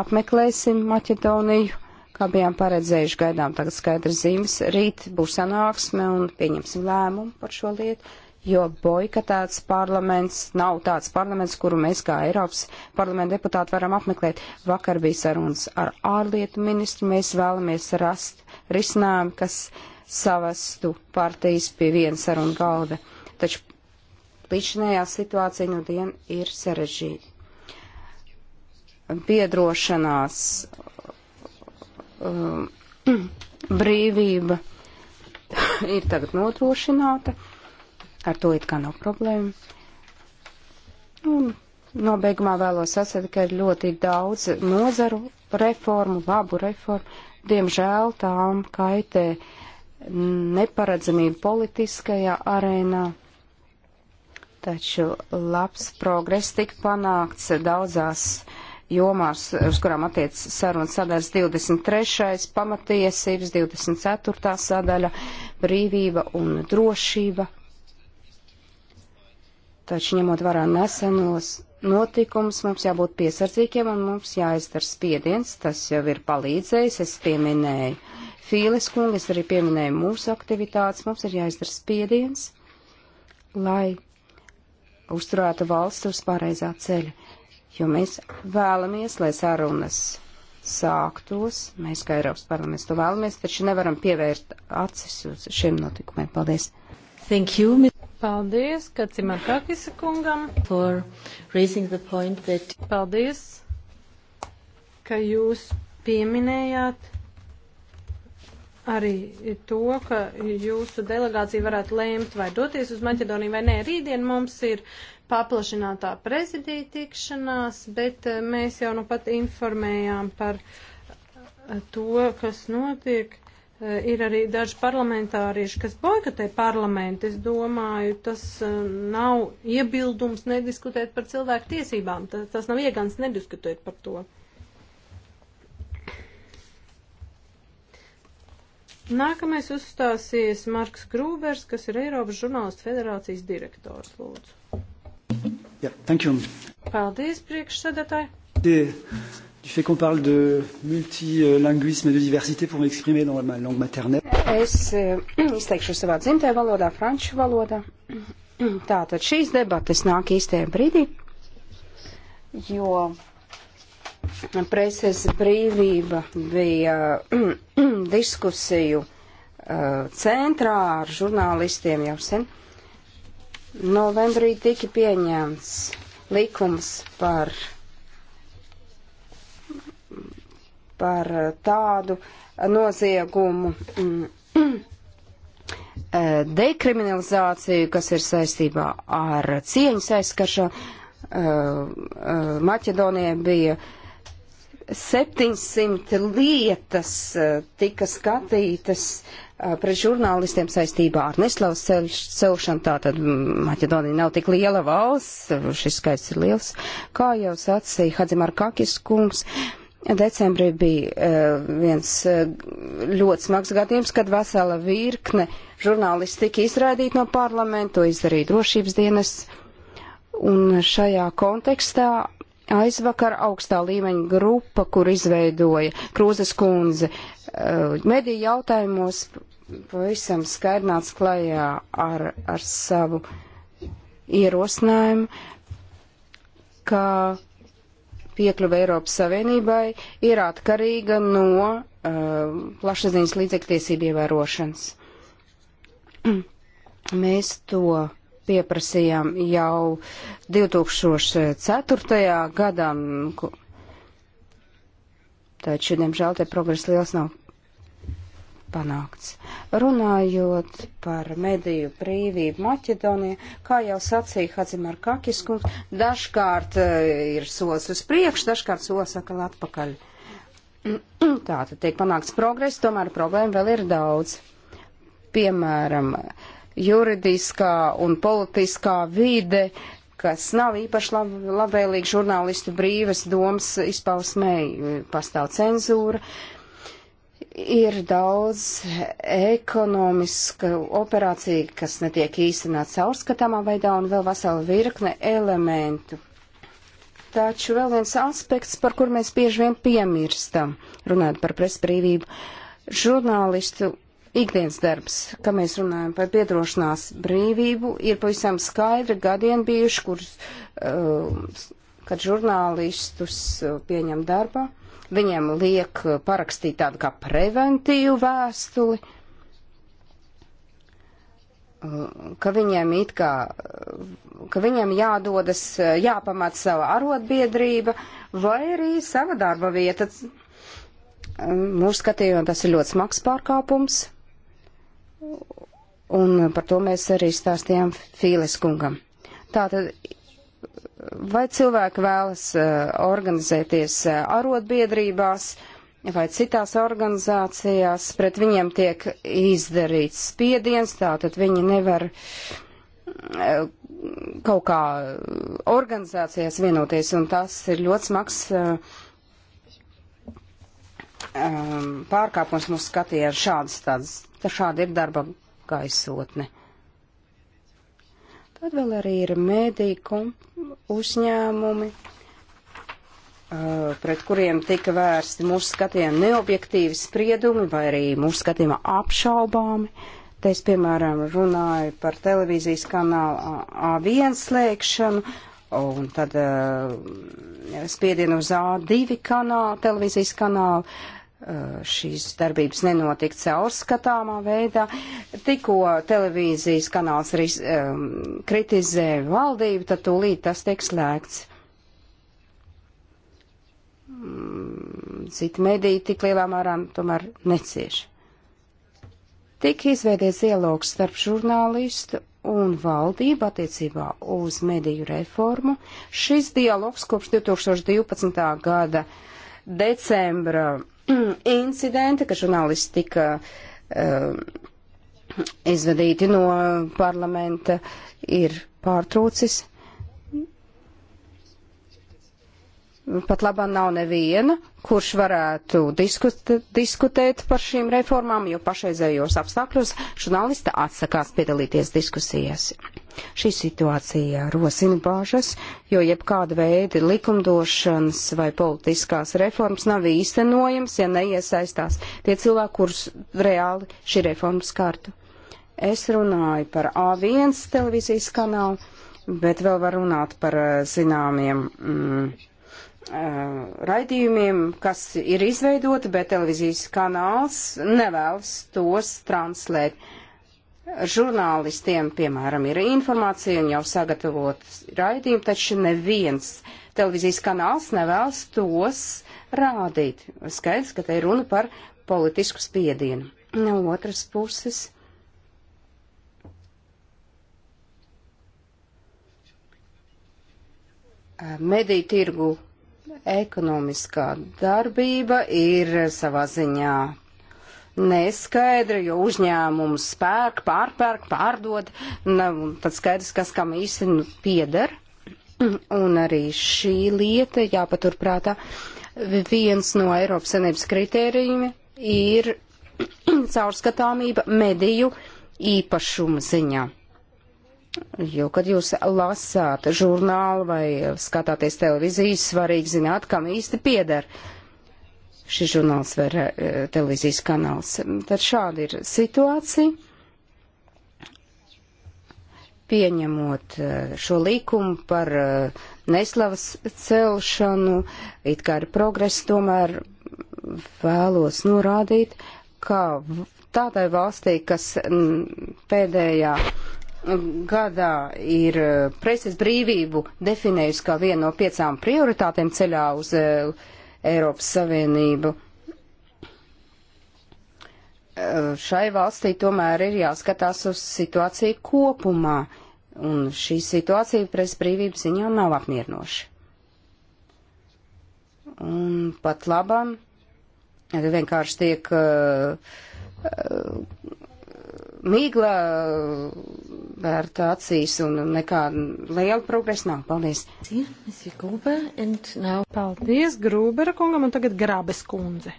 apmeklēsim Maķedoniju, kā bijām paredzējuši, gaidām tagad skaidrs zīmes, rīt būs sanāksme un pieņemsim lēmumu par šo lietu jo boikatēts parlaments nav tāds parlaments, kuru mēs kā Eiropas parlamenta deputāti varam apmeklēt. Vakar bija sarunas ar ārlietu ministru, mēs vēlamies rast risinājumu, kas savastu partijas pie viena saruna galda. Taču līdzinējā situācija no nu diena ir sarežģīta. Biedrošanās, um, brīvība ir tagad nodrošināta ar to it kā nav problēma. Un nobeigumā vēlos sasēt, ka ir ļoti daudz nozaru reformu, labu reformu. Diemžēl tām kaitē neparedzamība politiskajā arēnā. Taču labs progress tika panākts daudzās jomās, uz kurām attiec sarunas sadaļas 23. pamatiesības, 24. sadaļa brīvība un drošība, Taču ņemot vērā nesenos notikums, mums jābūt piesardzīgiem un mums jāizdara spiediens. Tas jau ir palīdzējis. Es pieminēju Fīles kungu, es arī pieminēju mūsu aktivitātes. Mums ir jāizdara spiediens, lai uzturētu valsts uz pareizā ceļa. Jo mēs vēlamies, lai sarunas sāktos, mēs kā Eiropas parlaments to vēlamies, taču nevaram pievērt acis uz šiem notikumiem. Paldies! Thank you, Ms. Paldies, ka Cimarkakis kungam. For raising the point that. Paldies, ka jūs pieminējāt arī to, ka jūsu delegācija varētu lēmt vai doties uz Maķedoniju vai nē. Rītdien mums ir paplašinātā prezidija tikšanās, bet eh, mēs jau nu pat informējām par eh, to, kas notiek. Eh, ir arī daži parlamentārieši, kas boikotē parlamentu. Es domāju, tas eh, nav iebildums nediskutēt par cilvēku tiesībām. Tas, tas nav iegans nediskutēt par to. Nākamais uzstāsies Marks Grūbers, kas ir Eiropas žurnālistu federācijas direktors. Lūdzu. Yeah, thank you. Paldies, priekšsēdētāji. Yeah du fait qu'on parle de multilinguisme et de diversité pour m'exprimer dans ma langue maternelle. Es eh, izteikšu savā dzimtajā valodā, franču valodā. Tātad šīs debates nāk īstajā brīdī, jo preses brīvība bija diskusiju eh, centrā ar žurnālistiem jau sen. Novembrī tika pieņemts likums par par eh, tādu noziegumu mm, eh, dekriminalizāciju, kas ir saistībā ar cieņas aizskaršanu. Eh, Maķedonijai bija 700 lietas tika skatītas pret žurnālistiem saistībā ar neslavas celšanu. Tātad mm, Maķedonija nav tik liela valsts, šis skaits ir liels. Kā jau sacīja Hadzimar Kakis kungs, uh, Decembrī bija eh, viens eh, ļoti smags gadījums, kad vesela virkne žurnālisti tika izraidīti no parlamenta, to izdarīja drošības dienas. Un šajā kontekstā aizvakar augstā līmeņa grupa, kur izveidoja Krūzes kundze, eh, mediju jautājumos pavisam skaidrināts klajā ar, ar savu ierosinājumu, ka piekļuve Eiropas Savienībai ir atkarīga no uh, plašsaziņas līdzektiesību ievērošanas. Mēs to pieprasījām jau 2004. gadam, taču, diemžēl, te progress liels nav panākts. Runājot par mediju brīvību Maķedonijā, kā jau sacīja Hadzimar Kakis kungs, dažkārt eh, ir solis uz priekšu, dažkārt solis atkal atpakaļ. Tā tad tiek panākts progress, tomēr problēma vēl ir daudz. Piemēram, juridiskā un politiskā vide, kas nav īpaši lab labvēlīgi žurnālistu brīvas domas izpausmēji, eh, pastāv cenzūra. Uh, ir daudz ekonomisku operāciju, kas netiek īstenāts caurskatāmā veidā un vēl vesela virkne elementu. Taču vēl viens aspekts, par kur mēs bieži vien piemirstam, runājot par presbrīvību, žurnālistu ikdienas darbs, ka mēs runājam par piedrošinās brīvību, ir pavisam skaidri gadiem bijuši, kur, uh, kad žurnālistus uh, pieņem darbā viņiem liek parakstīt tādu kā preventīvu vēstuli, ka viņiem it kā, ka viņiem jādodas, jāpamat sava arotbiedrība vai arī sava darba vieta. Mūsu skatījumā tas ir ļoti smags pārkāpums, un par to mēs arī stāstījām Fīles kungam. Tātad vai cilvēki vēlas eh, organizēties eh, arotbiedrībās vai citās organizācijās, pret viņiem tiek izdarīts spiediens, tātad viņi nevar eh, kaut kā organizācijās vienoties, un tas ir ļoti smags um, pārkāpums mūsu skatījā. Šādas tādas, šāda ir darba gaisotne. Tad vēl arī ir mēdīku uzņēmumi, pret kuriem tika vērsti mūsu skatījumā neobjektīvi spriedumi vai arī mūsu skatījumā apšaubāmi. Te es, piemēram, runāju par televīzijas kanālu A1 slēgšanu, un tad uh, spiedienu uz A2 kanālu, televīzijas kanālu. Uh, šīs darbības nenotika caurskatāmā veidā. Tikko televīzijas kanāls arī um, kritizē valdību, tad tūlīt tas tiek slēgts. Mm, citi mediji tik lielā mērā tomēr necieši. Tik izveidies dialogs starp žurnālistu un valdība attiecībā uz mediju reformu. Šis dialogs kopš 2012. gada decembra incidenti, ka žurnālisti tika uh, izvadīti no parlamenta, ir pārtrūcis. Pat labā nav neviena, kurš varētu diskut, diskutēt par šīm reformām, jo pašreizējos apstākļos žurnālista atsakās piedalīties diskusijās. Šī situācija rosina bāžas, jo jebkāda veida likumdošanas vai politiskās reformas nav īstenojams, ja neiesaistās tie cilvēki, kurus reāli šī reforma skartu. Es runāju par A1 televīzijas kanālu, bet vēl var runāt par eh, zināmiem. Mm, eh, raidījumiem, kas ir izveidoti, bet televīzijas kanāls nevēlas tos translēt. Uh, žurnālistiem, piemēram, ir informācija un jau sagatavot raidījumu, taču neviens televīzijas kanāls nevēlas tos rādīt. Skaidrs, ka te ir runa par politisku spiedienu. No otras puses. Mediju tirgu ekonomiskā darbība ir savā ziņā neskaidra, jo uzņēmums pērk, pārpērk, pārdod, nav tad skaidrs, kas kam īsti nu, pieder. Un arī šī lieta jāpaturprātā. Viens no Eiropas Savienības kritērijiem ir caurskatāmība mediju īpašuma ziņā. Jo, kad jūs lasāt žurnālu vai skatāties televīziju, svarīgi zināt, kam īsti pieder uh, šis žurnāls vai e, televīzijas kanāls. Tad šāda ir situācija. Pieņemot e, šo likumu par e, neslavas celšanu, it kā ir progress, tomēr vēlos norādīt, ka tādai valstī, kas pēdējā gadā ir preses brīvību definējusi kā vienu no piecām prioritātēm ceļā uz uh, Eiropas Savienību. Eh, šai valstī tomēr ir jāskatās uz situāciju kopumā, un šī situācija pres brīvības ziņā nav apmierinoša. Un pat labam vienkārši tiek uh, mīgla vērta acīs un nekā liela progresa nav. Paldies. Paldies, Grūbera kungam, un tagad Grābes kundze.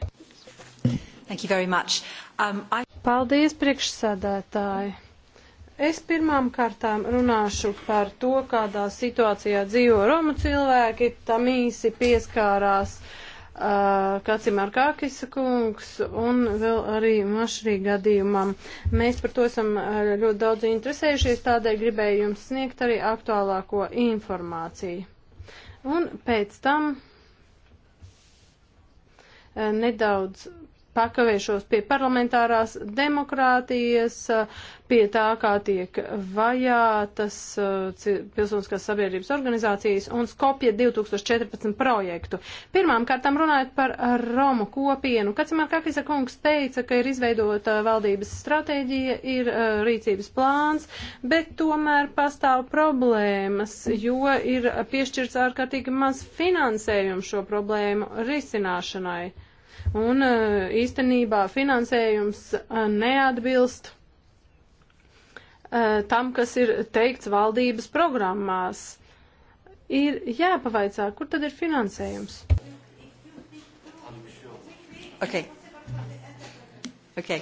Um, I... Paldies, priekšsēdētāji. Es pirmām kārtām runāšu par to, kādā situācijā dzīvo Romu cilvēki, tam īsi pieskārās uh, Kacimār Kākis kungs un vēl arī mašrī gadījumam. Mēs par to esam ļoti daudz interesējušies, tādēļ gribēju jums sniegt arī aktuālāko informāciju. Un pēc tam nedaudz pakavēšos pie parlamentārās demokrātijas, pie tā, kā tiek vajātas uh, pilsoniskās sabiedrības organizācijas un Skopje 2014 projektu. Pirmām kārtām runājot par Romu kopienu, Kacimār Kakisa kungs teica, ka ir izveidota valdības stratēģija, ir uh, rīcības plāns, bet tomēr pastāv problēmas, jo ir piešķirts ārkārtīgi maz finansējumu šo problēmu risināšanai un eh, īstenībā finansējums eh, neatbilst eh, tam, kas ir teikts valdības programmās. Ir jāpavaicā, kur tad ir finansējums? Okay. Okay.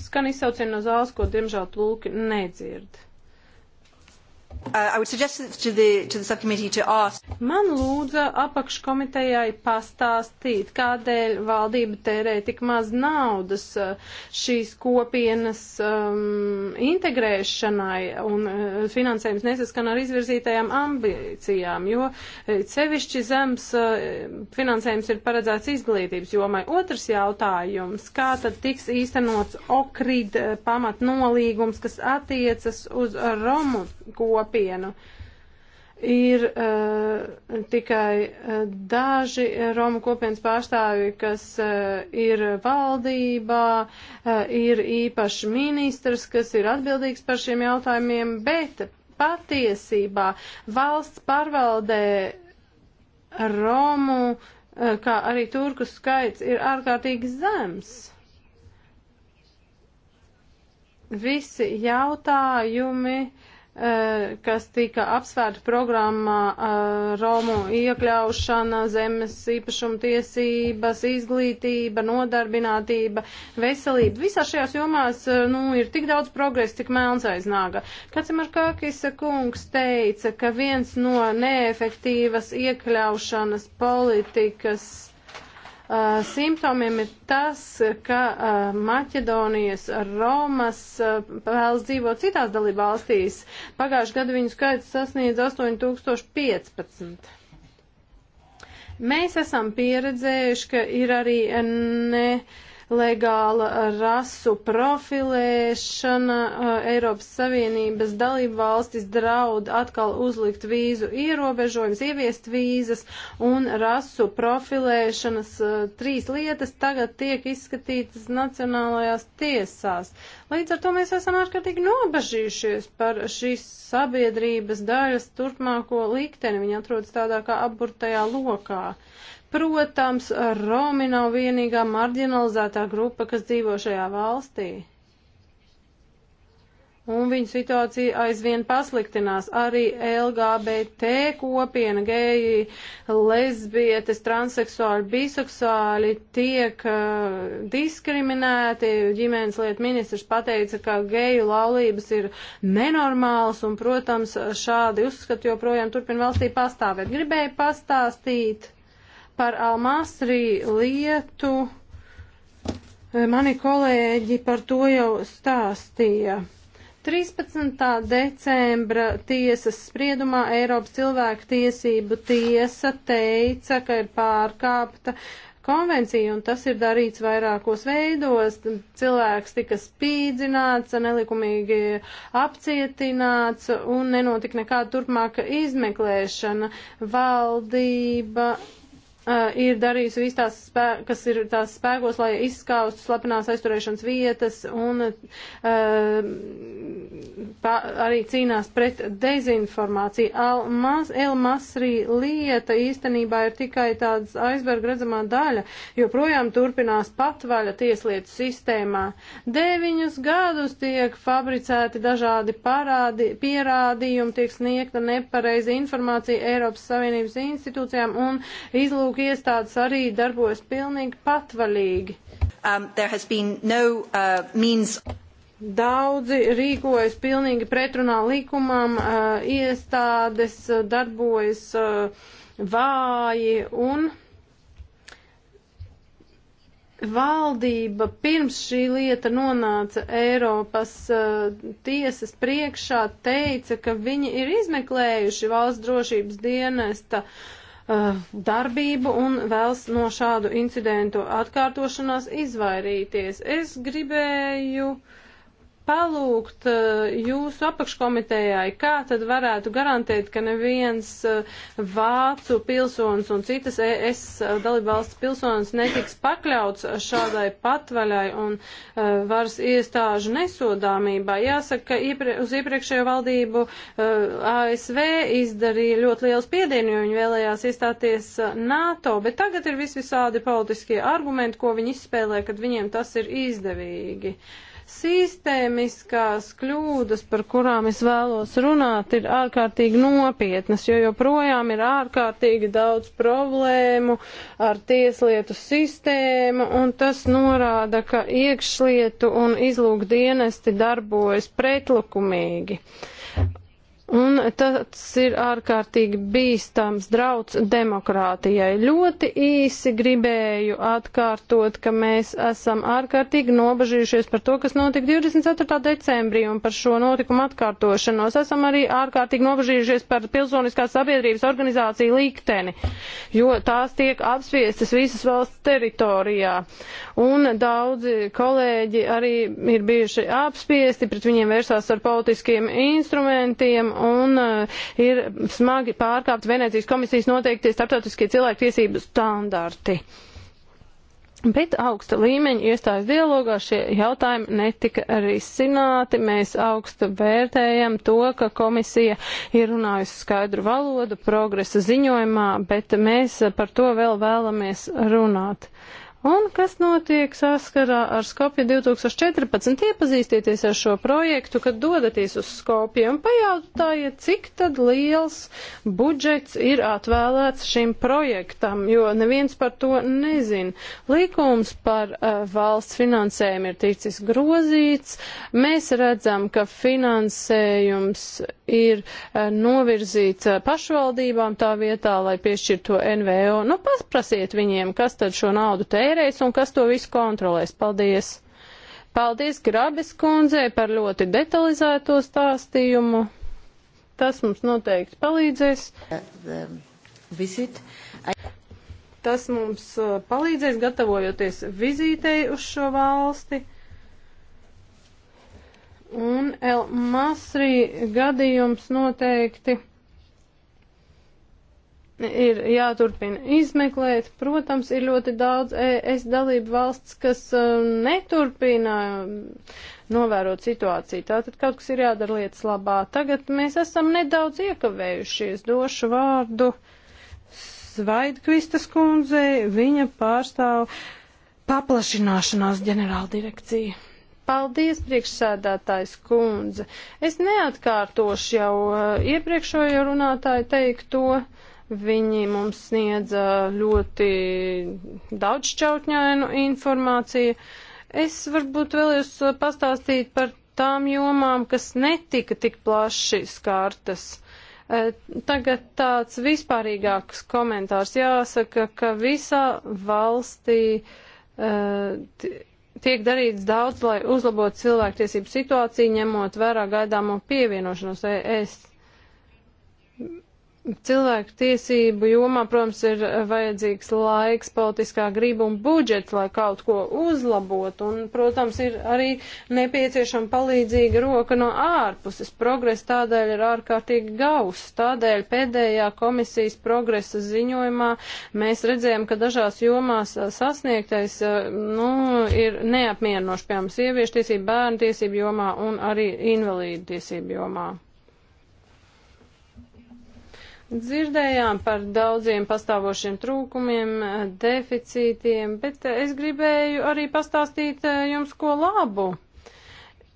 Skan izsaucienu no zāles, ko diemžēl tulki nedzird. Uh, to the, to the to ask... Man lūdza apakškomitejai pastāstīt, kādēļ valdība tērē tik maz naudas uh, šīs kopienas um, integrēšanai un uh, finansējums nesaskan ar izvirzītajām ambīcijām, jo uh, sevišķi zems uh, finansējums ir paredzēts izglītības jomai. Otrs jautājums, kā tad tiks īstenots okrid uh, pamatnolīgums, kas attiecas uz Romu kopienu? kopienu. Ir uh, tikai uh, daži Romu kopienas pārstāvji, kas uh, ir valdībā, uh, ir īpaši ministrs, kas ir atbildīgs par šiem jautājumiem, bet patiesībā valsts pārvaldē Romu, uh, kā arī turku skaits, ir ārkārtīgi zems visi jautājumi Eh, kas tika apsvērta programmā eh, Romu iekļaušana, zemes īpašuma tiesības, izglītība, nodarbinātība, veselība. Visā šajās jomās eh, nu, ir tik daudz progresa, cik melns aiznāga. Kāds Markakis kungs teica, ka viens no neefektīvas iekļaušanas politikas uh, simptomiem ir tas, ka uh, Maķedonijas, Romas uh, vēlas dzīvot citās dalībvalstīs. Pagājušajā gadu viņu skaits sasniedz 8015. Mēs esam pieredzējuši, ka ir arī ne. Uh, legāla rasu profilēšana. Eiropas Savienības dalību valstis draud atkal uzlikt vīzu ierobežojums, ieviest vīzas un rasu profilēšanas trīs lietas tagad tiek izskatītas nacionālajās tiesās. Līdz ar to mēs esam ārkārtīgi nobežījušies par šīs sabiedrības daļas turpmāko likteni. Viņa atrodas tādā kā apburtajā lokā. Protams, Romi nav vienīgā marginalizētā grupa, kas dzīvo šajā valstī. Un viņa situācija aizvien pasliktinās. Arī LGBT kopiena, geji, lesbietes, transseksuāļi, biseksuāļi tiek uh, diskriminēti. Ģimenes lietu ministrs pateica, ka geju laulības ir nenormāls un, protams, šādi uzskati joprojām turpina valstī pastāvēt. Gribēju pastāstīt par Almāsrī lietu mani kolēģi par to jau stāstīja. 13. decembra tiesas spriedumā Eiropas cilvēku tiesību tiesa teica, ka ir pārkāpta konvencija, un tas ir darīts vairākos veidos. Cilvēks tika spīdzināts, nelikumīgi apcietināts, un nenotika nekāda turpmāka izmeklēšana. Valdība uh, ir darījusi visu tās, spē, kas ir tās spēkos, lai izskaustu slepenās aizturēšanas vietas un uh, pa, arī cīnās pret dezinformāciju. Al-Masri -mas, Al lieta īstenībā ir tikai tāds aizberga redzamā daļa, jo projām turpinās patvaļa tieslietu sistēmā. Deviņus gadus tiek fabricēti dažādi parādi, pierādījumi, tiek sniegta nepareiza informācija Eiropas Savienības institūcijām un izlūk uzrauga iestādes arī darbojas pilnīgi patvaļīgi. Um, no, uh, means... Daudzi rīkojas pilnīgi pretrunā likumam, uh, iestādes uh, darbojas uh, vāji un valdība pirms šī lieta nonāca Eiropas uh, tiesas priekšā, teica, ka viņi ir izmeklējuši valsts drošības dienesta Uh, darbību un vēlas no šādu incidentu atkārtošanās izvairīties. Es gribēju uh, palūgt eh, jūsu apakškomitejai, kā tad varētu garantēt, ka neviens eh, vācu pilsonis un citas ES eh, dalībvalsts pilsonis netiks pakļauts šādai patvaļai un varas iestāžu nesodāmībā. Jāsaka, ka iepri uz iepriekšējo valdību ASV izdarīja ļoti lielu spiedienu, jo viņi vēlējās iestāties NATO, bet tagad ir visvisādi politiskie argumenti, ko viņi izspēlē, kad viņiem tas ir izdevīgi. Uh, Sistēmiskās kļūdas, par kurām es vēlos runāt, ir ārkārtīgi nopietnas, jo joprojām ir ārkārtīgi daudz problēmu ar tieslietu sistēmu, un tas norāda, ka iekšlietu un izlūkdienesti darbojas pretlikumīgi. Un tas ir ārkārtīgi bīstams drauds demokrātijai. Ļoti īsi gribēju atkārtot, ka mēs esam ārkārtīgi nobežījušies par to, kas notika 24. decembrī un par šo notikumu atkārtošanos. Esam arī ārkārtīgi nobežījušies par pilsoniskās sabiedrības organizāciju likteni, jo tās tiek apspiestas visas valsts teritorijā. Un daudzi kolēģi arī ir bijuši apspiesti, pret viņiem vērsās ar politiskiem instrumentiem un uh, ir smagi pārkāpt Venecijas komisijas noteikti starptautiskie cilvēktiesību standarti. Bet augsta līmeņa iestājas dialogā šie jautājumi netika risināti. Mēs augstu vērtējam to, ka komisija ir runājusi skaidru valodu progresa ziņojumā, bet mēs par to vēl vēlamies runāt. Uh, Un kas notiek saskarā ar Skopju 2014? Iepazīstieties ar šo projektu, kad dodaties uz Skopju un pajautājiet, cik tad liels budžets ir atvēlēts šim projektam, jo neviens par to nezin. Likums par uh, valsts finansējumu ir ticis grozīts. Mēs redzam, ka finansējums ir uh, novirzīts uh, pašvaldībām tā vietā, lai piešķirto NVO. Nu, pasprasiet viņiem, kas tad šo naudu tērē tērēs un kas to visu kontrolēs. Paldies! Paldies Grabes kundzei par ļoti detalizēto stāstījumu. Tas mums noteikti palīdzēs. Tas mums uh, palīdzēs gatavojoties vizītei uz šo valsti. Un El Masri gadījums noteikti ir jāturpina izmeklēt. Protams, ir ļoti daudz ES dalību valsts, kas um, neturpina um, novērot situāciju. Tātad kaut kas ir jādara lietas labā. Tagad mēs esam nedaudz iekavējušies. Došu vārdu Svaidkvistas kundzei. Viņa pārstāv paplašināšanās ģenerāldirekciju. Paldies, priekšsēdētājs kundze. Es neatkārtošu jau uh, iepriekšējo runātāju teikto. Uh, Viņi mums sniedza ļoti daudzšķautņainu informāciju. Es varbūt vēlējos pastāstīt par tām jomām, kas netika tik plaši skārtas. Tagad tāds vispārīgāks komentārs jāsaka, ka visā valstī tiek darīts daudz, lai uzlabotu cilvēktiesību situāciju, ņemot vērā gaidāmo pievienošanos ES Cilvēku tiesību jomā, protams, ir vajadzīgs laiks, politiskā grība un budžets, lai kaut ko uzlabotu. Un, protams, ir arī nepieciešama palīdzīga roka no ārpuses. Progress tādēļ ir ārkārtīgi gauss. Tādēļ pēdējā komisijas progresa ziņojumā mēs redzējām, ka dažās jomās sasniegtais nu, ir neapmierinoši, piemēram, sieviešu tiesību, bērnu tiesību jomā un arī invalīdu tiesību jomā. Dzirdējām par daudziem pastāvošiem trūkumiem, deficītiem, bet es gribēju arī pastāstīt eh, jums ko labu.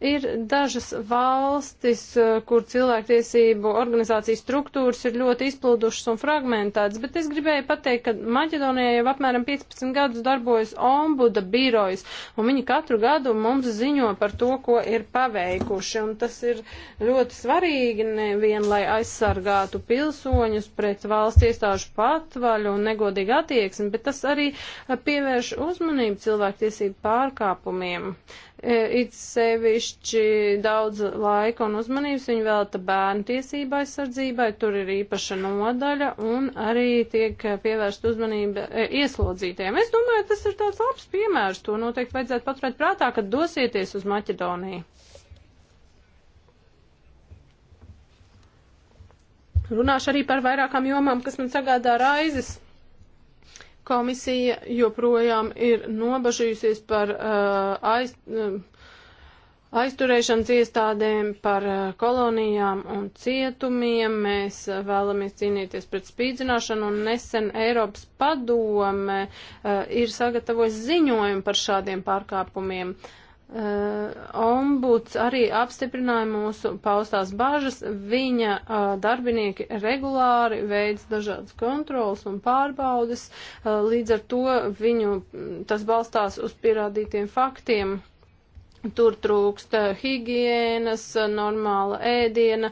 Ir dažas valstis, eh, kur cilvēktiesību organizācijas struktūras ir ļoti izplūdušas un fragmentētas, bet es gribēju pateikt, ka Maķedonijā jau apmēram 15 gadus darbojas ombuda birojas, un viņi katru gadu mums ziņo par to, ko ir paveikuši, un tas ir ļoti svarīgi nevien, lai aizsargātu pilsoņus pret valsts iestāžu patvaļu un negodīgu attieksmi, bet tas arī pievērš uzmanību cilvēktiesību pārkāpumiem. E, it sevišķi daudz laika un uzmanības viņi velta bērnu tiesību aizsardzībai, tur ir īpaša nodaļa un arī tiek pievērst uzmanība e, ieslodzītiem. Es domāju, tas ir tāds labs piemērs, to noteikti vajadzētu paturēt prātā, kad dosieties uz Maķedoniju. Runāšu arī par vairākām jomām, kas man sagādā raizes. Komisija joprojām ir nobažījusies par uh, aiz, uh, aizturēšanas iestādēm, par uh, kolonijām un cietumiem. Mēs uh, vēlamies cīnīties pret spīdzināšanu un nesen Eiropas padome uh, ir sagatavojis ziņojumu par šādiem pārkāpumiem. Uh, Eh, ombuds arī apstiprināja mūsu paustās bažas. Viņa uh, darbinieki regulāri veids dažādas kontrolas un pārbaudas, uh, eh, līdz ar to viņu tas balstās uz pierādītiem faktiem. Tur trūkst eh, higienas, eh, normāla ēdiena,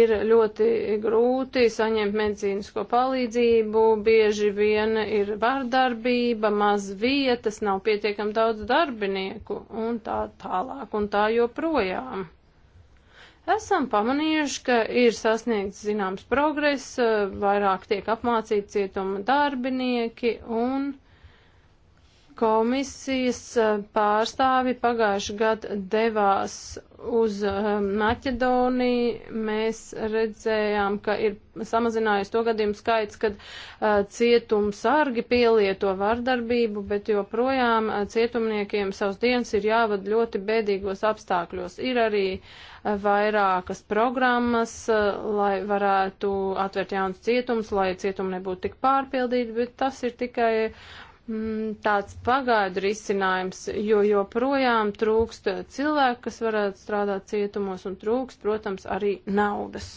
ir ļoti grūti saņemt medicīnisko palīdzību, bieži vien ir vardarbība, maz vietas, nav pietiekam daudz darbinieku un tā tālāk un tā joprojām. Esam pamanījuši, ka ir sasniegts zināms progress, eh, vairāk tiek apmācīti cietuma darbinieki un Komisijas eh, pārstāvi pagājuši gadu devās uz eh, Maķedoniju. Mēs redzējām, ka ir samazinājies to gadījumu skaits, kad uh, eh, cietumsargi pielieto vardarbību, bet joprojām uh, cietumniekiem savus dienas ir jāvad ļoti bēdīgos apstākļos. Ir arī uh, vairākas programmas, lai varētu atvērt jaunas cietums, lai cietumi nebūtu tik pārpildīti, bet tas ir tikai Mm, tāds pagaidu risinājums, jo joprojām trūkst cilvēku, kas varētu strādāt cietumos, un trūkst, protams, arī naudas.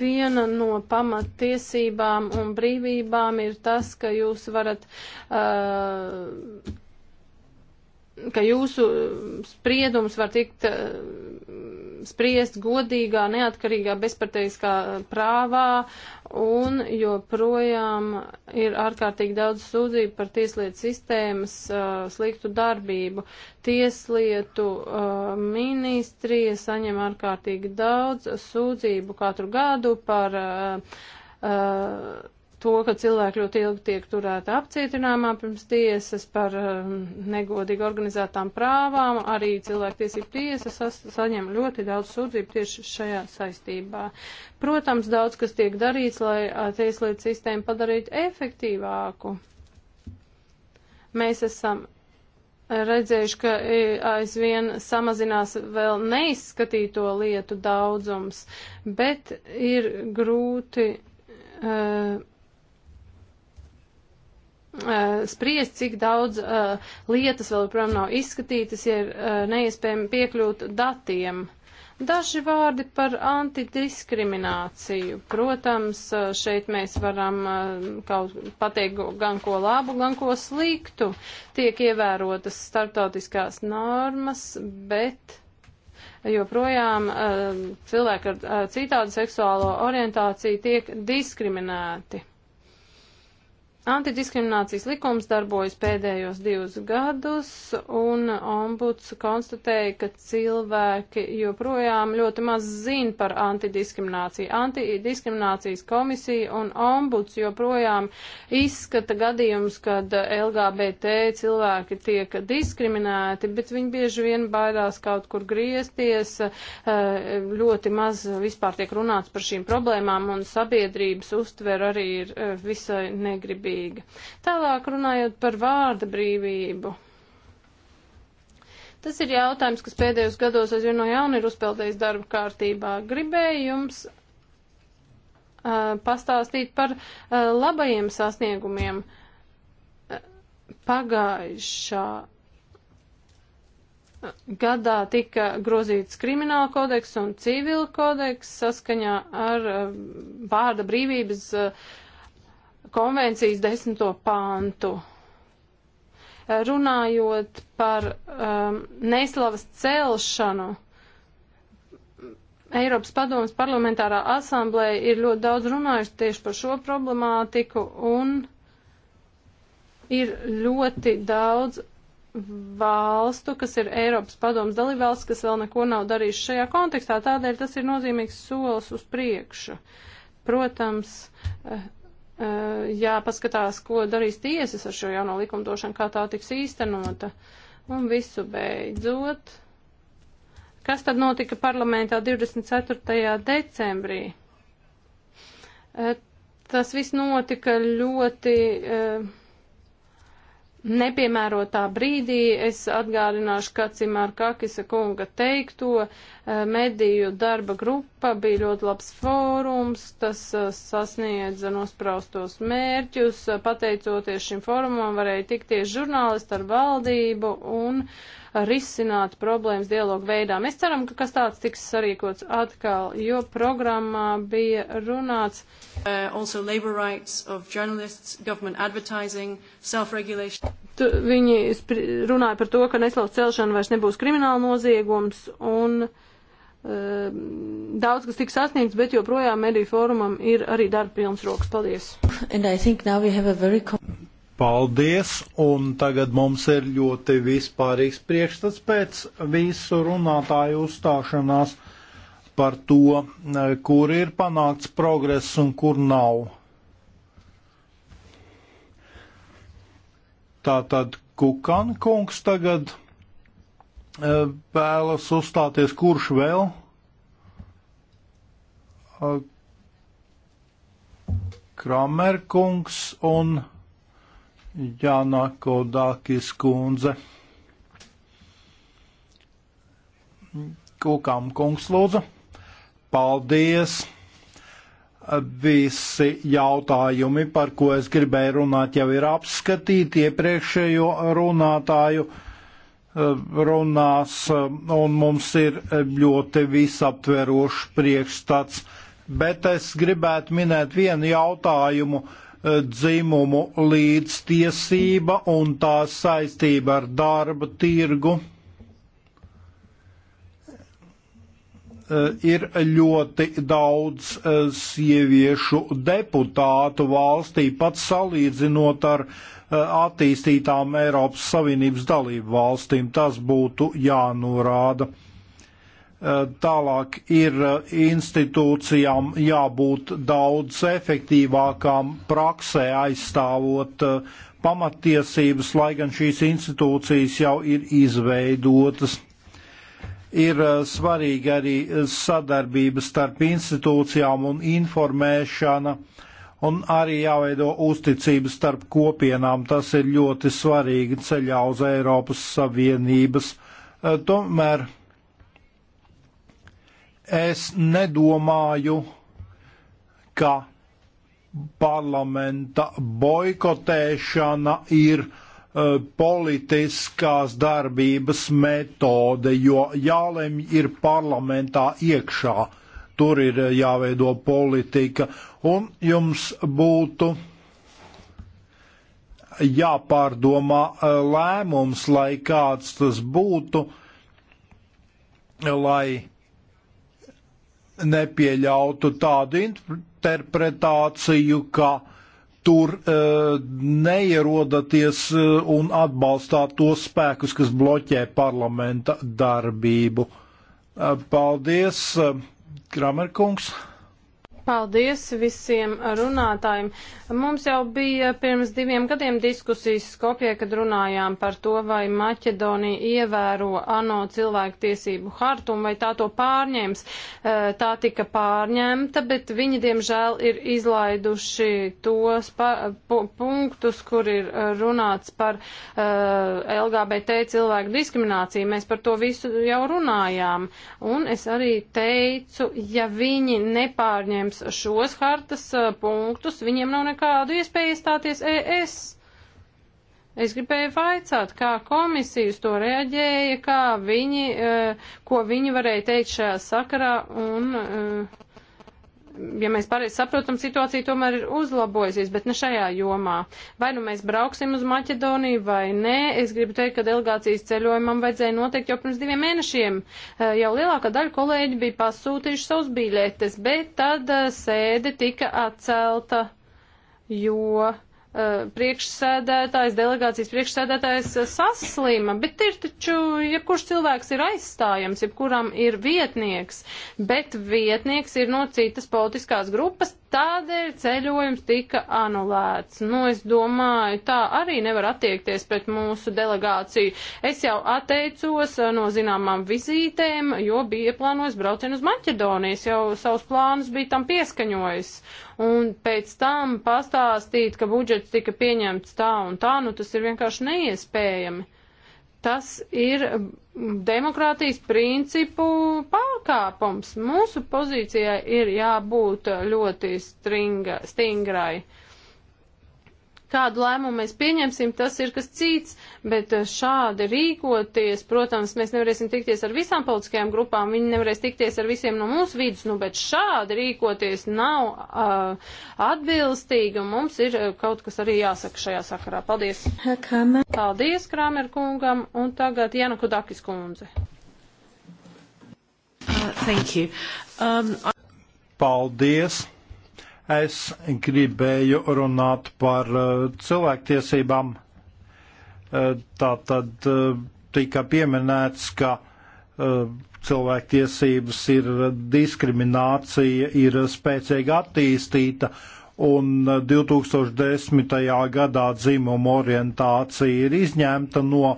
Viena no pamattiesībām un brīvībām ir tas, ka jūs varat uh, ka jūsu uh, spriedums var tikt uh, spriest godīgā, neatkarīgā, bezparteiskā prāvā, un joprojām ir ārkārtīgi daudz sūdzību par tieslietu sistēmas uh, sliktu darbību. Tieslietu uh, ministrija saņem ārkārtīgi daudz sūdzību katru gadu par uh, uh, to, ka cilvēki ļoti ilgi tiek turēti apcietināmā pirms tiesas par um, negodīgi organizētām prāvām, arī cilvēktiesību tiesa sas, saņem ļoti daudz sūdzību tieši šajā saistībā. Protams, daudz kas tiek darīts, lai uh, tieslietu sistēmu padarītu efektīvāku. Mēs esam redzējuši, ka e, aizvien samazinās vēl neizskatīto lietu daudzums, bet ir grūti. Uh, Eh, spriest, cik daudz uh, lietas vēl joprojām nav izskatītas, ja ir uh, neiespējami piekļūt datiem. Daži vārdi par antidiskrimināciju. Protams, šeit mēs varam uh, kaut pateikt gan ko labu, gan ko sliktu. Tiek ievērotas starptautiskās normas, bet joprojām cilvēki ar citādu seksuālo orientāciju tiek diskriminēti. Antidiskriminācijas likums darbojas pēdējos divus gadus, un ombuds konstatēja, ka cilvēki joprojām ļoti maz zina par antidiskrimināciju. Antidiskriminācijas komisija un ombuds joprojām izskata gadījumus, kad LGBT cilvēki tiek diskriminēti, bet viņi bieži vien baidās kaut kur griezties, eh, ļoti maz vispār tiek runāts par šīm problēmām, un sabiedrības uztver arī ir eh, visai negribīgi svarīga. Tālāk runājot par vārda brīvību. Tas ir jautājums, kas pēdējos gados aizvien no jauna ir uzpeldējis darba kārtībā. Gribēju jums uh, pastāstīt par uh, labajiem sasniegumiem uh, pagājušā gadā tika grozīts krimināla kodeks un civila kodeks saskaņā ar vārda brīvības uh, konvencijas desmito pāntu. Runājot par um, neslavas celšanu, Eiropas padomas parlamentārā asamblēja ir ļoti daudz runājusi tieši par šo problemātiku un ir ļoti daudz valstu, kas ir Eiropas padomas dalībvalsts, kas vēl neko nav darījuši šajā kontekstā, tādēļ tas ir nozīmīgs solis uz priekšu. Protams, eh, Eh, jāpaskatās, ko darīs tiesas ar šo jauno likumdošanu, kā tā tiks īstenota. Un visu beidzot, kas tad notika parlamentā 24. decembrī? Eh, tas viss notika ļoti eh, nepiemērotā brīdī. Es atgādināšu Kacimāra Kakisa kunga teikto, Eh, mediju darba grupa bija ļoti labs fórums, tas eh, sasniedza nospraustos mērķus. Eh, pateicoties šim fórumam varēja tikties žurnālisti ar valdību un risināt problēmas dialogu veidā. Mēs ceram, ka kas tāds tiks sarīkots atkal, jo programmā bija runāts. Uh, also labor rights of journalists, government advertising, self-regulation. Tu, viņi runāja par to, ka neslauc celšana vairs nebūs krimināla noziegums un uh, Ehm, daudz kas tiks sasniegts, bet joprojām mediju fórumam ir arī darba pilns rokas. Paldies! Very... Paldies! Un tagad mums ir ļoti vispārīgs priekšstats pēc visu runātāju uzstāšanās par to, kur ir panākts progress un kur nav. Tātad Kukan kungs tagad vēlas uzstāties kurš vēl? Kramerkungs un Jāna Kodākis kundze. Kukām kungs lūdzu. Paldies! Visi jautājumi, par ko es gribēju runāt, jau ir apskatīti iepriekšējo runātāju. Uh, runās, un mums ir ļoti visaptverošs priekšstats. Bet es gribētu minēt vienu jautājumu - dzimumu līdztiesība un tā saistība ar darba tirgu. ir ļoti daudz eh, sieviešu deputātu valstī, pat salīdzinot ar Eh, attīstītām Eiropas Savienības dalību valstīm. Tas būtu jānorāda. Eh, tālāk ir eh, institūcijām jābūt daudz efektīvākām praksē aizstāvot pamatiesības, lai gan šīs institūcijas jau ir izveidotas ir svarīga arī sadarbība starp institūcijām un informēšana un arī jāveido uzticība starp kopienām. Tas ir ļoti svarīgi ceļā uz Eiropas Savienības. E, tomēr es nedomāju, ka parlamenta boikotēšana ir e, politiskās darbības metode, jo jālemj ir parlamentā iekšā. Uh, tur ir eh, jāveido politika, un jums būtu jāpārdomā eh, lēmums, lai kāds tas būtu, lai nepieļautu tādu interpretāciju, ka tur uh, neierodaties uh, un atbalstāt tos spēkus, kas bloķē parlamenta darbību. Uh, paldies! Uh, Kramerkungs. kungs. Paldies visiem runātājiem. Mums jau bija pirms diviem gadiem diskusijas Skopjē, kad runājām par to, vai Maķedonija ievēro ANO cilvēktiesību hartu un vai tā to pārņems. Eh, tā tika pārņemta, bet viņi, diemžēl, ir izlaiduši tos punktus, kur ir eh, runāts par eh, LGBT cilvēku diskrimināciju. Mēs par to visu jau runājām. Un es arī teicu, ja viņi nepārņems nepieņems šos hartas eh, punktus, viņiem nav nekādu iespēju iestāties ES. Es gribēju vaicāt, kā komisija uz to reaģēja, kā viņi, eh, ko viņi varēja teikt šajā sakarā un eh, ja mēs pareizi saprotam, situācija tomēr ir uzlabojusies, bet ne šajā jomā. Vai nu mēs brauksim uz Maķedoniju vai nē, es gribu teikt, ka delegācijas ceļojumam vajadzēja noteikt jau pirms diviem mēnešiem. Eh, jau lielākā daļa kolēģi bija pasūtījuši savus biļetes, bet tad eh, sēde tika atcelta, jo Eh, priekšsēdētājs, delegācijas priekšsēdētājs eh, saslima, bet ir taču, ja kurš cilvēks ir aizstājams, ja kuram ir vietnieks, bet vietnieks ir no citas politiskās grupas, tādēļ ceļojums tika anulēts. Nu, es domāju, tā arī nevar attiekties pret mūsu delegāciju. Es jau atteicos eh, no zināmām vizītēm, jo bija plānojis braucienu uz Maķedonijas, jau savus plānus bija tam pieskaņojis un pēc tam pastāstīt, ka budžets tika pieņemts tā un tā, nu tas ir vienkārši neiespējami. Tas ir demokrātijas principu pārkāpums. Mūsu pozīcijai ir jābūt ļoti stringa, stingrai. Uh, kādu lēmumu mēs pieņemsim, tas ir kas cits, bet eh, šādi rīkoties, protams, mēs nevarēsim tikties ar visām politiskajām grupām, viņi nevarēs tikties ar visiem no mūsu vidus, nu, bet šādi rīkoties nav uh, atbilstīgi, un mums ir uh, kaut kas arī jāsaka šajā sakarā. Paldies! Kramer. Paldies Kramer kungam, un tagad Jana Kudakis kundze. Uh, thank you. Um, I... Paldies! Es gribēju runāt par uh, cilvēktiesībām. Uh, tā tad uh, tika pieminēts, ka cilvēktiesības ir diskriminācija, ir spēcīgi attīstīta, un 2010. gadā dzimuma orientācija ir izņemta no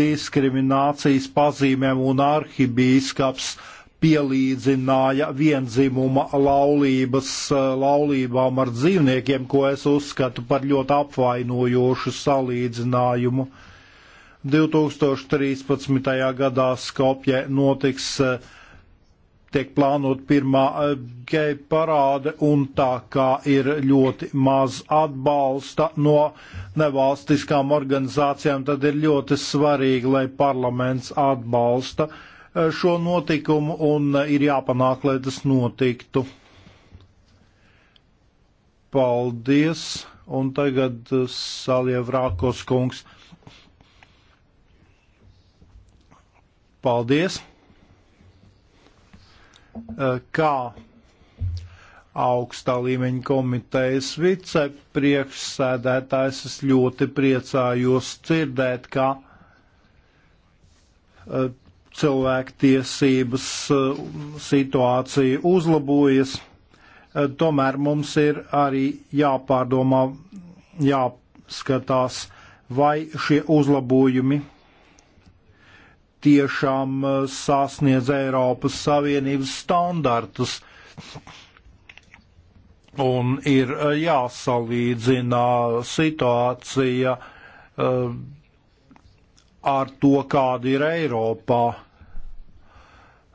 diskriminācijas pazīmēm un arhibīskaps uh, pielīdzināja vienzimuma laulības eh, laulībām ar dzīvniekiem, ko es uzskatu par ļoti apvainojošu salīdzinājumu. 2013. gadā Skopje notiks eh, tiek plānot pirmā eh, geju parāde, un tā kā ir ļoti maz atbalsta no nevalstiskām organizācijām, tad ir ļoti svarīgi, lai parlaments atbalsta uh, Eh, šo notikumu un eh, ir jāpanāk, lai tas notiktu. Paldies! Un tagad eh, Salievrākos kungs. Paldies! Kā augstā līmeņa komitejas vicepriekšsēdētājs. Es ļoti priecājos dzirdēt, ka cilvēktiesības uh, situācija uzlabojas, uh, tomēr mums ir arī jāpārdomā, jāskatās, vai šie uzlabojumi tiešām uh, sasniedz Eiropas Savienības standartus. Un ir jāsalīdzina situācija ar to, kāda ir Eiropā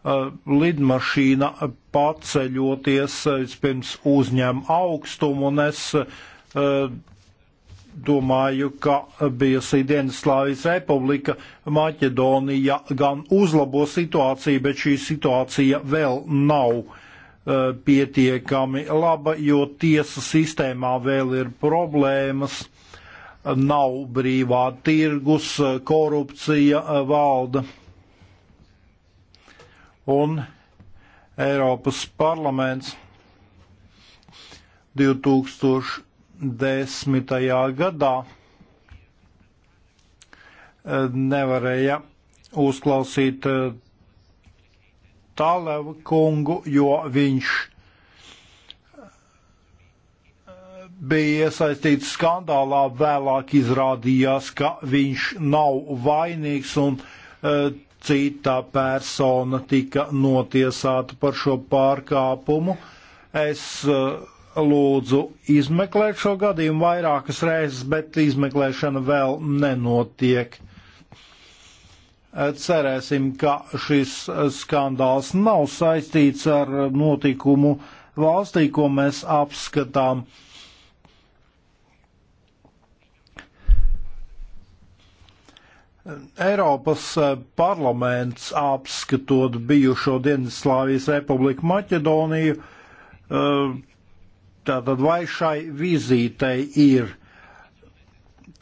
Eh, lidmašīna paceļoties eh, vispirms uzņem augstumu, un es eh, domāju, ka bijusi Dienaslāvijas republika Maķedonija gan uzlabo situāciju, bet šī situācija vēl nav pietiekami laba, jo tiesa sistēmā vēl ir problēmas, nav brīvā tirgus, korupcija valda un Eiropas parlaments 2010. gadā eh, nevarēja uzklausīt eh, Tālevu kungu, jo viņš eh, bija iesaistīts skandālā, vēlāk izrādījās, ka viņš nav vainīgs un cita persona tika notiesāta par šo pārkāpumu. Es uh, lūdzu izmeklēt šo gadījumu vairākas reizes, bet izmeklēšana vēl nenotiek. Cerēsim, ka šis skandāls nav saistīts ar notikumu valstī, ko mēs apskatām. Uh, Eiropas eh, parlaments apskatot bijušo Dienvidslāvijas republiku Maķedoniju, eh, tātad vai šai vizītei ir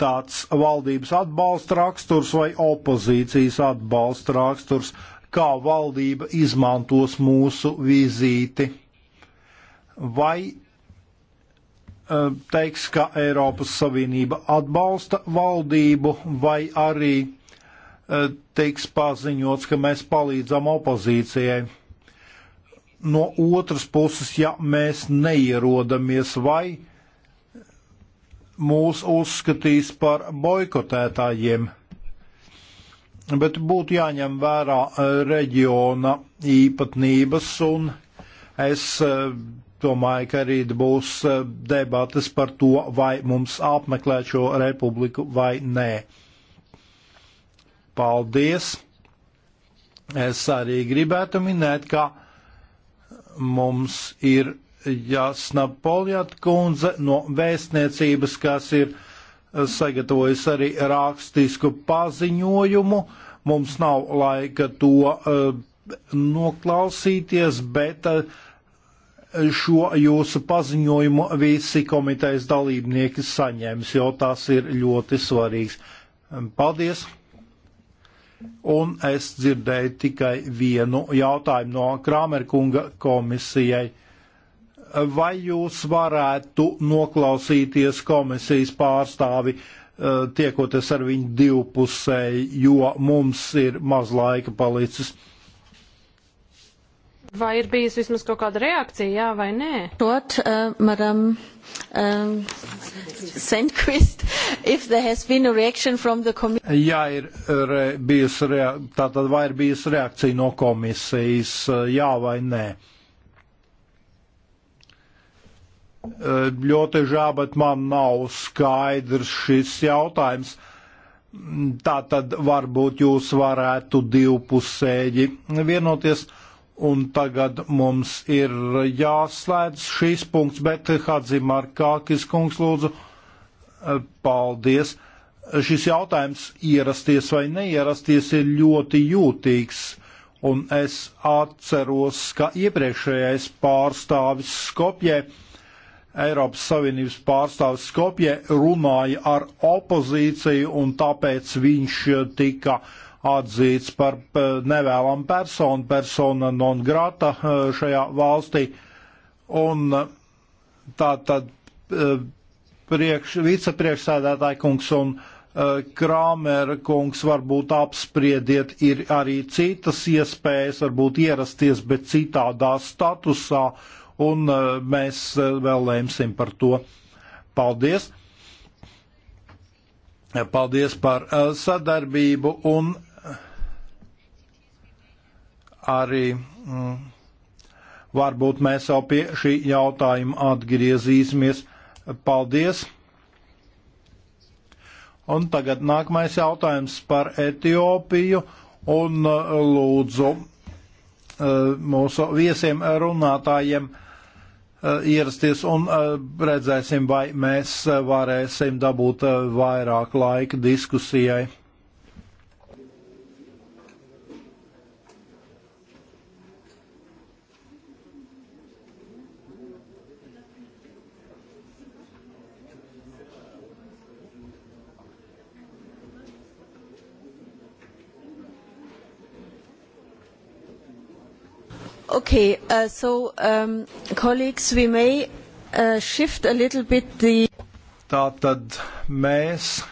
tāds valdības atbalsta raksturs vai opozīcijas atbalsta raksturs, kā valdība izmantos mūsu vizīti, vai Eh, teiks, ka Eiropas Savienība atbalsta valdību vai arī eh, teiks paziņots, ka mēs palīdzam opozīcijai. No otras puses, ja mēs neierodamies vai mūs uzskatīs par boikotētājiem, bet būtu jāņem vērā eh, reģiona īpatnības un es domāju, ka arī būs eh, debatas par to, vai mums apmeklēt šo republiku vai nē. Paldies! Es arī gribētu minēt, ka mums ir Jasna Poljat kundze no vēstniecības, kas ir eh, sagatavojis arī rakstisku paziņojumu. Mums nav laika to uh, noklausīties, bet uh, šo jūsu paziņojumu visi komitejas dalībnieki saņems, jo tas ir ļoti svarīgs. Paldies! Un es dzirdēju tikai vienu jautājumu no Krāmerkunga komisijai. Vai jūs varētu noklausīties komisijas pārstāvi, eh, tiekoties ar viņu divpusēji, jo mums ir maz laika palicis? Vai ir bijusi vismaz kaut kāda reakcija, jā vai nē? Tot, uh, madam, um, Sandquist, if there has been a reaction from the commission. Jā, ir re, bijusi reakcija, tātad vai ir bijusi reakcija no komisijas, uh, jā vai nē? Uh, ļoti žēl, bet man nav skaidrs šis jautājums. Mm, Tā tad varbūt jūs varētu divpusēji vienoties. Uh, un tagad mums ir jāslēdz šīs punkts, bet Hadzimarkākis kungs lūdzu, eh, paldies. Šis jautājums ierasties vai neierasties ir ļoti jūtīgs, un es atceros, ka iepriekšējais pārstāvis Skopjē, Eiropas Savienības pārstāvis Skopjē runāja ar opozīciju, un tāpēc viņš tika uh, atzīts par eh, nevēlamu personu, persona non grata eh, šajā valstī. Un eh, tā tad priekš, vicepriekšsēdētāja kungs un Krāmera kungs varbūt apspriediet, ir arī citas iespējas, varbūt ierasties, bet citādā statusā, un mēs vēl lēmsim par to. Paldies! Paldies par sadarbību un arī mm, varbūt mēs jau pie šī jautājuma atgriezīsimies. Paldies! Un tagad nākamais jautājums par Etiopiju un eh, lūdzu eh, mūsu viesiem eh, runātājiem ierasties un redzēsim, vai mēs varēsim dabūt vairāk laika diskusijai. Okay, uh, so um, colleagues, we may uh, shift a little bit the. Tātad mēs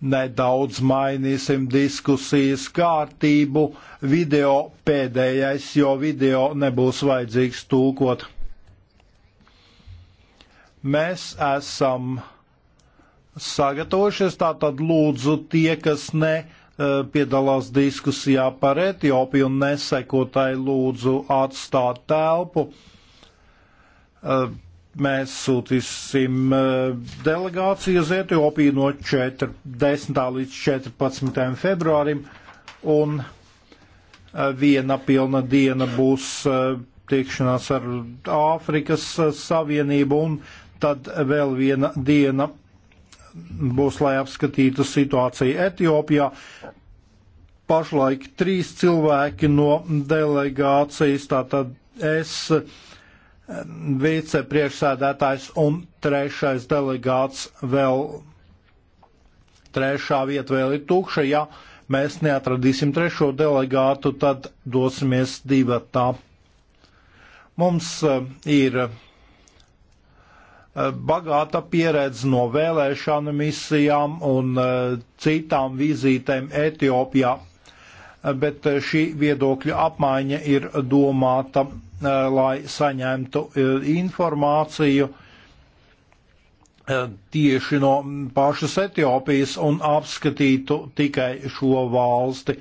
nedaudz mainīsim diskusijas kārtību. Video pēdējais, jo video nebūs vajadzīgs tūkot. Mēs esam sagatavojušies, tātad lūdzu tie, kas ne Eh, piedalās diskusijā par Etiopiju un nesekotai lūdzu atstāt telpu. Eh, mēs sūtīsim eh, delegāciju uz Etiopiju no 4, 10. līdz 14. februārim, un viena pilna diena būs tikšanās ar Āfrikas Savienību, un tad vēl viena diena būs, lai apskatītu situāciju Etiopijā. Pašlaik trīs cilvēki no delegācijas, tātad es, vicepriekšsēdētājs un trešais delegāts vēl, trešā vieta vēl ir tukša. Ja mēs neatradīsim trešo delegātu, tad dosimies divatā. Mums eh, ir Eh, bagāta pieredze no vēlēšana misijām un eh, citām vizītēm Etiopijā, eh, bet šī viedokļa apmaiņa ir domāta, lai saņemtu informāciju tieši no pašas Etiopijas un apskatītu tikai šo valsti.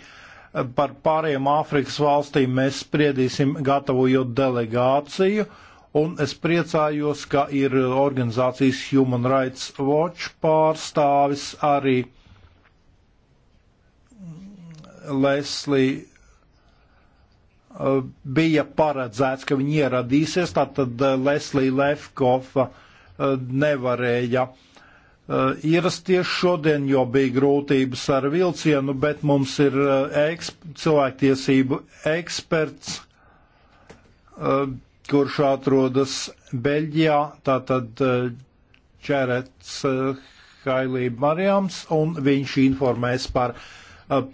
Par pāriem Āfrikas valstīm mēs spriedīsim gatavojot delegāciju, uh, Un es priecājos, ka ir organizācijas Human Rights Watch pārstāvis arī Leslie eh, bija paredzēts, ka viņi ieradīsies, tātad eh, Leslija Lefkofa eh, nevarēja ierasties šodien, jo bija grūtības ar vilcienu, bet mums ir eksp cilvēktiesību eksperts kurš atrodas Beļģijā, tātad eh, Čerets eh, Hailī Marijams, un viņš informēs par eh,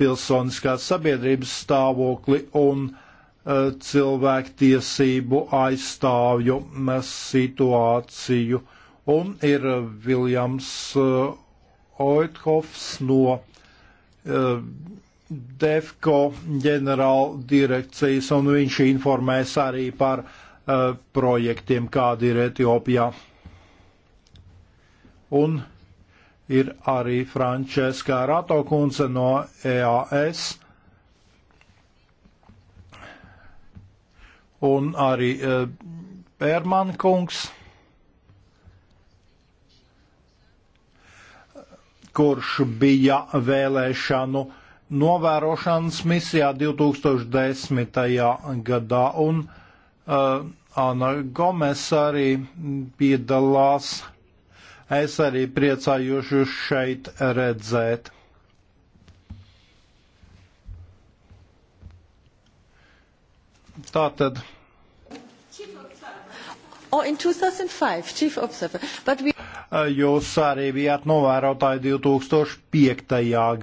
pilsoniskās sabiedrības stāvokli un cilvēktiesību aizstāvju situāciju. Un ir Viljams Oithofs no DEFCO ģenerāldirekcijas, un viņš informēs arī par uh, Eh, projektiem, kādi ir Etiopijā. Un ir arī Frančeska Rato kundze no EAS. Un arī Pērman eh, kungs, kurš bija vēlēšanu novērošanas misijā 2010. gadā. Un Uh, Ana Gomes arī piedalās. Es arī priecājos jūs šeit redzēt. Tātad. Or oh, in 2005, chief observer. But we... Uh, jūs arī bijāt novērotāji 2005.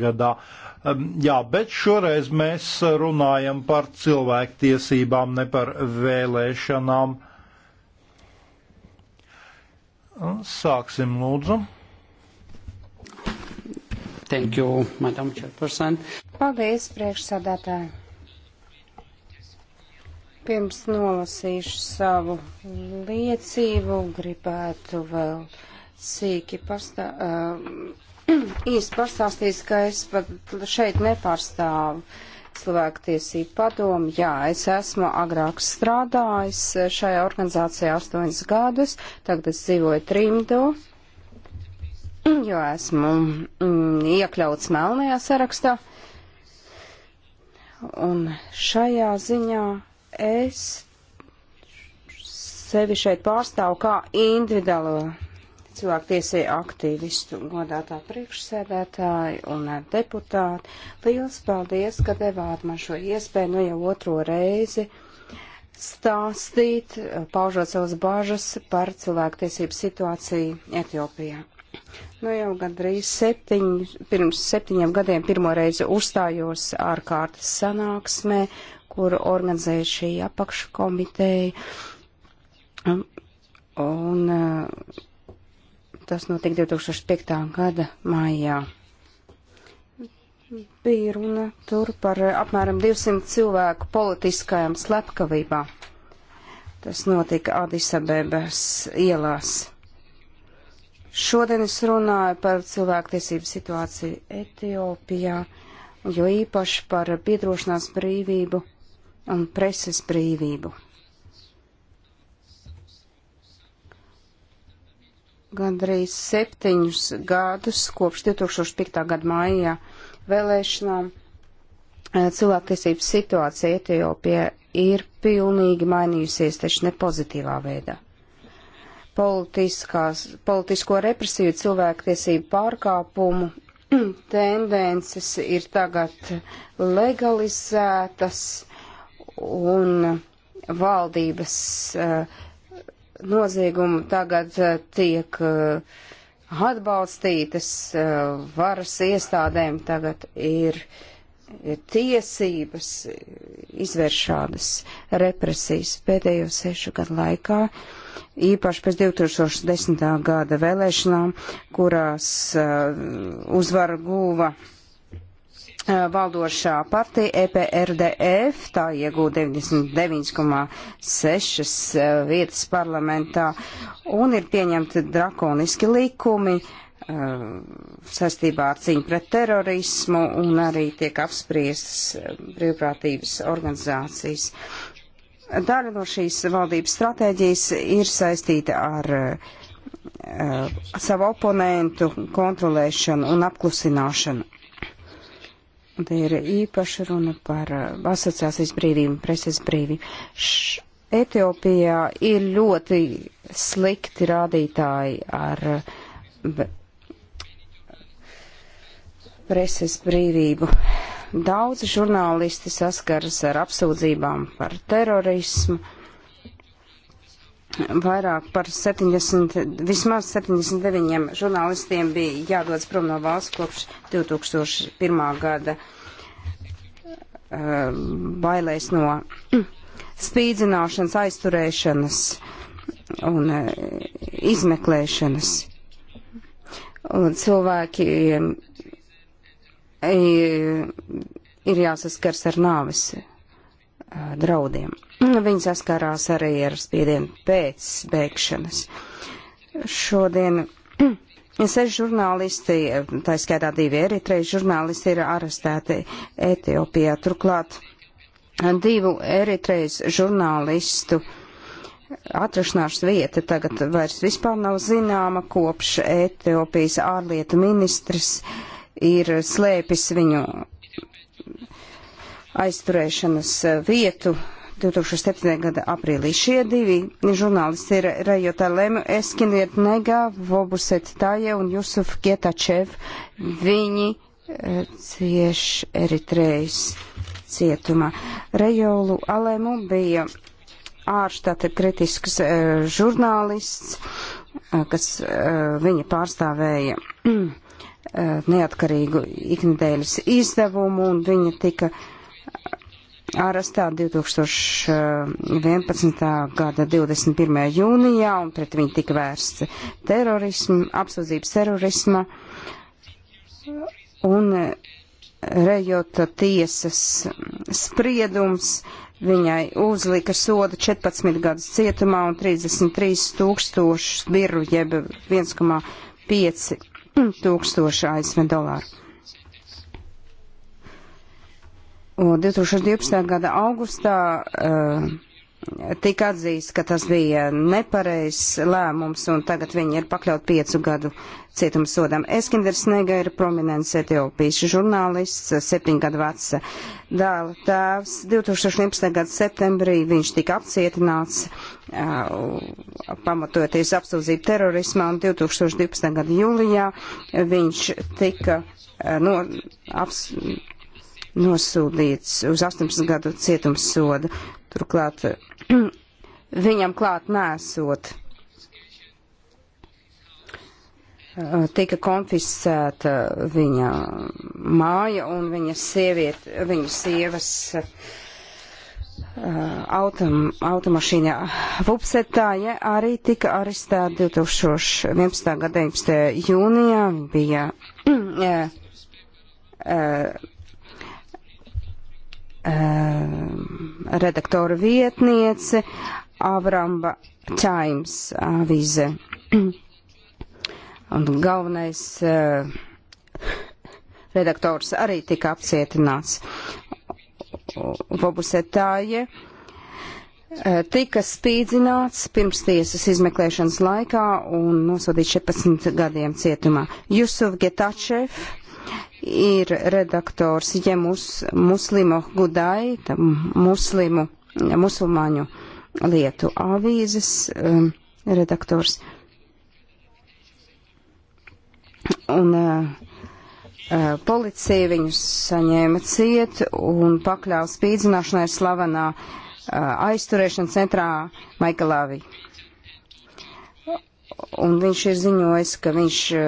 gadā. Uh, Um, jā, bet šoreiz mēs runājam par cilvēktiesībām, ne par vēlēšanām. Sāksim, lūdzu. Thank you, Madam Chairperson. Paldies, priekšsādātāji. Pirms nolasīšu savu liecību, gribētu vēl sīki pastā, uh, īsti pastāstīšu, ka es pat šeit nepārstāvu cilvēktiesību padomu. Jā, es esmu agrāk strādājis šajā organizācijā astoņas gadus, tagad es dzīvoju trimdu, jo esmu mm, iekļauts melnajā sarakstā. Un šajā ziņā es sevi šeit pārstāvu kā individuālo cilvēktiesēja aktīvistu godātā priekšsēdētāja un deputāti. Liels paldies, ka devāt man šo iespēju nu jau otro reizi stāstīt, paužot savas bāžas par cilvēktiesību situāciju Etiopijā. Nu jau gandrīz septiņ, pirms septiņiem gadiem pirmo reizi uzstājos ārkārtas sanāksmē, kur organizēja šī apakškomiteja. Un, un Tas notika 2005. gada maijā. Bija runa tur par eh, apmēram 200 cilvēku politiskajām slepkavībām. Tas notika Adisabebas ielās. Šodien es runāju par cilvēktiesību situāciju Etiopijā, jo īpaši par biedrošanās brīvību un preses brīvību. gandrīz septiņus gadus kopš 2005. gada maijā vēlēšanām e, cilvēktiesības situācija Etiopijā ir pilnīgi mainījusies, taču ne pozitīvā veidā. Politiskās, politisko represiju cilvēktiesību pārkāpumu tendences ir tagad legalizētas un valdības uh, noziegumu tagad eh, tiek eh, atbalstītas eh, varas iestādēm, tagad ir tiesības izvērst šādas represijas pēdējo sešu gadu laikā, īpaši pēc 2010. gada vēlēšanām, kurās uzvaru guva Eh, valdošā partija EPRDF, tā iegūta 99,6 eh, vietas parlamentā, un ir pieņemti drakoniski likumi uh, saistībā ar cīņu pret terorismu, un arī tiek apspriestas brīvprātības organizācijas. Daļa no šīs valdības stratēģijas ir saistīta ar uh, savu oponentu kontrolēšanu un apklusināšanu Un te ir īpaši runa par uh, asociācijas brīvību, preses brīvību. Š Etiopijā ir ļoti slikti rādītāji ar uh, preses brīvību. Daudzi žurnālisti saskaras ar apsūdzībām par terorismu vairāk par 70, vismaz 79 žurnālistiem bija jādodas prom no valsts kopš 2001. gada ehm, bailēs no spīdzināšanas, aizturēšanas un eh, izmeklēšanas. Un cilvēki eh, ir jāsaskars ar nāvis draudiem. Viņi saskārās arī ar spiedienu pēc bēgšanas. Šodien Seši žurnālisti, tā skaitā divi eritreji žurnālisti, ir arestēti Etiopijā. Turklāt divu eritrejas žurnālistu atrašanās vieta tagad vairs vispār nav zināma, kopš Etiopijas ārlietu ministrs ir slēpis viņu aizturēšanas eh, vietu 2007. gada aprīlī. Šie divi žurnālisti ir Rajota Lemu, Eskiniet Nega, Vobuset Tāja un Jusuf Getačev. Viņi eh, cieš Eritrejas cietumā. Rejolu Alemu bija ārštata kritisks e, žurnālists, kas e, viņa pārstāvēja e, neatkarīgu iknedēļas izdevumu, un viņa tika e, arestā 2011. Eh, gada 21. jūnijā un pret viņu tika vērsts terorismu, apsūdzības terorisma un eh, rejota tiesas spriedums viņai uzlika sodu 14 gadus cietumā un 33 tūkstošu biru jeb 1,5 tūkstošu ASV dolāru. Un 2012. gada augustā uh, tika atzīst, ka tas bija nepareizs lēmums, un tagad viņi ir pakļaut piecu gadu cietumsodam. Eskinders Nega ir prominents Etiopijas žurnālists, septiņu gadu veca dēla tēvs. 2011. gada septembrī viņš tika apcietināts, uh, pamatojoties apsūdzību terorismā, un 2012. gada jūlijā viņš tika uh, no, aps, nosūdīts uz 18 gadu cietumsodu. Turklāt viņam klāt nesot tika konfiscēta viņa māja un viņa sieviet, viņa sievas autom, automašīnā. Vupsetāja arī tika arestēta 2011. gada 19. jūnijā. Viņa bija Eh, redaktora vietniece Avramba Čaims avīze. Un galvenais eh, redaktors arī tika apcietināts. Vobusetāje eh, tika spīdzināts pirms tiesas izmeklēšanas laikā un nosodīts 14 gadiem cietumā. Jusuf Getačev ir redaktors Jemus Muslimo Gudai, muslimu, musulmaņu lietu avīzes um, redaktors. Un uh, uh, policija viņus saņēma ciet un pakļāva spīdzināšanai slavenā uh, aizturēšana centrā Maikalāvija un viņš ir ziņojis, ka viņš e,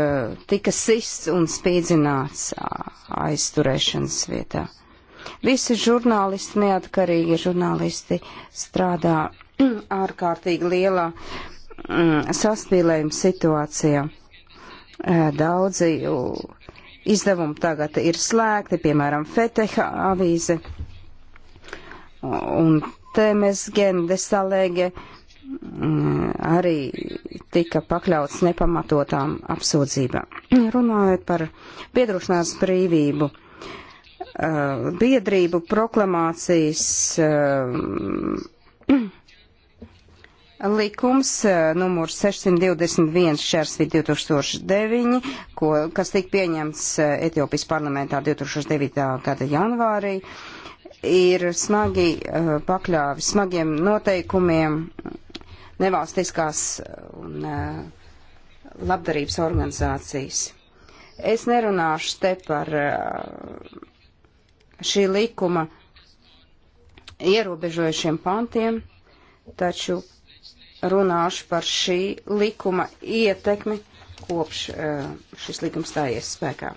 tika sists un spīdzināts aizturēšanas vietā. Visi žurnālisti, neatkarīgi žurnālisti, strādā ārkārtīgi lielā mm, saspīlējuma situācijā. E, daudzi izdevumi tagad ir slēgti, piemēram, Feteha avīze un Temes Gen de Salege. Uh, Mm, arī tika pakļauts nepamatotām apsūdzībām. Runājot par biedrošanās brīvību, uh, biedrību proklamācijas uh, likums numurs 621 šērsvi 2009, ko, kas tika pieņemts uh, Etiopijas parlamentā 2009. gada janvārī. Uh, ir smagi uh, pakļāvi smagiem noteikumiem nevalstiskās un uh, labdarības organizācijas. Es nerunāšu te par uh, šī likuma ierobežojušiem pantiem, taču runāšu par šī likuma ietekmi kopš šis likums stājies spēkā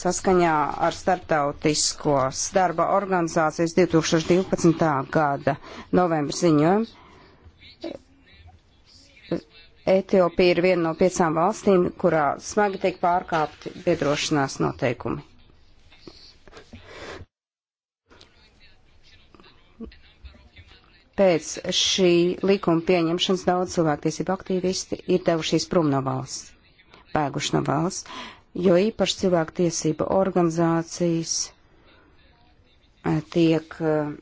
saskaņā ar Startautiskos darba organizācijas 2012. gada novembra ziņojumu. Etiopija ir viena no piecām valstīm, kurā smagi tiek pārkāpti biedrošanās noteikumi. Pēc šī likuma pieņemšanas daudz cilvēktiesību aktīvisti ir devušies prom no valsts, bēguši no valsts jo īpaši cilvēku tiesība organizācijas eh, tiek eh,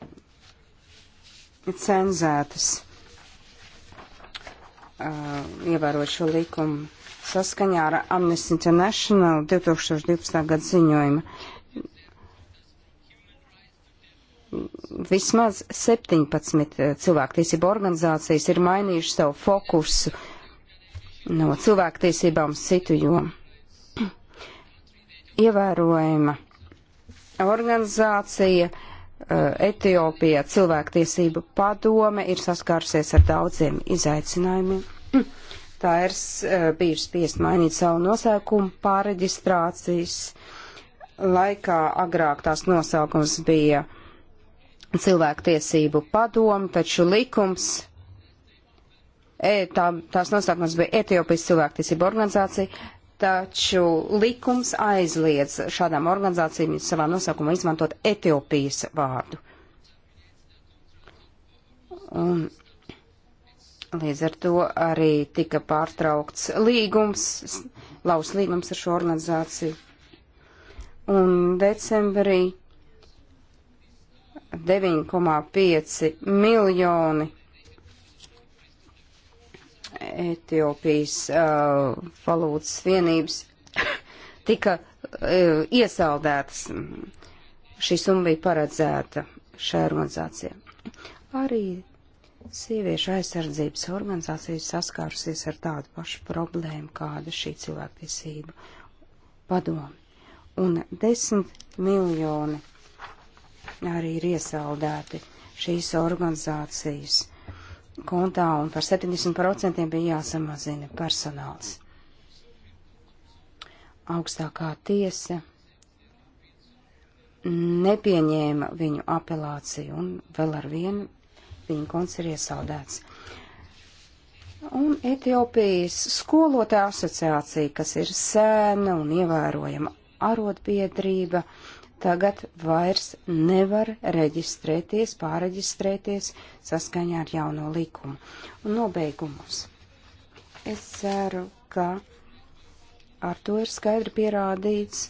cenzētas eh, ievērot šo likumu saskaņā ar Amnesty International 2012. gada ziņojumu. Vismaz 17 cilvēktiesību organizācijas ir mainījuši savu fokusu no cilvēktiesībām citu jomu ievērojama organizācija. Eh, Etiopija cilvēktiesību padome ir saskārusies ar daudziem izaicinājumiem. Tā ir eh, bijusi spiest mainīt savu nosaukumu pāreģistrācijas laikā. Agrāk tās nosaukums bija cilvēktiesību padome, taču likums E, tā, tās nosaukums bija Etiopijas cilvēktiesība organizācija, taču likums aizliedz šādām organizācijām savā nosaukumā izmantot Etiopijas vārdu. Un līdz ar to arī tika pārtraukts līgums, laus līgums ar šo organizāciju. Un decembrī 9,5 miljoni Etiopijas uh, valūtas vienības tika uh, iesaldētas. Šī summa bija paredzēta šai organizācijai. Arī sieviešu aizsardzības organizācija saskārusies ar tādu pašu problēmu, kāda šī cilvēktiesība padoma. Un desmit miljoni arī ir iesaldēti šīs organizācijas kontā un par 70% bija jāsamazina personāls. Augstākā tiesa nepieņēma viņu apelāciju un vēl ar vienu viņa konts ir iesaldēts. Un Etiopijas skolotāja asociācija, kas ir sēna un ievērojama arotbiedrība, uh, tagad vairs nevar reģistrēties, pāreģistrēties saskaņā ar jauno likumu. Un nobeigumus. Es ceru, ka ar to ir skaidri pierādīts,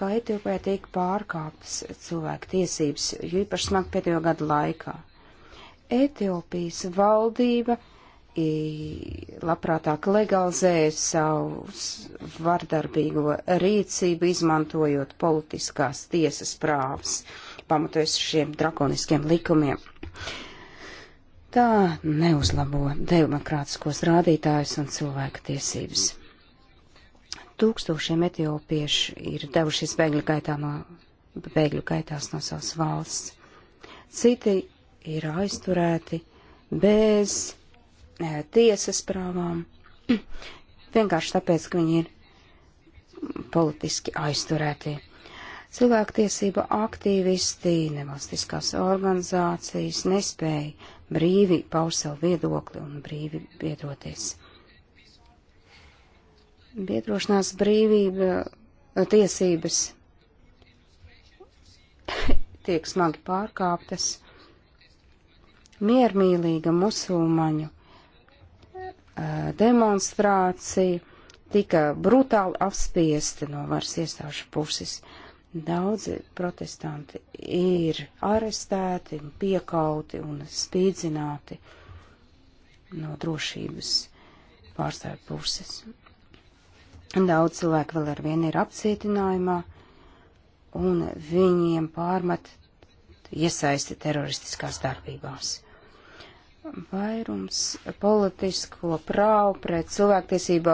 ka Etiopijā tiek pārkāptas cilvēku tiesības, jo īpaši smagi pēdējo gadu laikā. Etiopijas valdība labprātāk legalizē savu vardarbīgo rīcību, izmantojot politiskās tiesas prāvas, pamatojas šiem drakoniskiem likumiem. Tā neuzlabo demokrātiskos rādītājus un cilvēka tiesības. Tūkstošiem etiopiešu ir devušies bēgļu, gaitā no, bēgļu gaitās no savas valsts. Citi ir aizturēti bez tiesas prāvām, vienkārši tāpēc, ka viņi ir politiski aizturēti. Cilvēktiesība aktīvisti, nevalstiskās organizācijas nespēja brīvi paust savu viedokli un brīvi biedroties. Biedrošanās brīvība tiesības tiek smagi pārkāptas. Miermīlīga musulmaņu Eh, demonstrācija tika brutāli apspiesti no varas iestāžu puses. Daudzi protestanti ir arestēti, piekauti un spīdzināti no drošības pārstāvju puses. Daudz cilvēku vēl ar vienu ir apcietinājumā, un viņiem pārmet iesaisti teroristiskās darbībās. Vairums politisko prāvu pret cilvēktiesībā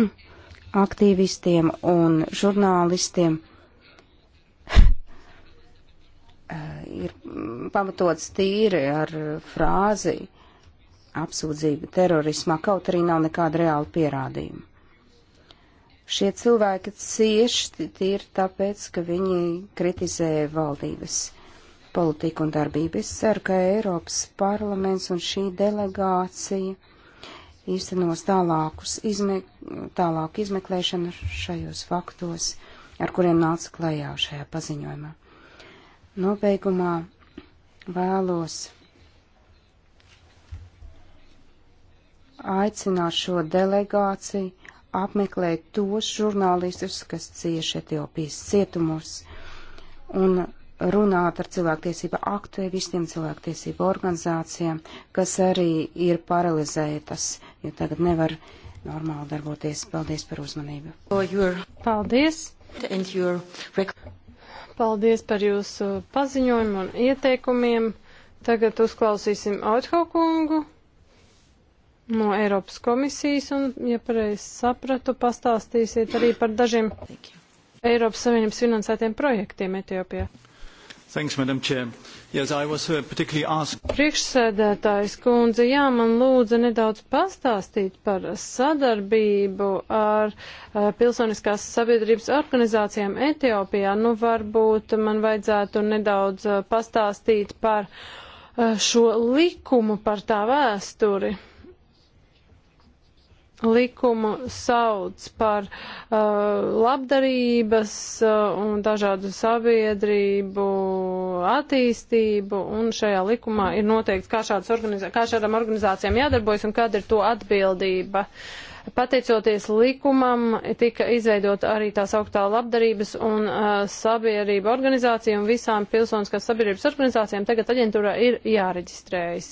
aktīvistiem un žurnālistiem ir pamatots tīri ar frāzi apsūdzību terorismā, kaut arī nav nekāda reāla pierādījuma. Šie cilvēki cieši tīri tāpēc, ka viņi kritizē valdības politiku un darbību. Es ceru, ka Eiropas parlaments un šī delegācija īstenos tālākus izme, tālāku izmeklēšanu šajos faktos, ar kuriem nāca klajā šajā paziņojumā. Nobeigumā vēlos aicināt šo delegāciju apmeklēt tos žurnālistus, kas cieši Etiopijas cietumos, un runāt ar cilvēktiesību aktīvistiem, cilvēktiesību organizācijām, kas arī ir paralizētas, jo tagad nevar normāli darboties. Paldies par uzmanību. Paldies! Paldies par jūsu paziņojumu un ieteikumiem. Tagad uzklausīsim Autho kungu no Eiropas komisijas un, ja pareizi sapratu, pastāstīsiet arī par dažiem Eiropas Savienības finansētiem projektiem Etiopijā. Thanks, Madam Chair. Yes, I was uh, particularly asked. Priekšsēdētājs kundze, jā, man lūdza nedaudz pastāstīt par sadarbību ar uh, pilsoniskās sabiedrības organizācijām Etiopijā. Nu, varbūt man vajadzētu nedaudz uh, pastāstīt par uh, šo likumu, par tā vēsturi likumu sauc par uh, labdarības uh, un dažādu sabiedrību attīstību, un šajā likumā ir noteikts, kā, organizā kā šādām organizācijām jādarbojas un kāda ir to atbildība. Pateicoties likumam, tika izveidota arī tā sauktā labdarības un uh, sabiedrība organizācija, un visām pilsoniskās sabiedrības organizācijām tagad aģentūrā ir jāreģistrējas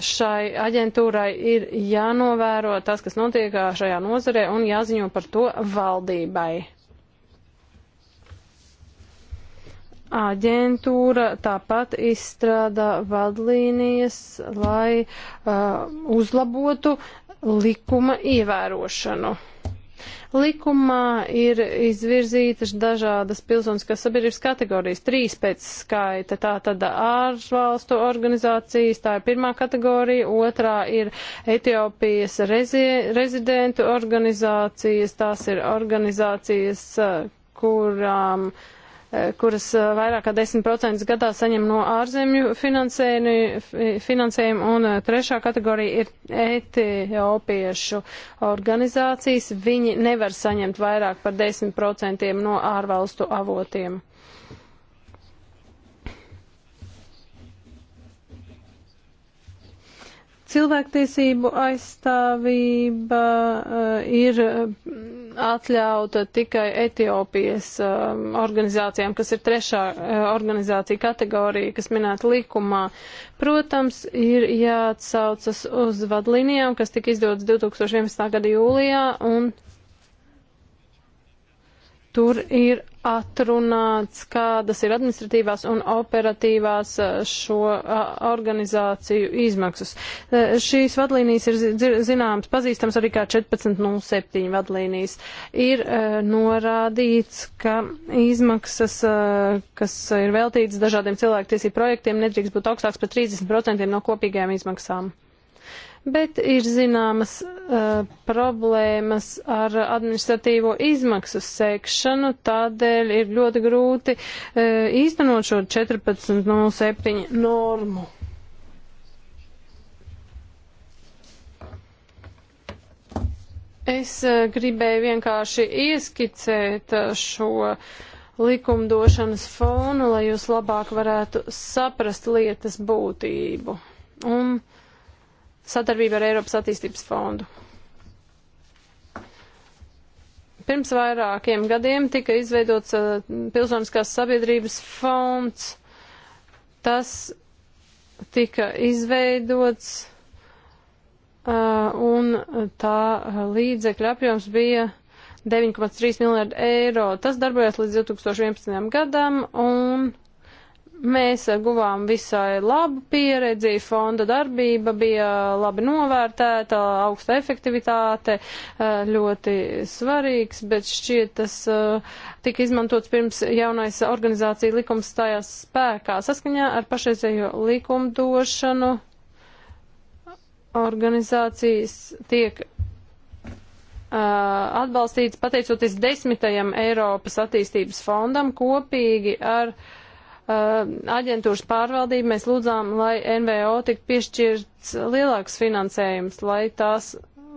šai aģentūrai ir jānovēro tas, kas notiek uh, šajā nozarē un jāziņo par to valdībai. Aģentūra tāpat izstrādā vadlīnijas, lai uh, uzlabotu likuma ievērošanu. Likumā ir izvirzītas dažādas pilsoniskās sabiedrības kategorijas, trīs pēc skaita. Tā tad ārzvalstu organizācijas, tā ir pirmā kategorija, otrā ir Etiopijas rezi, rezidentu organizācijas, tās ir organizācijas, eh, kurām. Um, kuras eh, vairāk kā 10% gadā saņem no ārzemju finansējumu, un eh, trešā kategorija ir etiopiešu organizācijas. Viņi nevar saņemt vairāk par 10% no ārvalstu avotiem. Cilvēktiesību aizstāvība eh, ir eh, atļauta tikai Etiopijas eh, organizācijām, kas ir trešā organizācija kategorija, kas minēta likumā. Protams, ir jāatsaucas uz vadlīnijām, kas tika izdotas 2011. gada jūlijā, un Tur ir atrunāts, kādas ir administratīvās un operatīvās eh, šo organizāciju izmaksas. Eh, šīs vadlīnijas ir zināmas, pazīstams arī kā 1407 vadlīnijas. Ir eh, norādīts, ka izmaksas, kas ir veltītas dažādiem cilvēktiesību projektiem, nedrīkst būt augstāks par 30% no kopīgajām izmaksām bet ir zināmas uh, problēmas ar administratīvo izmaksu sekšanu, tādēļ ir ļoti grūti uh, īstenot šo 14.07 normu. Es uh, gribēju vienkārši ieskicēt uh, šo uh, likumdošanas fonu, lai jūs labāk varētu saprast lietas būtību. Un uh, sadarbību ar Eiropas attīstības fondu. Pirms vairākiem gadiem tika izveidots uh, pilsoniskās sabiedrības fonds. Tas tika izveidots uh, un tā līdzekļa apjoms bija 9,3 miljārdi eiro. Tas darbojas līdz 2011. gadam un Mēs eh, guvām visai labu pieredzi, fonda darbība bija labi novērtēta, augsta efektivitāte, eh, ļoti svarīgs, bet šķiet tas eh, tika izmantots pirms jaunais organizācija likums stājās spēkā. Saskaņā ar pašreizējo likumdošanu organizācijas tiek atbalstīts pateicoties desmitajam Eiropas attīstības fondam kopīgi ar uh, Uh, aģentūras pārvaldību mēs lūdzām, lai NVO tik piešķirts lielāks finansējums, lai tās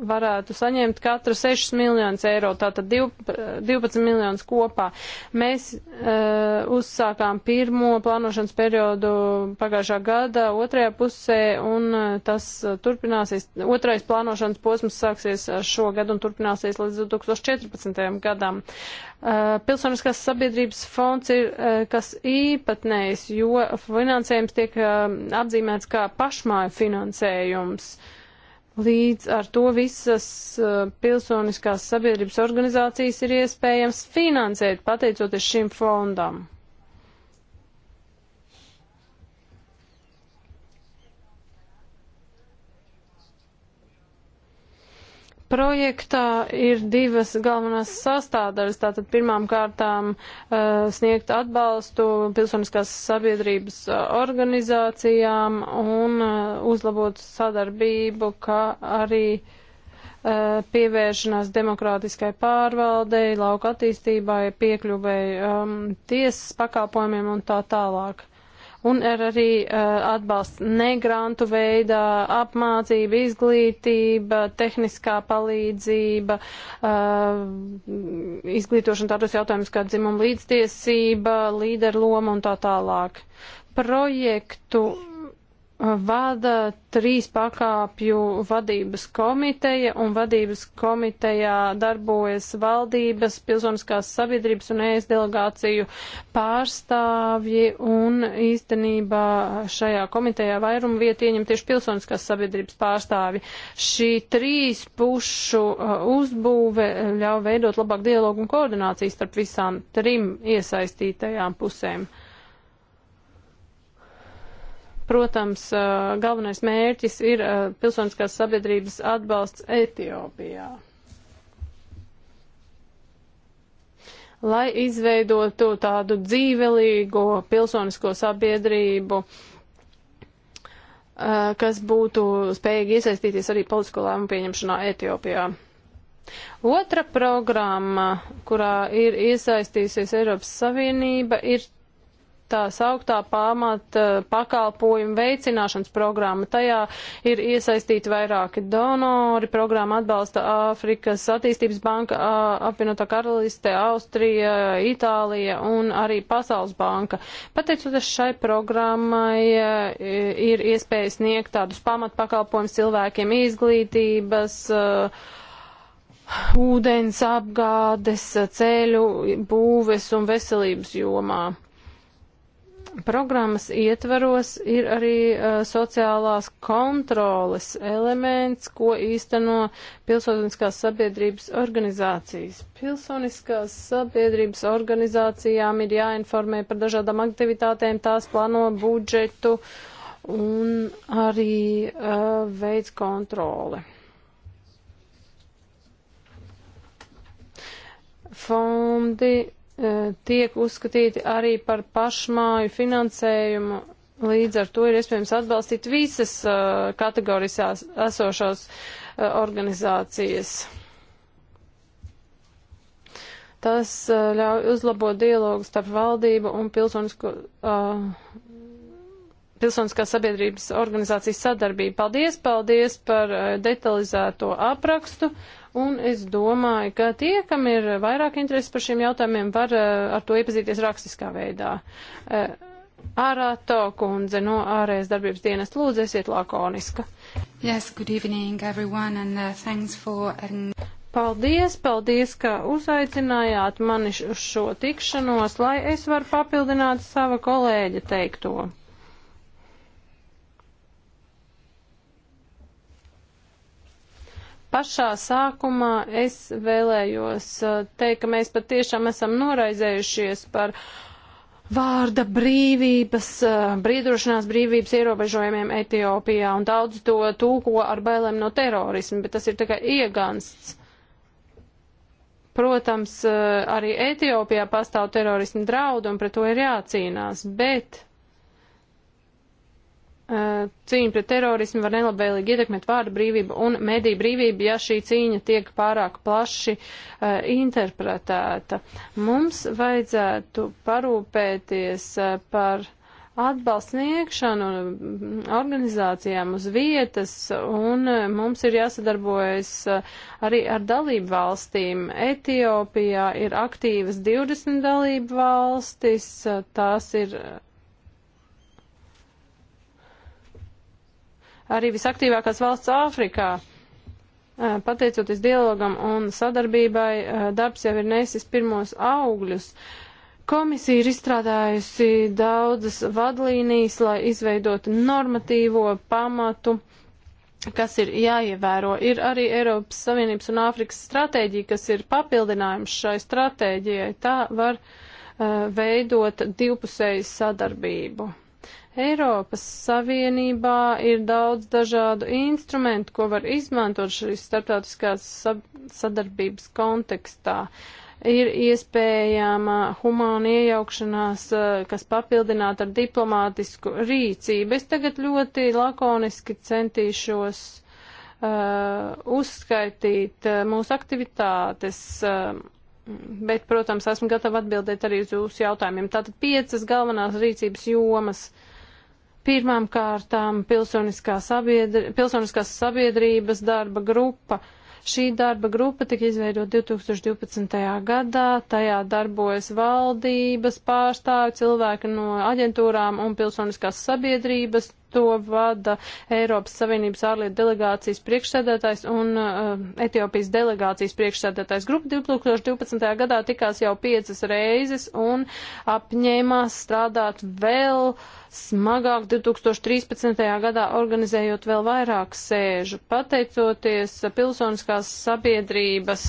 varētu saņemt katra 6 miljonus eiro, tātad 12 miljonus kopā. Mēs uh, uzsākām pirmo plānošanas periodu pagājušā gada otrajā pusē, un uh, tas eh, turpināsies, otrais plānošanas posms sāksies šogad un turpināsies līdz 2014. gadam. Uh, Pilsoniskās sabiedrības fonds ir uh, kas īpatnējs, jo finansējums tiek uh, apzīmēts kā pašmāju finansējums. Uh, Līdz ar to visas eh, pilsoniskās sabiedrības organizācijas ir iespējams finansēt pateicoties šim fondam. projektā ir divas galvenās sastāvdaļas. Tātad pirmām kārtām uh, sniegt atbalstu pilsoniskās sabiedrības uh, organizācijām un uh, uzlabot sadarbību, kā arī pievēršanās demokrātiskai pārvaldei, lauka attīstībai, piekļuvei um, tiesas pakalpojumiem un tā tālāk un ir arī uh, atbalsts negrantu veidā, apmācība, izglītība, tehniskā palīdzība, uh, izglītošana tādos jautājumus kā dzimuma līdztiesība, līderloma un tā tālāk. Projektu vada trīs pakāpju vadības komiteja, un vadības komitejā darbojas valdības, pilsoniskās sabiedrības un ēst delegāciju pārstāvji, un īstenībā šajā komitejā vairumu vietu ieņem tieši pilsoniskās sabiedrības pārstāvji. Šī trīs pušu uh, uzbūve ļauj veidot labāk dialogu un koordināciju starp visām trim iesaistītajām pusēm. Protams, galvenais mērķis ir pilsoniskās sabiedrības atbalsts Etiopijā. Lai izveidotu tādu dzīvelīgo pilsonisko sabiedrību, kas būtu spējīgi iesaistīties arī politisko lēmumu pieņemšanā Etiopijā. Otra programma, kurā ir iesaistījusies Eiropas Savienība, ir tā sauktā pamata pakalpojuma veicināšanas programma. Tajā ir iesaistīti vairāki donori, programma atbalsta Āfrikas attīstības banka, apvienotā karaliste, Austrija, Itālija un arī Pasaules banka. Pateicoties šai programmai, e, ir iespēja sniegt tādus pamata pakalpojumus cilvēkiem izglītības, e, ūdens apgādes, ceļu būves un veselības jomā programmas ietvaros ir arī uh, sociālās kontroles elements, ko īsteno pilsoniskās sabiedrības organizācijas. Pilsoniskās sabiedrības organizācijām ir jāinformē par dažādām aktivitātēm, tās plāno budžetu un arī uh, veids kontroli. Fondi E, tiek uzskatīti arī par pašmāju finansējumu. Līdz ar to ir iespējams atbalstīt visas uh, kategorijās esošās uh, organizācijas. Tas uh, ļauj uzlabot dialogu starp valdību un pilsonisko, pilsoniskā sabiedrības organizācijas sadarbību. Paldies, paldies par detalizēto aprakstu. Uh, Un es domāju, ka tie, kam ir vairāk interesi par šiem jautājumiem, var eh, ar to iepazīties rakstiskā veidā. Arāto eh, kundze no ārējas darbības dienas lūdzu esiet lakoniska. Yes, good evening everyone and uh, thanks for um... Paldies, paldies, ka uzaicinājāt mani uz šo tikšanos, lai es varu papildināt sava kolēģa teikto. Pašā sākumā es vēlējos uh, teikt, ka mēs patiešām esam noraizējušies par vārda brīvības, uh, brīdrošinās brīvības ierobežojumiem Etiopijā, un daudz to tūko ar bailēm no terorismu, bet tas ir tikai iegansts. Protams, uh, arī Etiopijā pastāv terorismu draudu, un pret to ir jācīnās, bet cīņa pret terorismu var nelabvēlīgi ietekmēt vārdu brīvību un mediju brīvību, ja šī cīņa tiek pārāk plaši uh, interpretēta. Mums vajadzētu parūpēties uh, par atbalstu sniegšanu organizācijām uz vietas, un uh, mums ir jāsadarbojas uh, arī ar dalību valstīm. Etiopijā ir aktīvas 20 dalību valstis, uh, tās ir. Uh, arī visaktīvākās valsts Āfrikā. Pateicoties dialogam un sadarbībai, darbs jau ir nesis pirmos augļus. Komisija ir izstrādājusi daudzas vadlīnijas, lai izveidotu normatīvo pamatu, kas ir jāievēro. Ir arī Eiropas Savienības un Āfrikas stratēģija, kas ir papildinājums šai stratēģijai. Tā var uh, veidot divpusēju sadarbību. Eiropas Savienībā ir daudz dažādu instrumentu, ko var izmantot šīs starptautiskās sadarbības kontekstā. Ir iespējama humāna iejaukšanās, eh, kas papildināta ar diplomātisku rīcību. Es tagad ļoti lakoniski centīšos uh, uzskaitīt uh, mūsu aktivitātes. Uh, Bet, protams, esmu gatava atbildēt arī uz jūsu jautājumiem. Tātad piecas galvenās rīcības jomas uh, Pirmām kārtām pilsoniskā sabiedri, pilsoniskās sabiedrības darba grupa. Šī darba grupa tika izveidot 2012. gadā, tajā darbojas valdības pārstāvi, cilvēki no aģentūrām un pilsoniskās sabiedrības, To vada Eiropas Savienības ārlietu delegācijas priekšsēdētājs un uh, Etiopijas delegācijas priekšsēdētājs. Grupa 2012. gadā tikās jau piecas reizes un apņēmās strādāt vēl smagāk 2013. gadā, organizējot vēl vairāk sēžu, pateicoties pilsoniskās sabiedrības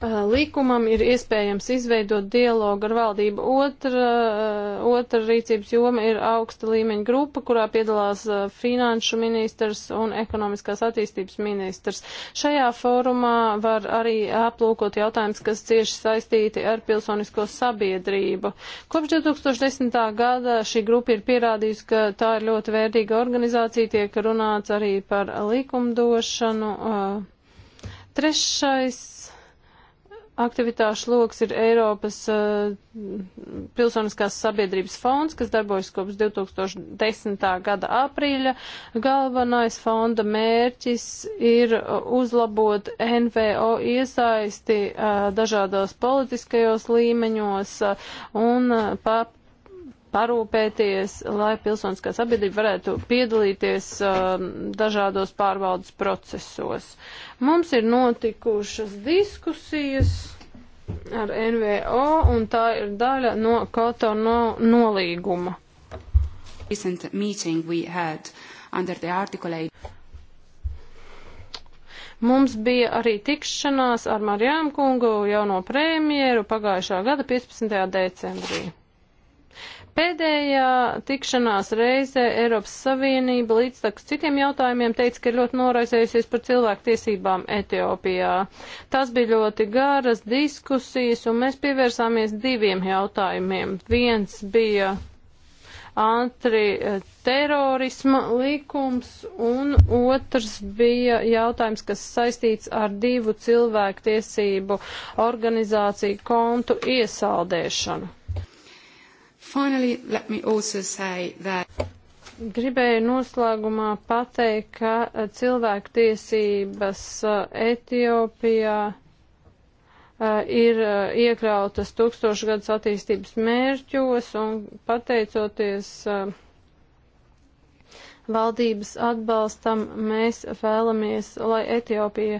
Uh, likumam ir iespējams izveidot dialogu ar valdību. Otra, uh, otra rīcības joma ir augsta līmeņa grupa, kurā piedalās uh, finanšu ministrs un ekonomiskās attīstības ministrs. Šajā fórumā var arī aplūkot jautājums, kas cieši saistīti ar pilsonisko sabiedrību. Kopš 2010. gada šī grupa ir pierādījusi, ka tā ir ļoti vērtīga organizācija, tiek runāts arī par likumdošanu. Trešais Aktivitāšu loks ir Eiropas uh, pilsoniskās sabiedrības fonds, kas darbojas kopš 2010. gada aprīļa. Galvenais fonda mērķis ir eh, uzlabot NVO iesaisti uh, eh, dažādos politiskajos līmeņos uh, un uh, parūpēties, lai pilsoniskā sabiedrība varētu piedalīties um, dažādos pārvaldes procesos. Mums ir notikušas diskusijas ar NVO, un tā ir daļa no Kotono nolīguma. Recent meeting we had under the article 8. Mums bija arī tikšanās ar Marijām kungu jauno premjeru pagājušā gada 15. decembrī. Pēdējā tikšanās reize Eiropas Savienība līdztekus citiem jautājumiem teica, ka ir ļoti noraizējusies par cilvēku tiesībām Etiopijā. Tas bija ļoti garas diskusijas, un mēs pievērsāmies diviem jautājumiem. Viens bija antiterorisma likums, un otrs bija jautājums, kas saistīts ar divu cilvēku tiesību organizāciju kontu iesaldēšanu. Finally, let me also say that gribēju noslēgumā pateikt, ka eh, cilvēktiesības eh, Etiopijā eh, ir iekļautas tūkstošgadus attīstības mērķos un pateicoties uh, valdības atbalstam. Mēs vēlamies, lai Etiopija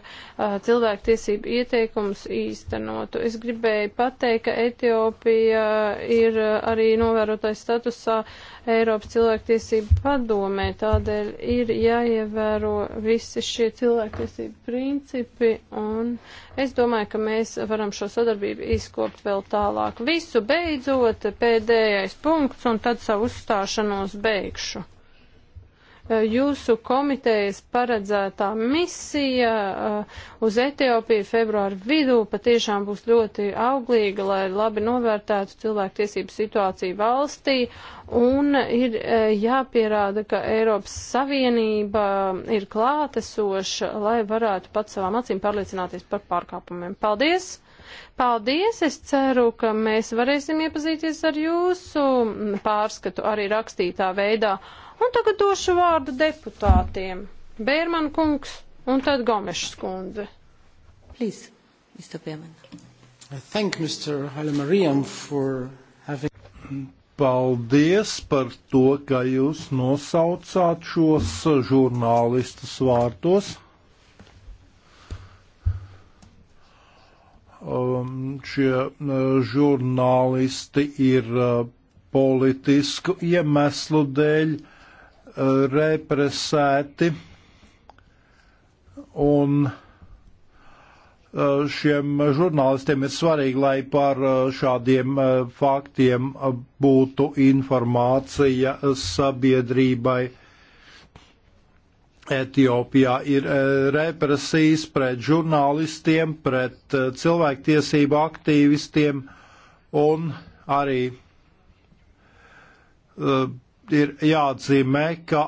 cilvēktiesību ieteikumus īstenotu. Es gribēju pateikt, ka Etiopija ir arī novērotais statusā Eiropas cilvēktiesību padomē, tādēļ ir jāievēro visi šie cilvēktiesību principi, un es domāju, ka mēs varam šo sadarbību izkopt vēl tālāk. Visu beidzot, pēdējais punkts, un tad savu uzstāšanos beigšu jūsu komitejas paredzētā misija uh, uz Etiopiju februāru vidū patiešām būs ļoti auglīga, lai labi novērtētu cilvēktiesību situāciju valstī. Un ir uh, jāpierāda, ka Eiropas Savienība ir klātesoša, lai varētu pat savām acīm pārliecināties par pārkāpumiem. Paldies! Paldies! Es ceru, ka mēs varēsim iepazīties ar jūsu pārskatu arī rakstītā veidā. Un tagad došu vārdu deputātiem. Bērman kungs un tad Gomešs kundze. Please, Mr. Bērman. Thank Mr. Halimariam for having paldies par to, ka jūs nosaucāt šos žurnālistus vārtos. Um, šie uh, žurnālisti ir uh, politisku iemeslu dēļ represēti, un e, šiem žurnālistiem ir svarīgi, lai par e, šādiem e, faktiem būtu informācija sabiedrībai. Etiopijā ir represijas pret žurnālistiem, pret cilvēktiesību aktīvistiem un arī ir jāatzīmē, ka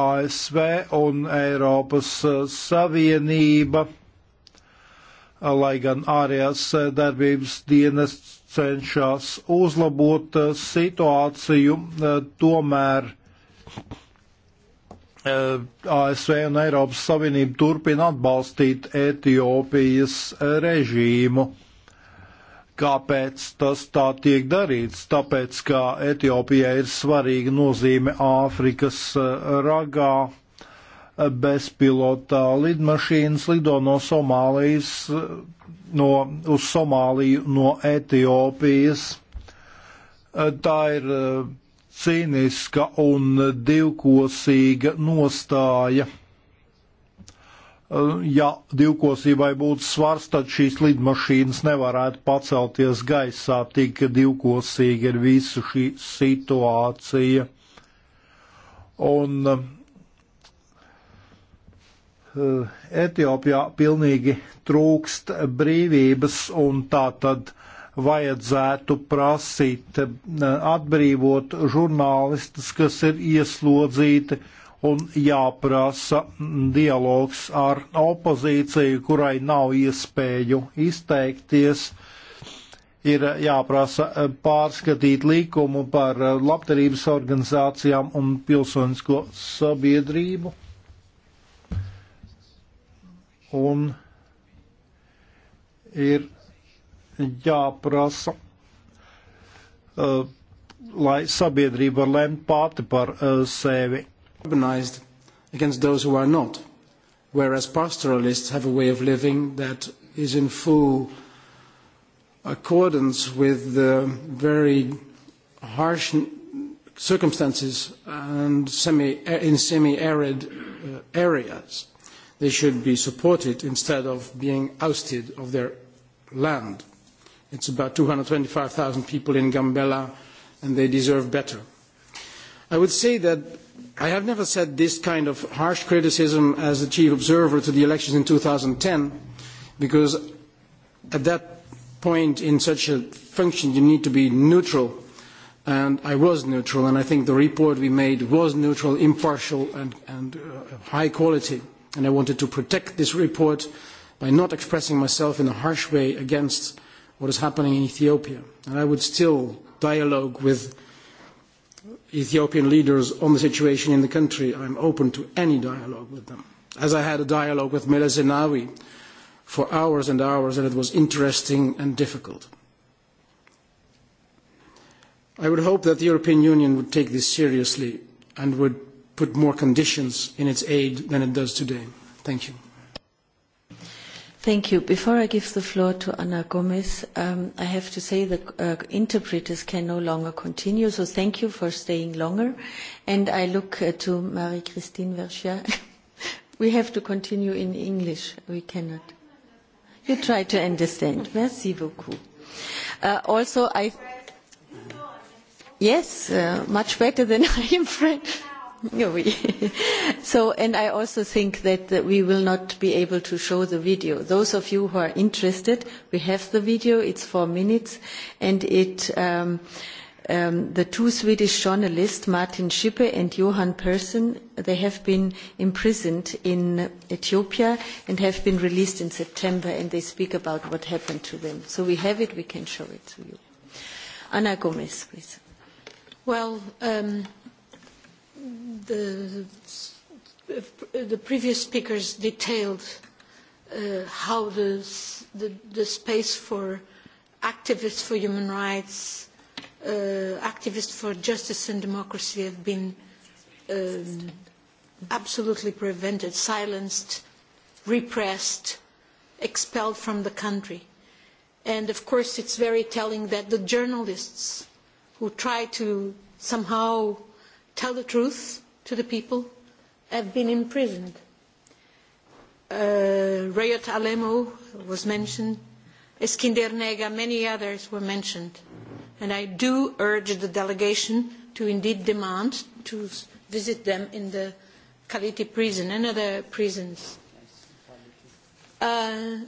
ASV un Eiropas uh, Savienība, uh, lai gan ārējās uh, darbības dienas cenšas uzlabot situāciju, tomēr ASV un Eiropas Savienība turpina atbalstīt Etiopijas režīmu. Kāpēc tas tā tiek darīts? Tāpēc, ka Etiopijai ir svarīga nozīme Āfrikas eh, ragā. Eh, bezpilota lidmašīnas lido no Somālijas, eh, no, uz Somāliju no Etiopijas. Tā ir cīniska un divkosīga nostāja Eh, ja divkosībai būtu svars, tad šīs lidmašīnas nevarētu pacelties gaisā, tik divkosīga ir visa šī situācija. Un eh, Etiopijā pilnīgi trūkst brīvības, un tā tad vajadzētu prasīt eh, atbrīvot žurnālistus, kas ir ieslodzīti un jāprasa dialogs ar opozīciju, kurai nav iespēju izteikties. Ir jāprasa eh, pārskatīt likumu par eh, labdarības organizācijām un pilsonisko sabiedrību. Un ir jāprasa, eh, lai sabiedrība lemtu pati par sevi urbanized against those who are not, whereas pastoralists have a way of living that is in full accordance with the very harsh circumstances and semi, in semi-arid uh, areas. They should be supported instead of being ousted of their land. It's about 225,000 people in Gambela, and they deserve better. I would say that I have never said this kind of harsh criticism as the chief observer to the elections in 2010, because at that point in such a function you need to be neutral, and I was neutral, and I think the report we made was neutral, impartial, and, and uh, high quality. And I wanted to protect this report by not expressing myself in a harsh way against what is happening in Ethiopia. And I would still dialogue with Ethiopian leaders on the situation in the country, I'm open to any dialogue with them. As I had a dialogue with Mele Zenawi for hours and hours, and it was interesting and difficult. I would hope that the European Union would take this seriously and would put more conditions in its aid than it does today. Thank you. Thank you. Before I give the floor to Ana Gomez, um, I have to say that uh, interpreters can no longer continue, so thank you for staying longer. And I look uh, to Marie-Christine Vergia. we have to continue in English. We cannot. You try to understand. Merci beaucoup. Uh, also, I... Yes, uh, much better than I am French. oui. so, and I also think that, that uh, we will not be able to show the video. Those of you who are interested, we have the video. It's four minutes, and it. Um, um, the two Swedish journalists, Martin Schippe and Johan Persson, they have been imprisoned in Ethiopia and have been released in September, and they speak about what happened to them. So we have it, we can show it to you. Ana Gomez, please. Well, um, the, the previous speakers detailed uh, how the, the, the space for activists for human rights, uh, activists for justice and democracy have been um, absolutely prevented, silenced, repressed, expelled from the country. And of course, it's very telling that the journalists who try to somehow tell the truth to the people have been imprisoned. Uh, Rayot Alemo was mentioned, Eskinder Nega, many others were mentioned. And I do urge the delegation to indeed demand to visit them in the Kaliti prison and other prisons. Uh,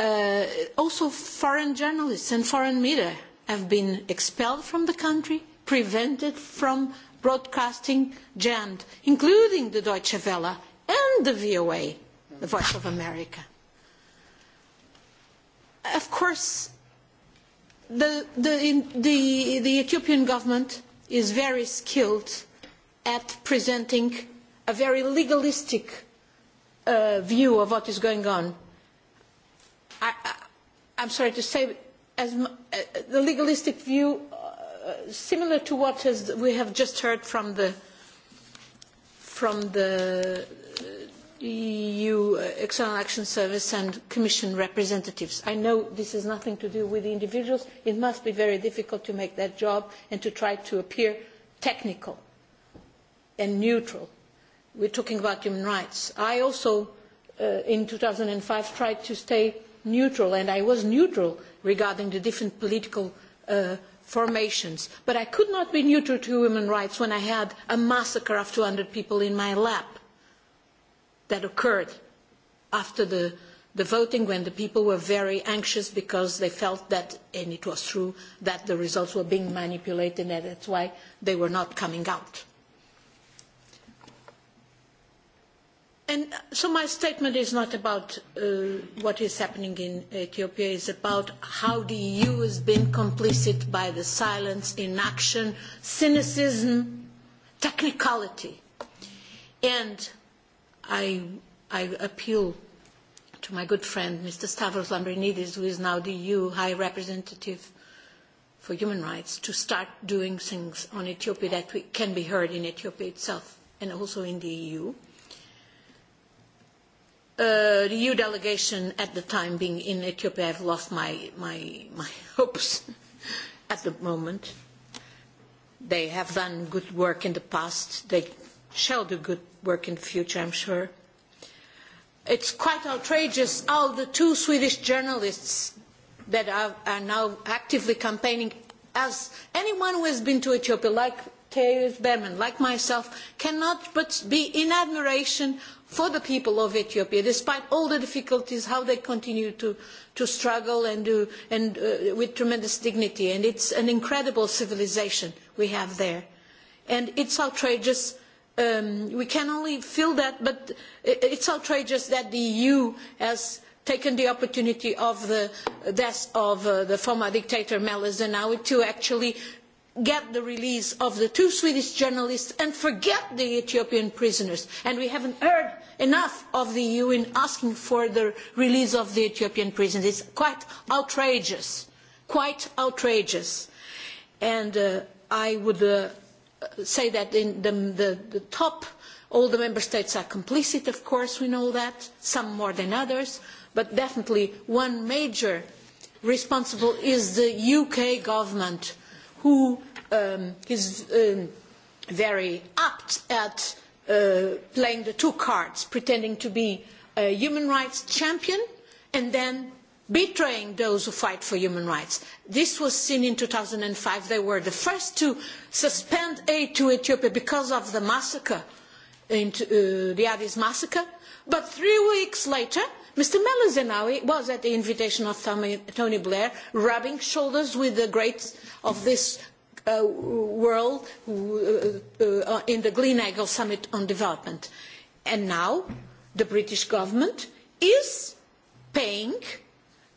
uh, also, foreign journalists and foreign media have been expelled from the country prevented from broadcasting jammed, including the Deutsche Welle and the VOA, the Voice of America. Of course, the, the, in, the, the Ethiopian government is very skilled at presenting a very legalistic uh, view of what is going on. I, I, I'm sorry to say, as, uh, the legalistic view similar to what has, we have just heard from the from the EU External Action Service and Commission representatives. I know this has nothing to do with the individuals. It must be very difficult to make that job and to try to appear technical and neutral. We're talking about human rights. I also, uh, in 2005, tried to stay neutral, and I was neutral regarding the different political uh, formations. But I could not be neutral to human rights when I had a massacre of 200 people in my lap that occurred after the, the voting when the people were very anxious because they felt that, and it was true, that the results were being manipulated and that's why they were not coming out. And uh, so my statement is not about uh, what is happening in Ethiopia, it's about how the EU has been complicit by the silence, inaction, cynicism, technicality. And I, I appeal to my good friend, Mr. Stavros Lambrinidis, who is now the EU High Representative for Human Rights, to start doing things on Ethiopia that we, can be heard in Ethiopia itself and also in the EU. Uh, uh, the EU delegation at the time being in Ethiopia, I've lost my, my, my hopes at the moment. They have done good work in the past. They shall do good work in the future, I'm sure. It's quite outrageous how the two Swedish journalists that are, are now actively campaigning, as anyone who has been to Ethiopia, like Teus Berman, like myself, cannot but be in admiration for the people of Ethiopia, despite all the difficulties, how they continue to, to struggle and, do, and uh, with tremendous dignity. And it's an incredible civilization we have there. And it's outrageous. Um, we can only feel that, but uh, it's outrageous that the EU has taken the opportunity of the death of uh, the former dictator Meles Zenawi to actually get the release of the two Swedish journalists and forget the Ethiopian prisoners. And we haven't heard enough of the EU in asking for the release of the Ethiopian prisoners. It's quite outrageous, quite outrageous. And uh, I would uh, say that in the, the, the top, all the member states are complicit, of course, we know that, some more than others, but definitely one major responsible is the UK government who um, is um, very apt at uh, playing the two cards, pretending to be a human rights champion and then betraying those who fight for human rights. This was seen in 2005. They were the first to suspend aid to Ethiopia because of the massacre, into, uh, the Addis massacre. But three weeks later, Mr. Melazenawi was, at the invitation of Tony Blair, rubbing shoulders with the greats of this uh, world uh, uh, in the Glenagle Summit on Development. And now the British government is paying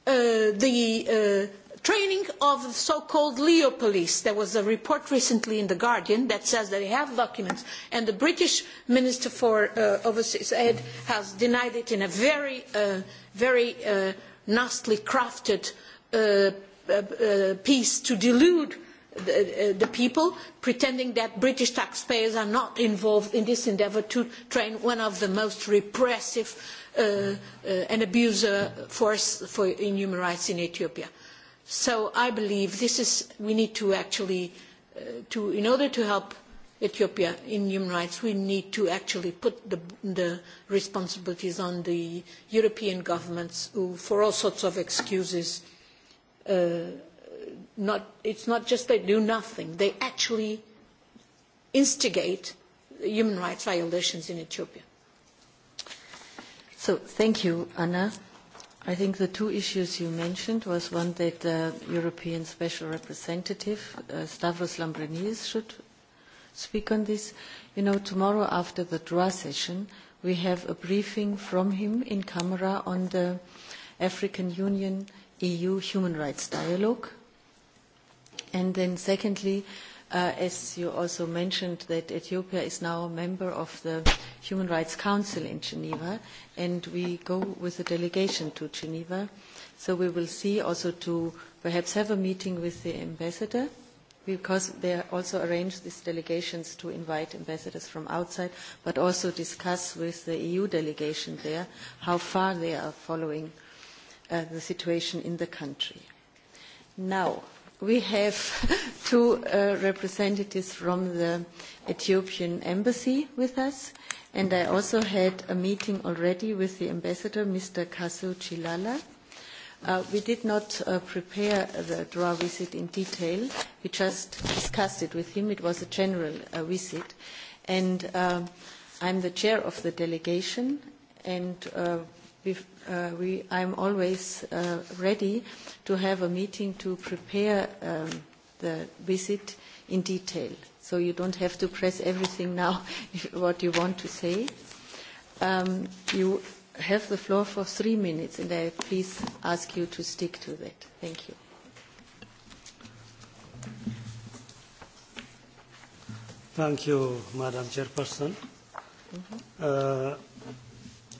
uh, the uh, Training of the so-called Leo police. There was a report recently in The Guardian that says that they have documents, and the British Minister for uh, Overseas Aid has denied it in a very, uh, very uh, nastily crafted uh, uh, uh, piece to delude the, uh, the people, pretending that British taxpayers are not involved in this endeavour to train one of the most repressive uh, uh, and abuser force for in human rights in Ethiopia. Uh, So I believe this is, we need to actually, uh, to, in order to help Ethiopia in human rights, we need to actually put the, the responsibilities on the European governments who, for all sorts of excuses, uh, not, it's not just they do nothing, they actually instigate human rights violations in Ethiopia. So thank you, Anna. I think the two issues you mentioned was one that the uh, European Special Representative, uh, Stavros Lambrinidis, should speak on this. You know, tomorrow after the DRA session, we have a briefing from him in camera on the African Union EU Human Rights Dialogue. And then secondly, uh, as you also mentioned, that Ethiopia is now a member of the Human Rights Council in Geneva, and we go with a delegation to Geneva. So we will see also to perhaps have a meeting with the ambassador because they also arrange these delegations to invite ambassadors from outside, but also discuss with the EU delegation there how far they are following uh, the situation in the country. Now, we have two uh, representatives from the Ethiopian embassy with us, and I also had a meeting already with the ambassador, Mr. Kasu Chilala. Uh, we did not uh, prepare the Dra visit in detail. We just discussed it with him. It was a general uh, visit. And uh, I'm the chair of the delegation, and uh, we've, uh, we, I'm always uh, ready to have a meeting to prepare um, the visit in detail. So you don't have to press everything now, what you want to say. Um, you have the floor for three minutes, and I please ask you to stick to that. Thank you. Thank you, Madam Chairperson. Mm-hmm. Uh,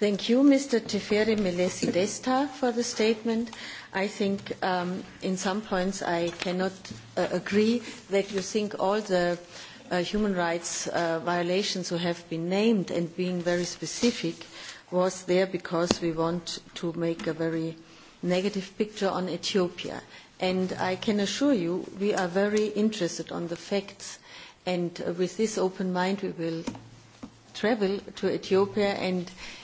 Thank you, Mr. Teferi Melesi Desta, for the statement. I think um, in some points I cannot uh, agree that you think all the uh, human rights uh, violations who have been named and being very specific was there because we want to make a very negative picture on Ethiopia. And I can assure you we are very interested on the facts and uh, with this open mind we will travel to Ethiopia and uh,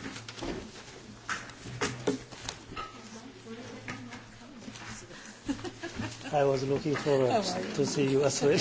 I was looking forward oh, to see you as well.